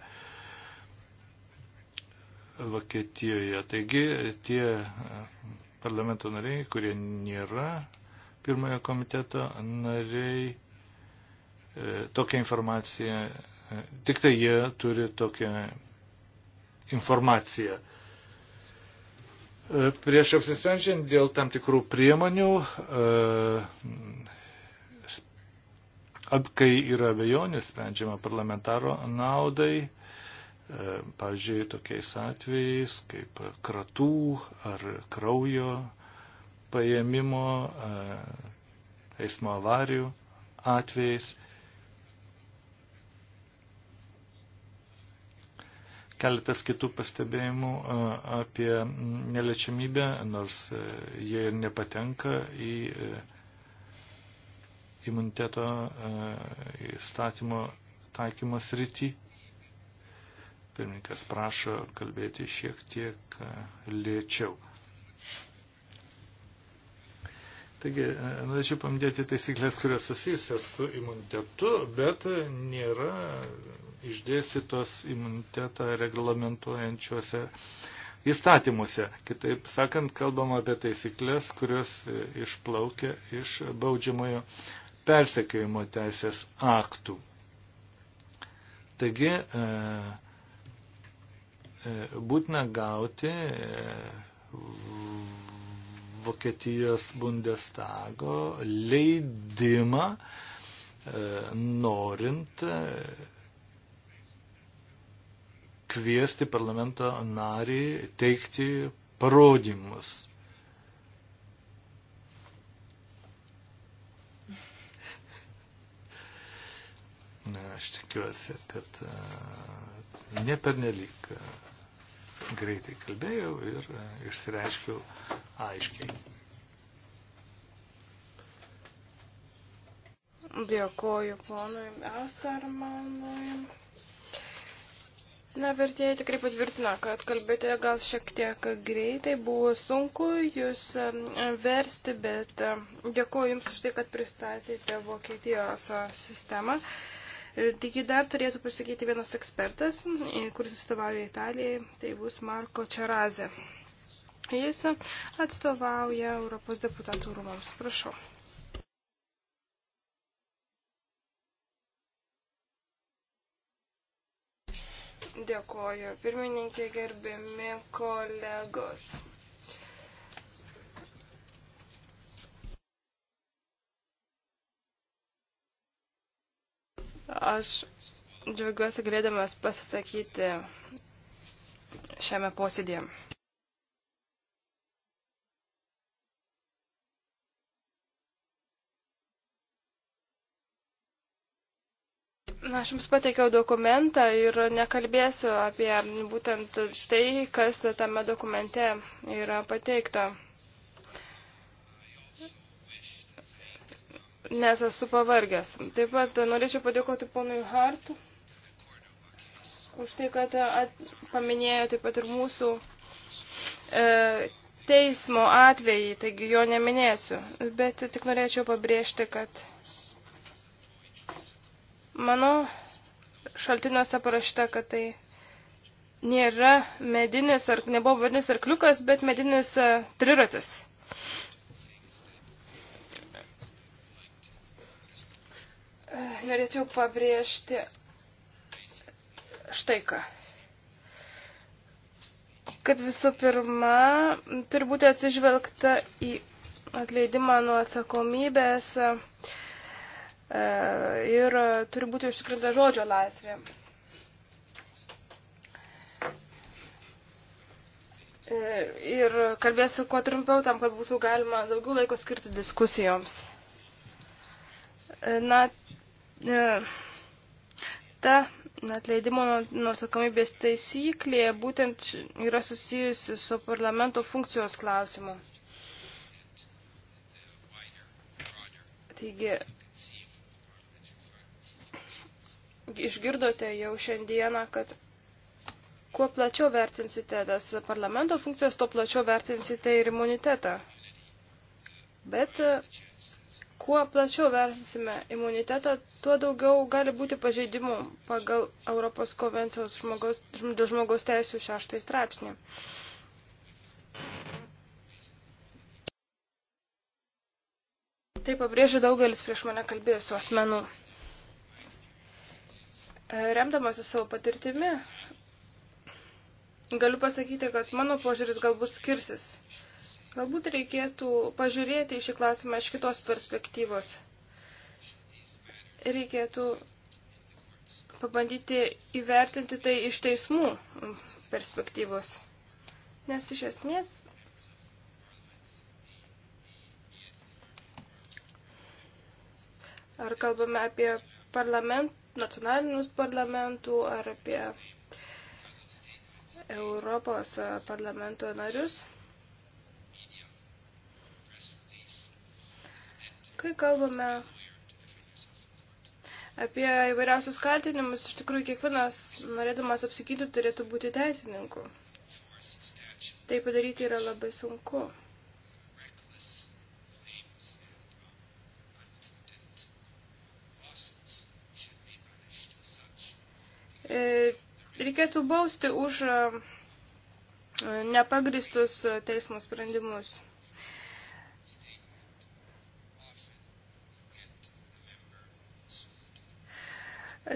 Vokietijoje. Taigi tie e, parlamento nariai, kurie nėra pirmojo komiteto nariai, E, tokią informaciją, e, tik tai jie turi tokią informaciją. E, prieš apsisprendžiant dėl tam tikrų priemonių, kai yra abejonių sprendžiama parlamentaro naudai, pavyzdžiui, tokiais atvejais kaip kratų ar kraujo paėmimo, eismo avarijų atvejais. Keletas kitų pastebėjimų apie neliečiamybę, nors jie ir nepatenka į e, imuniteto įstatymo taikymos rytį. Pirmininkas prašo kalbėti šiek tiek lėčiau. Taigi, e, norėčiau paminėti taisyklės, kurios susijusios su imunitetu, bet nėra išdėstytos imunitetą reglamentuojančiuose įstatymuose. Kitaip sakant, kalbama apie taisyklės, kurios e, išplaukia iš baudžiamojo persekiojimo teisės aktų. Taigi, e, būtina gauti Vokietijos Bundestago leidimą, e, norint e, kviesti parlamento narį teikti parodymus. Aš tikiuosi, kad e, ne pernelyg greitai kalbėjau ir išsireiškiau aiškiai. Dėkoju ponui Astarmanui. Na, vertėjai tikrai patvirtina, kad kalbėte gal šiek tiek greitai, buvo sunku jūs versti, bet dėkoju Jums už tai, kad pristatėte Vokietijos sistemą. Tik dar turėtų pasakyti vienas ekspertas, kuris atstovauja Italijai, tai bus Marko Čerazė. Jis atstovauja Europos deputatų rūmams. Prašau. Dėkoju. Pirmininkė gerbiami kolegos. Aš džiaugiuosi galėdamas pasisakyti šiame posėdėje. Na, aš jums pateikiau dokumentą ir nekalbėsiu apie būtent tai, kas tame dokumente yra pateikta. Nes esu pavargęs. Taip pat norėčiau padėkoti ponui Hart už tai, kad at, paminėjo taip pat ir mūsų e, teismo atvejį, taigi jo neminėsiu. Bet tik norėčiau pabrėžti, kad Manau, šaltiniuose parašyta, kad tai nėra medinis, ar nebuvo medinis arkliukas, bet medinis e, triratis. E, norėčiau pabrėžti štai ką kad visų pirma turi būti atsižvelgta į atleidimą nuo atsakomybės, E, ir turi būti užtikrinta žodžio laisvė. E, ir kalbėsiu kuo trumpiau tam, kad būtų galima daugiau laiko skirti diskusijoms. E, na, ta atleidimo nusakomybės taisyklė būtent yra susijusi su parlamento funkcijos klausimu. Taigi, išgirdote jau šiandieną, kad kuo plačiau vertinsite tas parlamento funkcijas, tuo plačiau vertinsite ir imunitetą. Bet e, kuo plačiau versime imunitetą, tuo daugiau gali būti pažeidimų pagal Europos konvencijos žmogaus, dėl žmogaus teisų šeštą straipsnį. Tai pabrėžia daugelis prieš mane kalbėjusių asmenų. E, remdamasi savo patirtimi, galiu pasakyti, kad mano požiūris galbūt skirsis. Galbūt reikėtų pažiūrėti į šį klausimą iš kitos perspektyvos. Reikėtų pabandyti įvertinti tai iš teismų perspektyvos. Nes iš esmės ar kalbame apie parlament, nacionalinius parlamentų ar apie Europos parlamento narius. Kai kalbame apie įvairiausius kaltinimus, iš tikrųjų kiekvienas norėdamas apsikyti turėtų būti teisininku. Tai padaryti yra labai sunku. E, reikėtų bausti už e, nepagristus e, teismo sprendimus.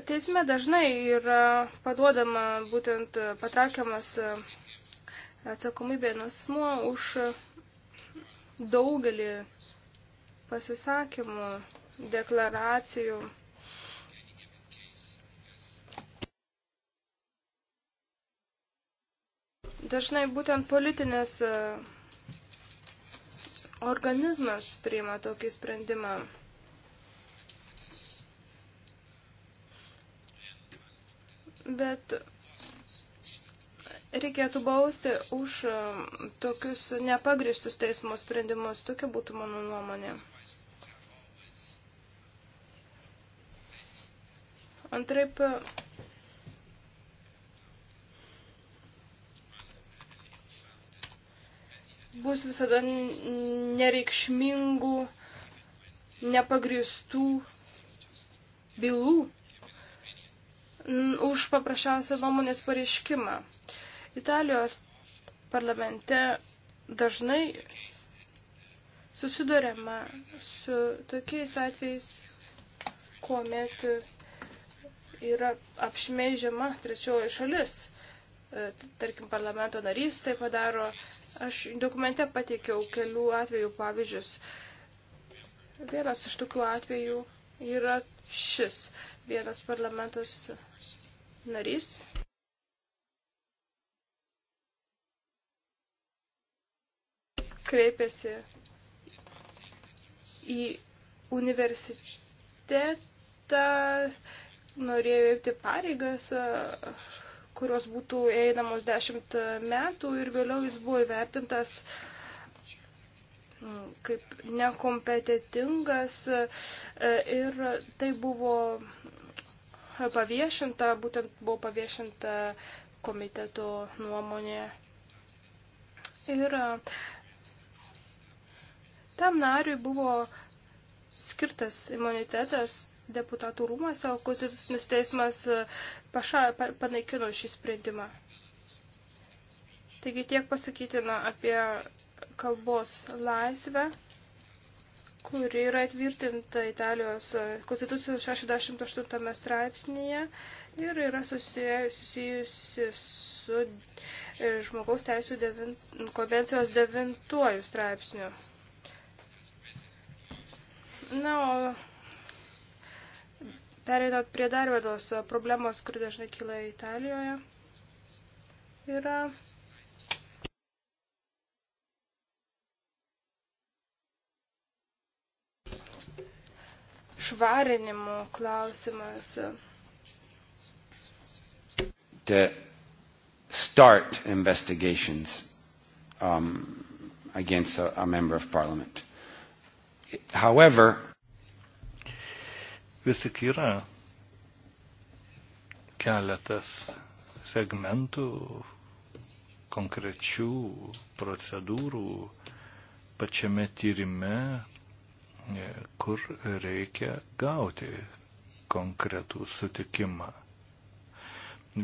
Teisme dažnai yra paduodama būtent patraukiamas atsakomybė nasmuo už daugelį pasisakymų, deklaracijų. Dažnai būtent politinės e, organizmas priima tokį sprendimą. Bet reikėtų bausti už e, tokius nepagristus teismo sprendimus. Tokia būtų mano nuomonė. Antraip, bus visada nereikšmingų, nepagristų bylų už paprasčiausią nuomonės pareiškimą. Italijos parlamente dažnai susidurėma su tokiais atvejais, kuomet yra apšmeižiama trečioji šalis. E, tarkim, parlamento narys tai padaro. Aš dokumente pateikiau kelių atvejų pavyzdžius. Vienas iš tokių atvejų yra šis. Vienas parlamentas narys. Kreipėsi į universitetą, norėjo įvykti pareigas kurios būtų einamos dešimt metų ir vėliau jis buvo įvertintas mm, kaip nekompetitingas e, ir tai buvo paviešinta, būtent buvo paviešinta komiteto nuomonė. Ir e, tam nariui buvo skirtas imunitetas deputatų rūmose, o Konstitucinis teismas e, paša, pa, panaikino šį sprendimą. Taigi tiek pasakytina apie kalbos laisvę, kuri yra atvirtinta Italijos e, Konstitucijos 68 straipsnėje ir yra susijusi su e, žmogaus teisų devint, konvencijos 9 straipsniu. Na, o Pereinant prie dar vienos problemos, kuri dažnai kyla Italijoje, yra švarinimo klausimas. To start investigations um, against a, a member of parliament. However, Vis tik yra keletas segmentų, konkrečių procedūrų pačiame tyrime, e, kur reikia gauti konkretų sutikimą.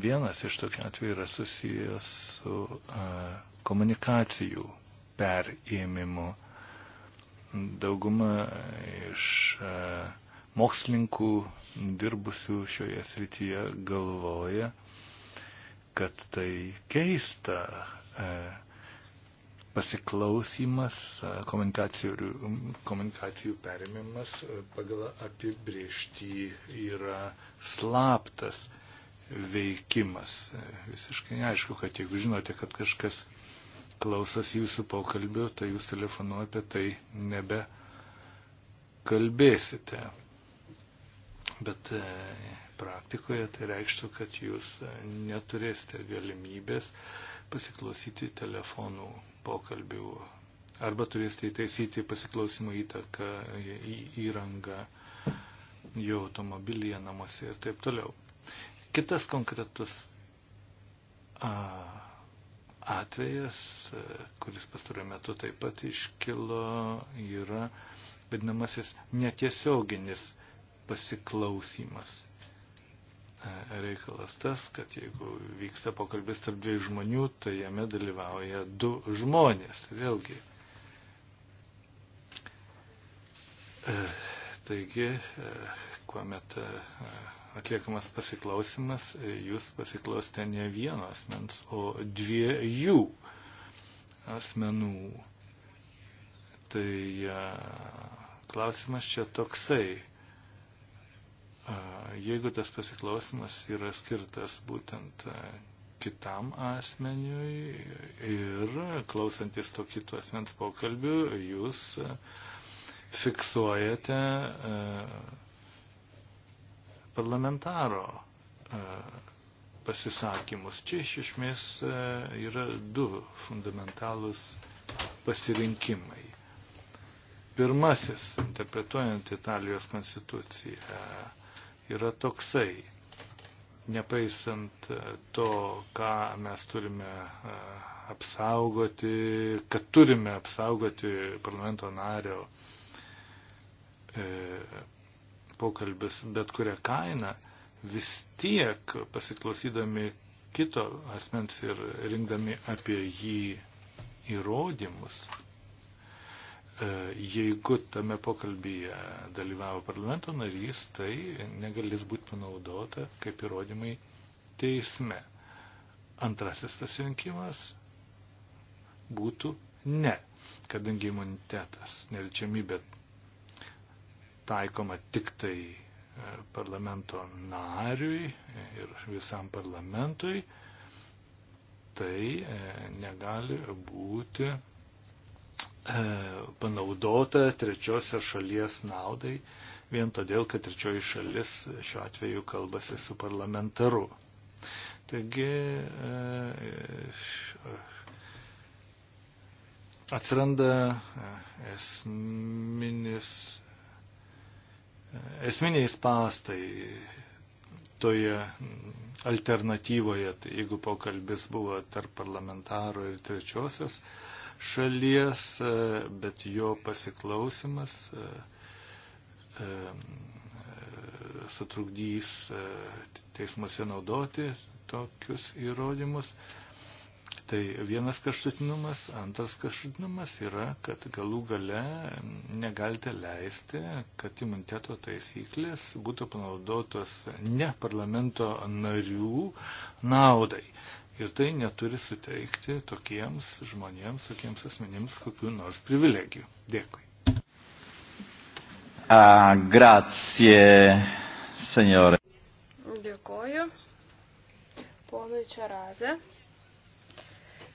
Vienas iš tokių atvejų yra susijęs su a, e, komunikacijų perėmimu. Dauguma iš a, e, mokslininkų dirbusių šioje srityje galvoja, kad tai keista e, pasiklausimas, e, komunikacijų, komunikacijų perėmimas e, pagal apibriežtį yra slaptas veikimas. Visiškai aišku, kad jeigu žinote, kad kažkas klausosi jūsų pokalbio, tai jūs telefonu apie tai nebe kalbėsite bet e, praktikoje tai reikštų, kad jūs e, neturėsite galimybės pasiklausyti telefonų pokalbių arba turėsite įtaisyti pasiklausimo įtaką į įrangą jo automobilyje, namuose ir taip toliau. Kitas konkretus a, atvejas, e, kuris pastaruoju metu taip pat iškilo, yra vadinamasis netiesioginis pasiklausimas. E, reikalas tas, kad jeigu vyksta pokalbis tarp dviejų žmonių, tai jame dalyvauja du žmonės. Vėlgi. E, taigi, e, kuomet atliekamas pasiklausimas, jūs pasiklausite ne vieno asmens, o dviejų asmenų. Tai klausimas čia toksai, jeigu tas pasiklausimas yra skirtas būtent kitam asmeniui ir klausantis to kito asmens pokalbių, jūs fiksuojate parlamentaro pasisakymus. Čia iš esmės yra du fundamentalūs pasirinkimai. Pirmasis, interpretuojant Italijos konstituciją, yra toksai. Nepaisant e, to, ką mes turime e, apsaugoti, kad turime apsaugoti parlamento nario e, pokalbis bet kurią kainą, vis tiek pasiklausydami kito asmens ir rinkdami apie jį įrodymus, E, jeigu tame pokalbyje dalyvavo parlamento narys, tai negalės būti panaudota kaip įrodymai teisme. Antrasis pasirinkimas būtų ne, kadangi imunitetas, neliečiamybė taikoma tik tai e, parlamento nariui ir visam parlamentui, tai e, negali būti E, panaudota trečiosios šalies naudai, vien todėl, kad trečioji šalis šiuo atveju kalbasi su parlamentaru. Taigi e, atsiranda e, esminis, esminiai spastai toje alternatyvoje, tai jeigu pokalbis buvo tarp parlamentaro ir trečiosios šalies, e, bet jo pasiklausimas e, e, sutrukdys teismuose naudoti tokius įrodymus. Tai vienas kraštutinumas, antras kraštutinumas yra, kad galų gale negalite leisti, kad imuniteto taisyklės būtų panaudotos ne parlamento narių naudai. Ir tai neturi suteikti tokiems žmonėms, tokiems asmenims kokiu nors privilegijų. Dėkui. A, grazie, senjore. Dėkoju. Ponui Čerazė.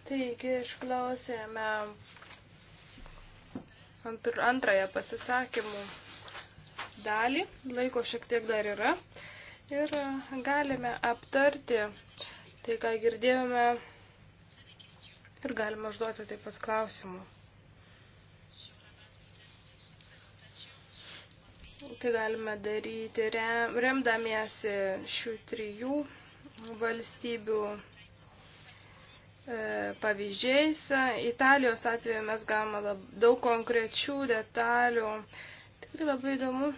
Taigi išklausėme antr antrąją pasisakymų dalį. Laiko šiek tiek dar yra. Ir galime aptarti uh, tai, ką girdėjome ir galima užduoti taip pat klausimų. Tai galime daryti remdamiesi šių trijų valstybių e, pavyzdžiais. Italijos atveju mes gavome daug konkrečių detalių. Tikrai labai įdomu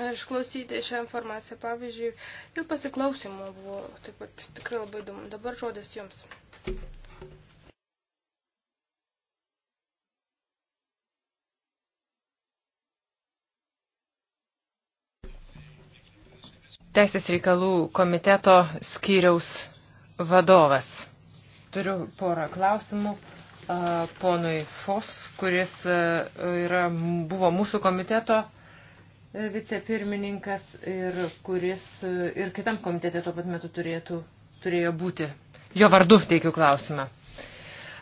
išklausyti šią informaciją. Pavyzdžiui, jų pasiklausimo buvo taip pat tikrai labai įdomu. Dabar žodis jums. Teisės reikalų komiteto skyriaus vadovas. Turiu porą klausimų ponui Fos, kuris yra, buvo mūsų komiteto uh, vicepirmininkas ir kuris ir kitam komitete tuo pat metu turėtų, turėjo būti. Jo vardu teikiu klausimą.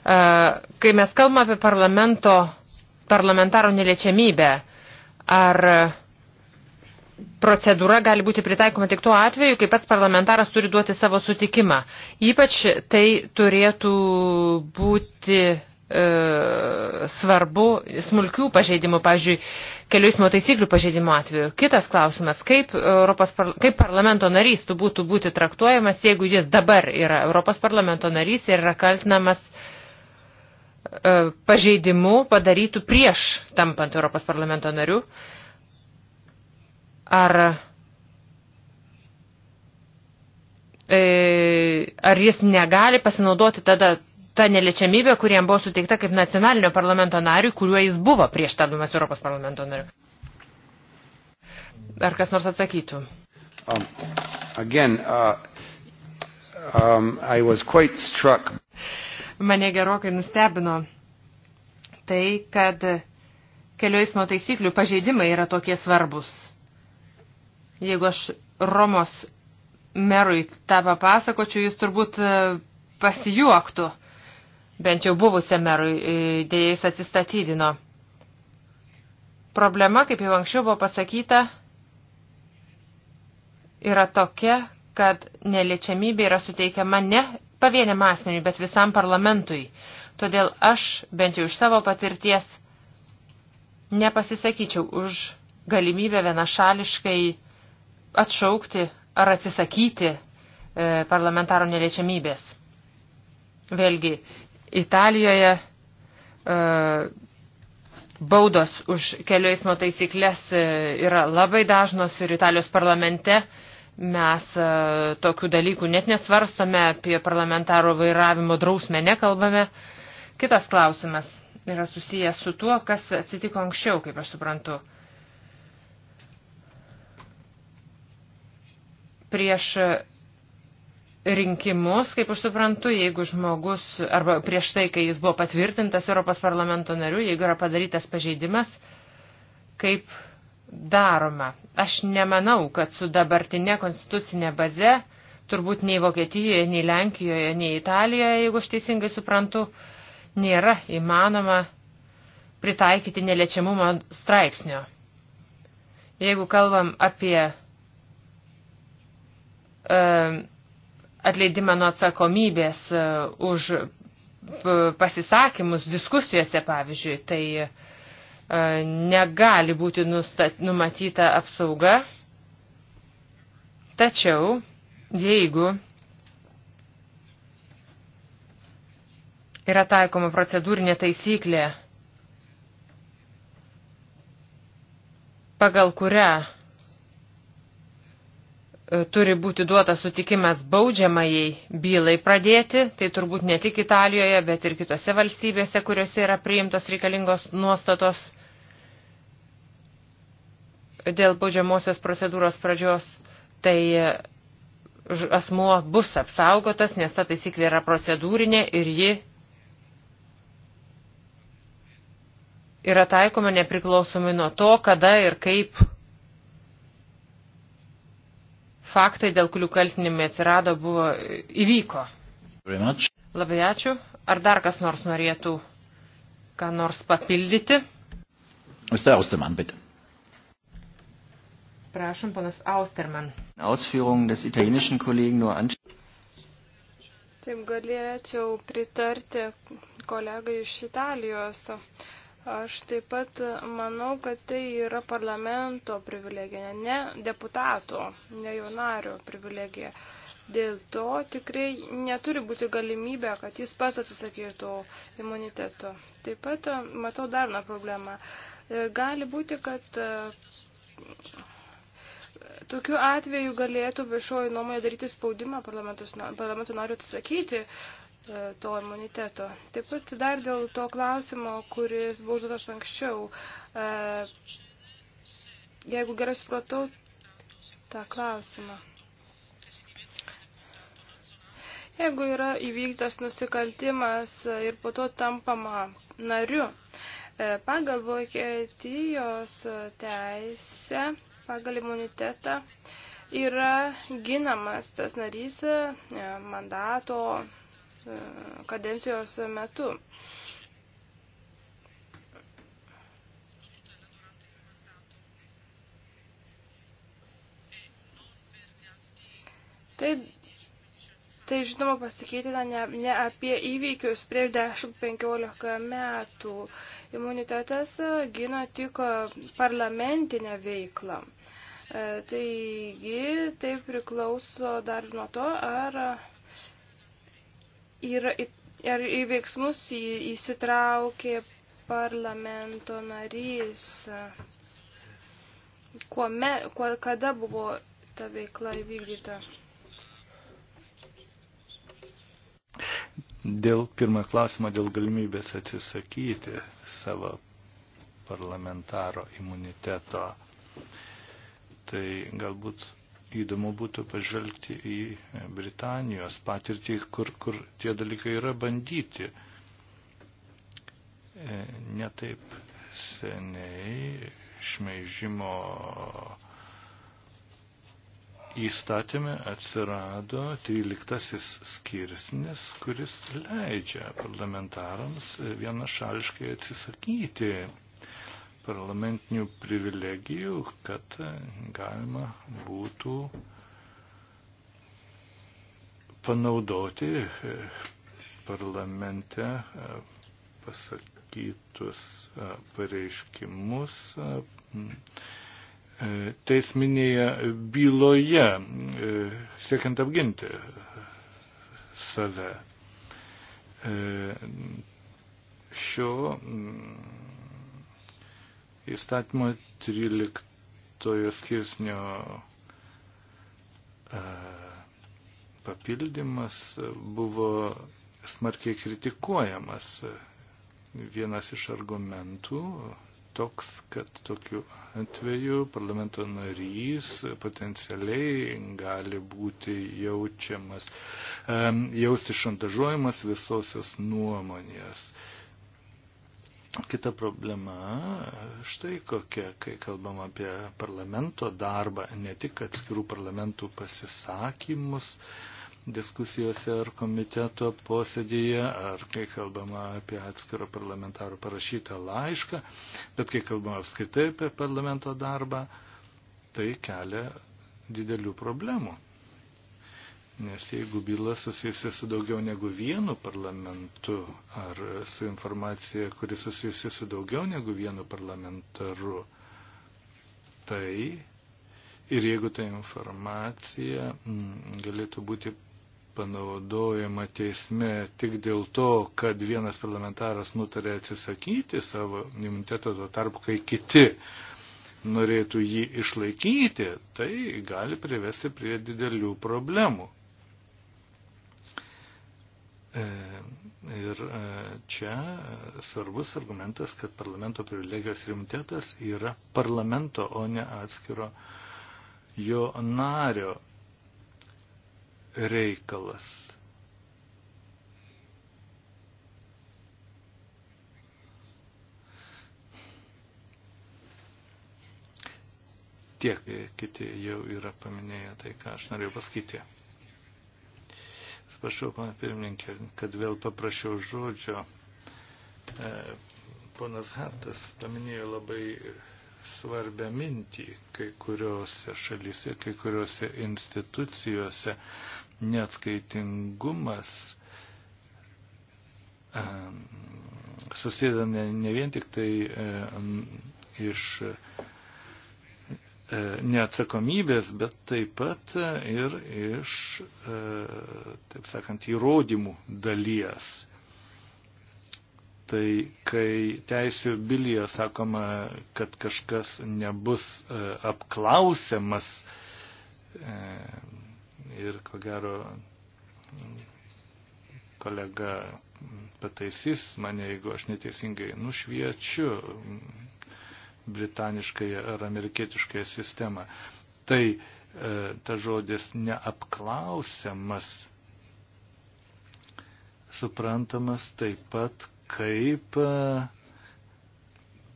E, kai mes kalbame apie parlamento, parlamentaro neliečiamybę, ar procedūra gali būti pritaikoma tik tuo atveju, kai pats parlamentaras turi duoti savo sutikimą. Ypač tai turėtų būti E, svarbu smulkių pažeidimų, pavyzdžiui, kelių eismo taisyklių pažeidimo atveju. Kitas klausimas, kaip, Europos, kaip parlamento narys tu būtų būti traktuojamas, jeigu jis dabar yra Europos parlamento narys ir yra kaltinamas e, pažeidimu padarytų prieš tampant Europos parlamento narių. Ar, e, ar jis negali pasinaudoti tada ta neliečiamybė, kuriem buvo suteikta kaip nacionalinio parlamento nariui, kuriuo jis buvo prieš tapdamas Europos parlamento nariu. Ar kas nors atsakytų? Um, again, uh, um, I was quite struck. Mane gerokai nustebino tai, kad kelių eismo taisyklių pažeidimai yra tokie svarbus. Jeigu aš Romos merui tą papasakočiau, jis turbūt uh, pasijuoktų bent jau buvusiam merui, e, dėja jis atsistatydino. Problema, kaip jau anksčiau buvo pasakyta, yra tokia, kad neliečiamybė yra suteikiama ne pavieniam asmeniui, bet visam parlamentui. Todėl aš, bent jau iš savo patirties, nepasisakyčiau už galimybę vienašališkai atšaukti ar atsisakyti e, parlamentaro neliečiamybės. Vėlgi, Italijoje e, baudos už kelių eismo taisyklės e, yra labai dažnos ir Italijos parlamente mes e, tokių dalykų net nesvarstome, apie parlamentaro vairavimo drausmę nekalbame. Kitas klausimas yra susijęs su tuo, kas atsitiko anksčiau, kaip aš suprantu. Prieš rinkimus, kaip aš suprantu, jeigu žmogus, arba prieš tai, kai jis buvo patvirtintas Europos parlamento nariu, jeigu yra padarytas pažeidimas, kaip daroma. Aš nemanau, kad su dabartinė konstitucinė baze, turbūt nei Vokietijoje, nei Lenkijoje, nei Italijoje, jeigu aš teisingai suprantu, nėra įmanoma pritaikyti neliečiamumo straipsnio. Jeigu kalbam apie um, atleidimą nuo atsakomybės e, už pasisakymus diskusijose, pavyzdžiui, tai e, negali būti nustat, numatyta apsauga. Tačiau, jeigu yra taikoma procedūrinė taisyklė, pagal kurią E, turi būti duotas sutikimas baudžiamai bylai pradėti, tai turbūt ne tik Italijoje, bet ir kitose valstybėse, kuriuose yra priimtos reikalingos nuostatos dėl baudžiamosios procedūros pradžios, tai e, asmuo bus apsaugotas, nes ta taisyklė yra procedūrinė ir ji yra taikoma nepriklausomai nuo to, kada ir kaip faktai, dėl kurių kaltinimai atsirado, buvo įvyko. Labai ačiū. Ar dar kas nors norėtų ką nors papildyti? Austerman, bitte. Prašom, ponas Austerman. Ausführungen des italienischen Kollegen nur an. Taip galėčiau pritarti kolegai iš Italijos. Aš taip pat manau, kad tai yra parlamento privilegija, ne deputato, ne jo nario privilegija. Dėl to tikrai neturi būti galimybė, kad jis pas atsisakytų imuniteto. Taip pat e, matau dar vieną problemą. E, gali būti, kad e, Tokiu atveju galėtų viešoji nuomonė daryti spaudimą parlamento narių atsisakyti to imuniteto. Taip pat dar dėl to klausimo, kuris buvo užduotas anksčiau. E, jeigu gerai supratau tą klausimą. Jeigu yra įvykdytas nusikaltimas ir po to tampama nariu, e, pagal Vokietijos teisę, pagal imunitetą yra ginamas tas narys e, mandato kadencijos metu. Tai, tai žinoma pasakyti na, ne, ne apie įvykius prieš 10-15 metų. Imunitetas gino tik parlamentinę veiklą. E, taigi tai priklauso dar nuo to, ar yra, ir į veiksmus įsitraukė parlamento narys. Kuome, kuo, kada buvo ta veikla įvykdyta? Dėl pirmą klausimą, dėl galimybės atsisakyti savo parlamentaro imuniteto, tai galbūt įdomu būtų pažvelgti į Britanijos patirtį, kur, kur tie dalykai yra bandyti. E, Netaip seniai šmeižimo įstatymė atsirado 13 skirsnis, kuris leidžia parlamentarams vienašališkai atsisakyti parlamentinių privilegijų, kad galima būtų panaudoti parlamente pasakytus pareiškimus teisminėje byloje, siekiant apginti save. Šio įstatymo 13 skirsnio e, papildymas buvo smarkiai kritikuojamas. Vienas iš argumentų toks, kad tokiu atveju parlamento narys potencialiai gali būti jaučiamas, e, jausti šantažuojamas visosios nuomonės. Uh, Kita problema štai kokia, kai kalbam apie parlamento darbą, ne tik atskirų parlamentų pasisakymus diskusijose ar komiteto posėdėje, ar kai kalbama apie atskiro parlamentaro parašytą laišką, bet kai kalbama apskritai apie parlamento darbą, tai kelia didelių problemų. Nes jeigu byla susijusi su daugiau negu vienu parlamentu ar su informacija, kuri susijusi su daugiau negu vienu parlamentaru, tai ir jeigu ta informacija mm, galėtų būti panaudojama teisme tik dėl to, kad vienas parlamentaras nutarė atsisakyti savo imuniteto, tuo tarpu, kai kiti norėtų jį išlaikyti, tai gali privesti prie didelių problemų. E, ir e, čia svarbus argumentas, kad parlamento privilegijos rimtetas yra parlamento, o ne atskiro jo nario reikalas. Tiek kiti jau yra paminėję tai, ką aš norėjau pasakyti. Spašau, pana pirmininkė, kad vėl paprašiau žodžio. E, ponas Hartas paminėjo labai svarbę mintį kai kuriuose šalyse, kai kuriuose institucijose neatskaitingumas e, susideda ne, ne vien tik tai e, iš E, neatsakomybės, bet taip pat e, ir iš, e, taip sakant, įrodymų dalies. Tai kai teisėjų bilyje sakoma, kad kažkas nebus apklausiamas ir ko gero kolega pataisys mane, jeigu aš neteisingai nušviečiu, britaniškąją ar amerikietiškąją sistemą. Tai e, ta žodis neapklausiamas suprantamas taip pat kaip e,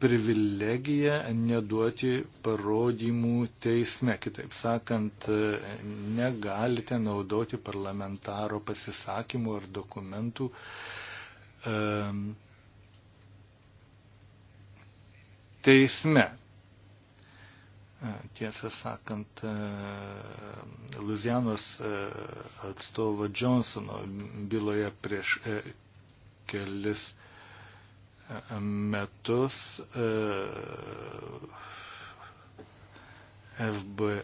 privilegija neduoti parodymų teisme. Kitaip sakant, e, negalite naudoti parlamentaro pasisakymų ar dokumentų e, teisme. E, tiesą sakant, e, Luzianos e, atstovo Johnsono byloje prieš kelis metus FBI,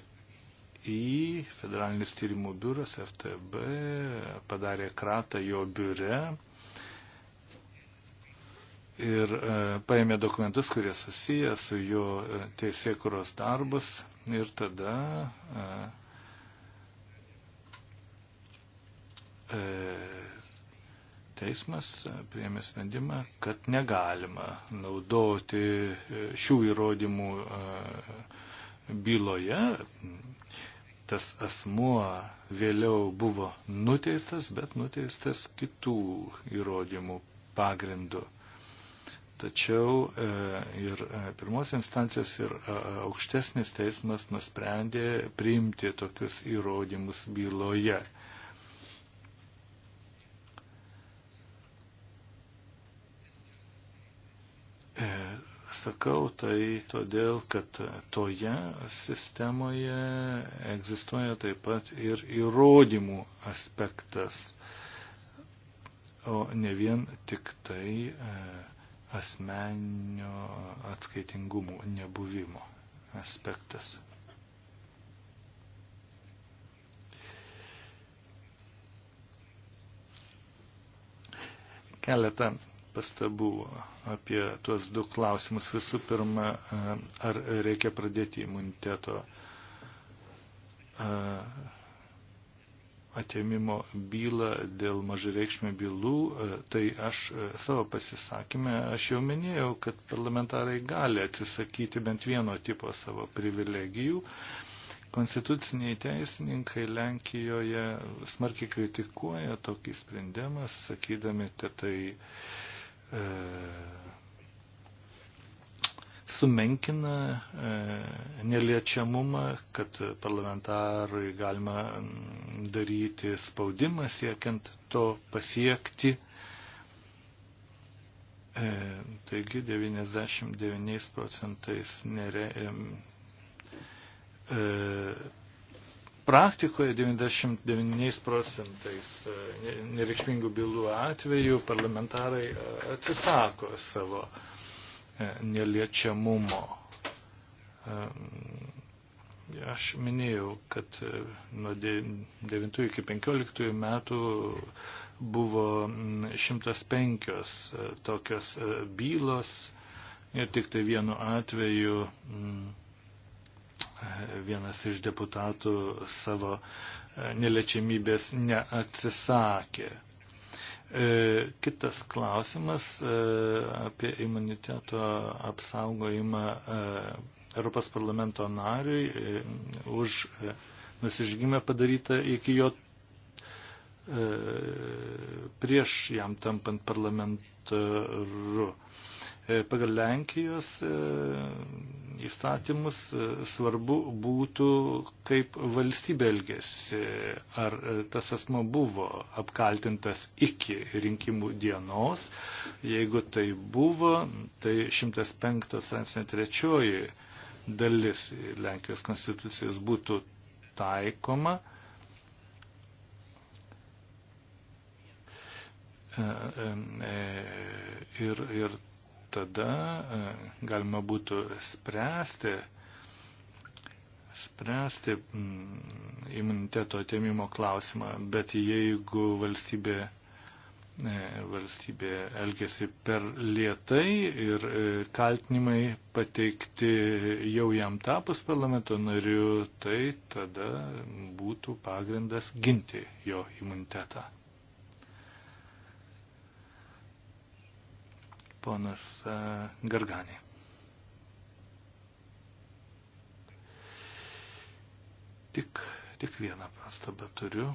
Federalinis tyrimų biuras, FTB, padarė kratą jo biure ir e, paėmė dokumentus, kurie susiję su jo e, teisėkuros darbus ir tada e, teismas priėmė sprendimą, kad negalima naudoti šių įrodymų byloje. Tas asmuo vėliau buvo nuteistas, bet nuteistas kitų įrodymų pagrindu. Tačiau e, ir e, pirmos instancijos ir e, aukštesnis teismas nusprendė priimti tokius įrodymus byloje. Sakau tai todėl, kad toje sistemoje egzistuoja taip pat ir įrodymų aspektas, o ne vien tik tai e, asmeninio atskaitingumo nebuvimo aspektas. Keletą pastabų apie tuos du klausimus. Visų pirma, ar reikia pradėti imuniteto atėmimo bylą dėl mažareikšmių bylų, e, tai aš e, savo pasisakymę, aš jau minėjau, kad parlamentarai gali atsisakyti bent vieno tipo savo privilegijų. Konstituciniai teisininkai Lenkijoje smarkiai kritikuoja tokį sprendimą, sakydami, kad tai e, sumenkina e, neliečiamumą, kad parlamentarai galima daryti spaudimą siekiant to pasiekti. E, taigi 99 procentais nere, e, praktikoje 99 procentais nereikšmingų bylų atveju parlamentarai atsisako savo uh, E, neliečiamumo. E, aš minėjau, kad e, nuo 9 iki 15 metų buvo 105 tokios bylos ir tik tai vienu atveju vienas iš deputatų savo neliečiamybės neatsisakė. E, kitas klausimas e, apie imuniteto apsaugojimą e, Europos parlamento nariui už nusižygimą padarytą iki jo prieš jam tampant parlamentaru. E, pagal Lenkijos e, įstatymus e, svarbu būtų, kaip valstybė elgėsi, ar tas asmo buvo apkaltintas iki rinkimų dienos. Jeigu tai buvo, tai 105 straipsnio trečioji dalis Lenkijos konstitucijos būtų taikoma. Ir, ir tada e, galima būtų spręsti, spręsti mm, imuniteto atėmimo klausimą, bet jeigu valstybė, e, valstybė elgesi per lietai ir e, kaltinimai pateikti jau jam tapus parlamento nariu, tai tada būtų pagrindas ginti jo imunitetą. ponas e, Garganė. Tik, tik vieną pastabą turiu.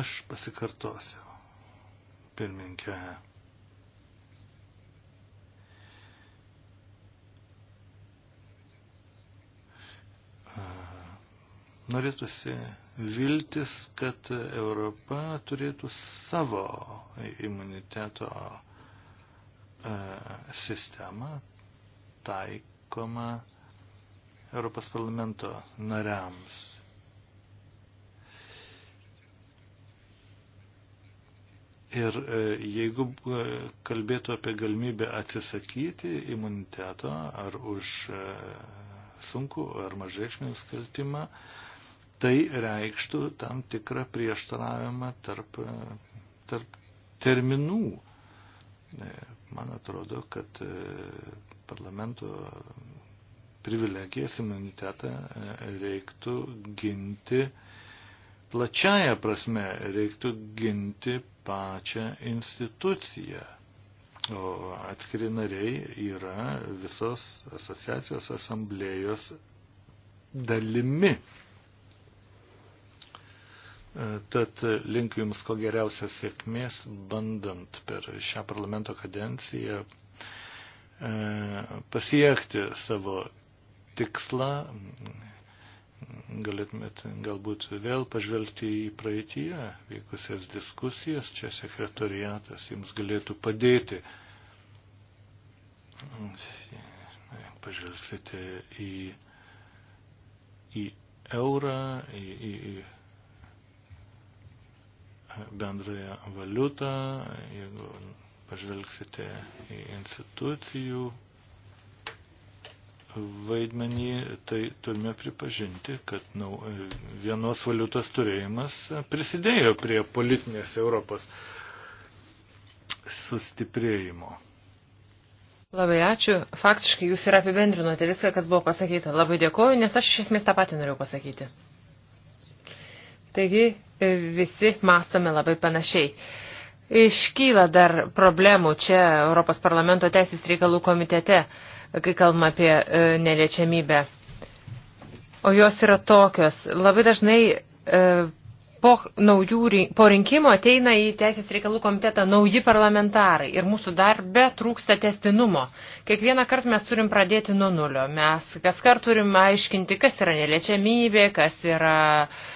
Aš pasikartosiu, pirminkė. E, norėtųsi viltis, kad Europa turėtų savo imuniteto e, sistemą taikomą Europos parlamento nariams. Ir e, jeigu e, kalbėtų apie galimybę atsisakyti imuniteto ar už sunku ar mažreikšmį nusikaltimą, tai reikštų tam tikrą prieštaravimą tarp, e, tarp terminų. E, man atrodo, kad e, parlamento privilegijas imunitetą reiktų ginti plačiaja prasme, reiktų ginti pačią instituciją. O atskiri nariai yra visos asociacijos asamblėjos dalimi. E, tad linkiu Jums ko geriausios sėkmės, bandant per šią parlamento kadenciją e, pasiekti savo tikslą. Galėtumėt galbūt vėl pažvelgti į praeitie vykusias diskusijas, čia sekretoriatas Jums galėtų padėti. Pažvelgsite į, į eurą, į, į, į bendrąją valiutą, jeigu pažvelgsite į institucijų vaidmenį, tai turime pripažinti, kad nu, vienos valiutos turėjimas prisidėjo prie politinės Europos sustiprėjimo. Labai ačiū. Faktiškai jūs ir apibendrinote viską, kas buvo pasakyta. Labai dėkoju, nes aš iš esmės tą patį norėjau pasakyti. Taigi, visi mastome labai panašiai. Iškyla dar problemų čia Europos parlamento teisės reikalų komitete, kai kalbame apie e, neliečiamybę. O jos yra tokios. Labai dažnai e, po, naujų, po rinkimo ateina į Teisės reikalų komitetą nauji parlamentarai ir mūsų darbe trūksta testinumo. Kiekvieną kartą mes turim pradėti nuo nulio. Mes kas kart turim aiškinti, kas yra neliečiamybė, kas yra uh,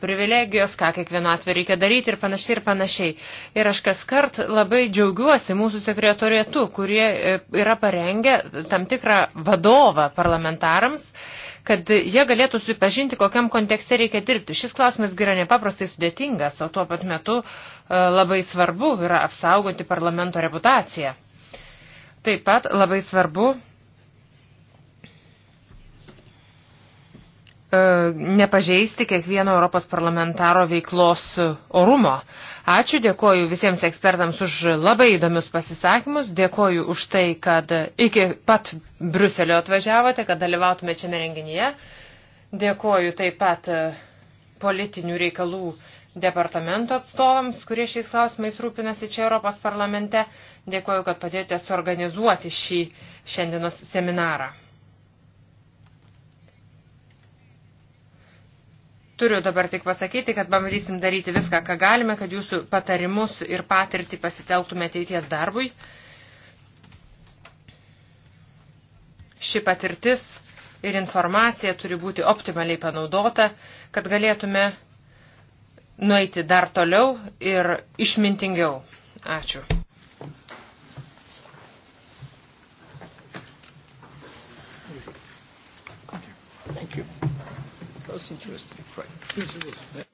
privilegijos, ką kiekvienu atveju reikia daryti ir panašiai ir panašiai. Ir aš kas kart labai džiaugiuosi mūsų sekretorietu, kurie e, yra parengę tam tikrą vadovą parlamentarams, kad jie galėtų supažinti, kokiam kontekste reikia dirbti. Šis klausimas yra nepaprastai sudėtingas, o tuo pat metu e, labai svarbu yra apsaugoti parlamento reputaciją. Taip pat labai svarbu E, nepažeisti kiekvieno Europos parlamentaro veiklos orumo. Ačiū, dėkoju visiems ekspertams už labai įdomius pasisakymus, dėkoju už tai, kad iki pat Bruselio atvažiavote, kad dalyvautume šiame renginyje. Dėkoju taip pat e, politinių reikalų departamento atstovams, kurie šiais klausimais rūpinasi čia Europos parlamente. Dėkoju, kad padėjote suorganizuoti šį šiandienos seminarą. Turiu dabar tik pasakyti, kad bandysim daryti viską, ką galime, kad jūsų patarimus ir patirtį pasiteltume ateities darbui. Ši patirtis ir informacija turi būti optimaliai panaudota, kad galėtume nueiti dar toliau ir išmintingiau. Ačiū. Thank you. That's interesting. Right. Yes, it is.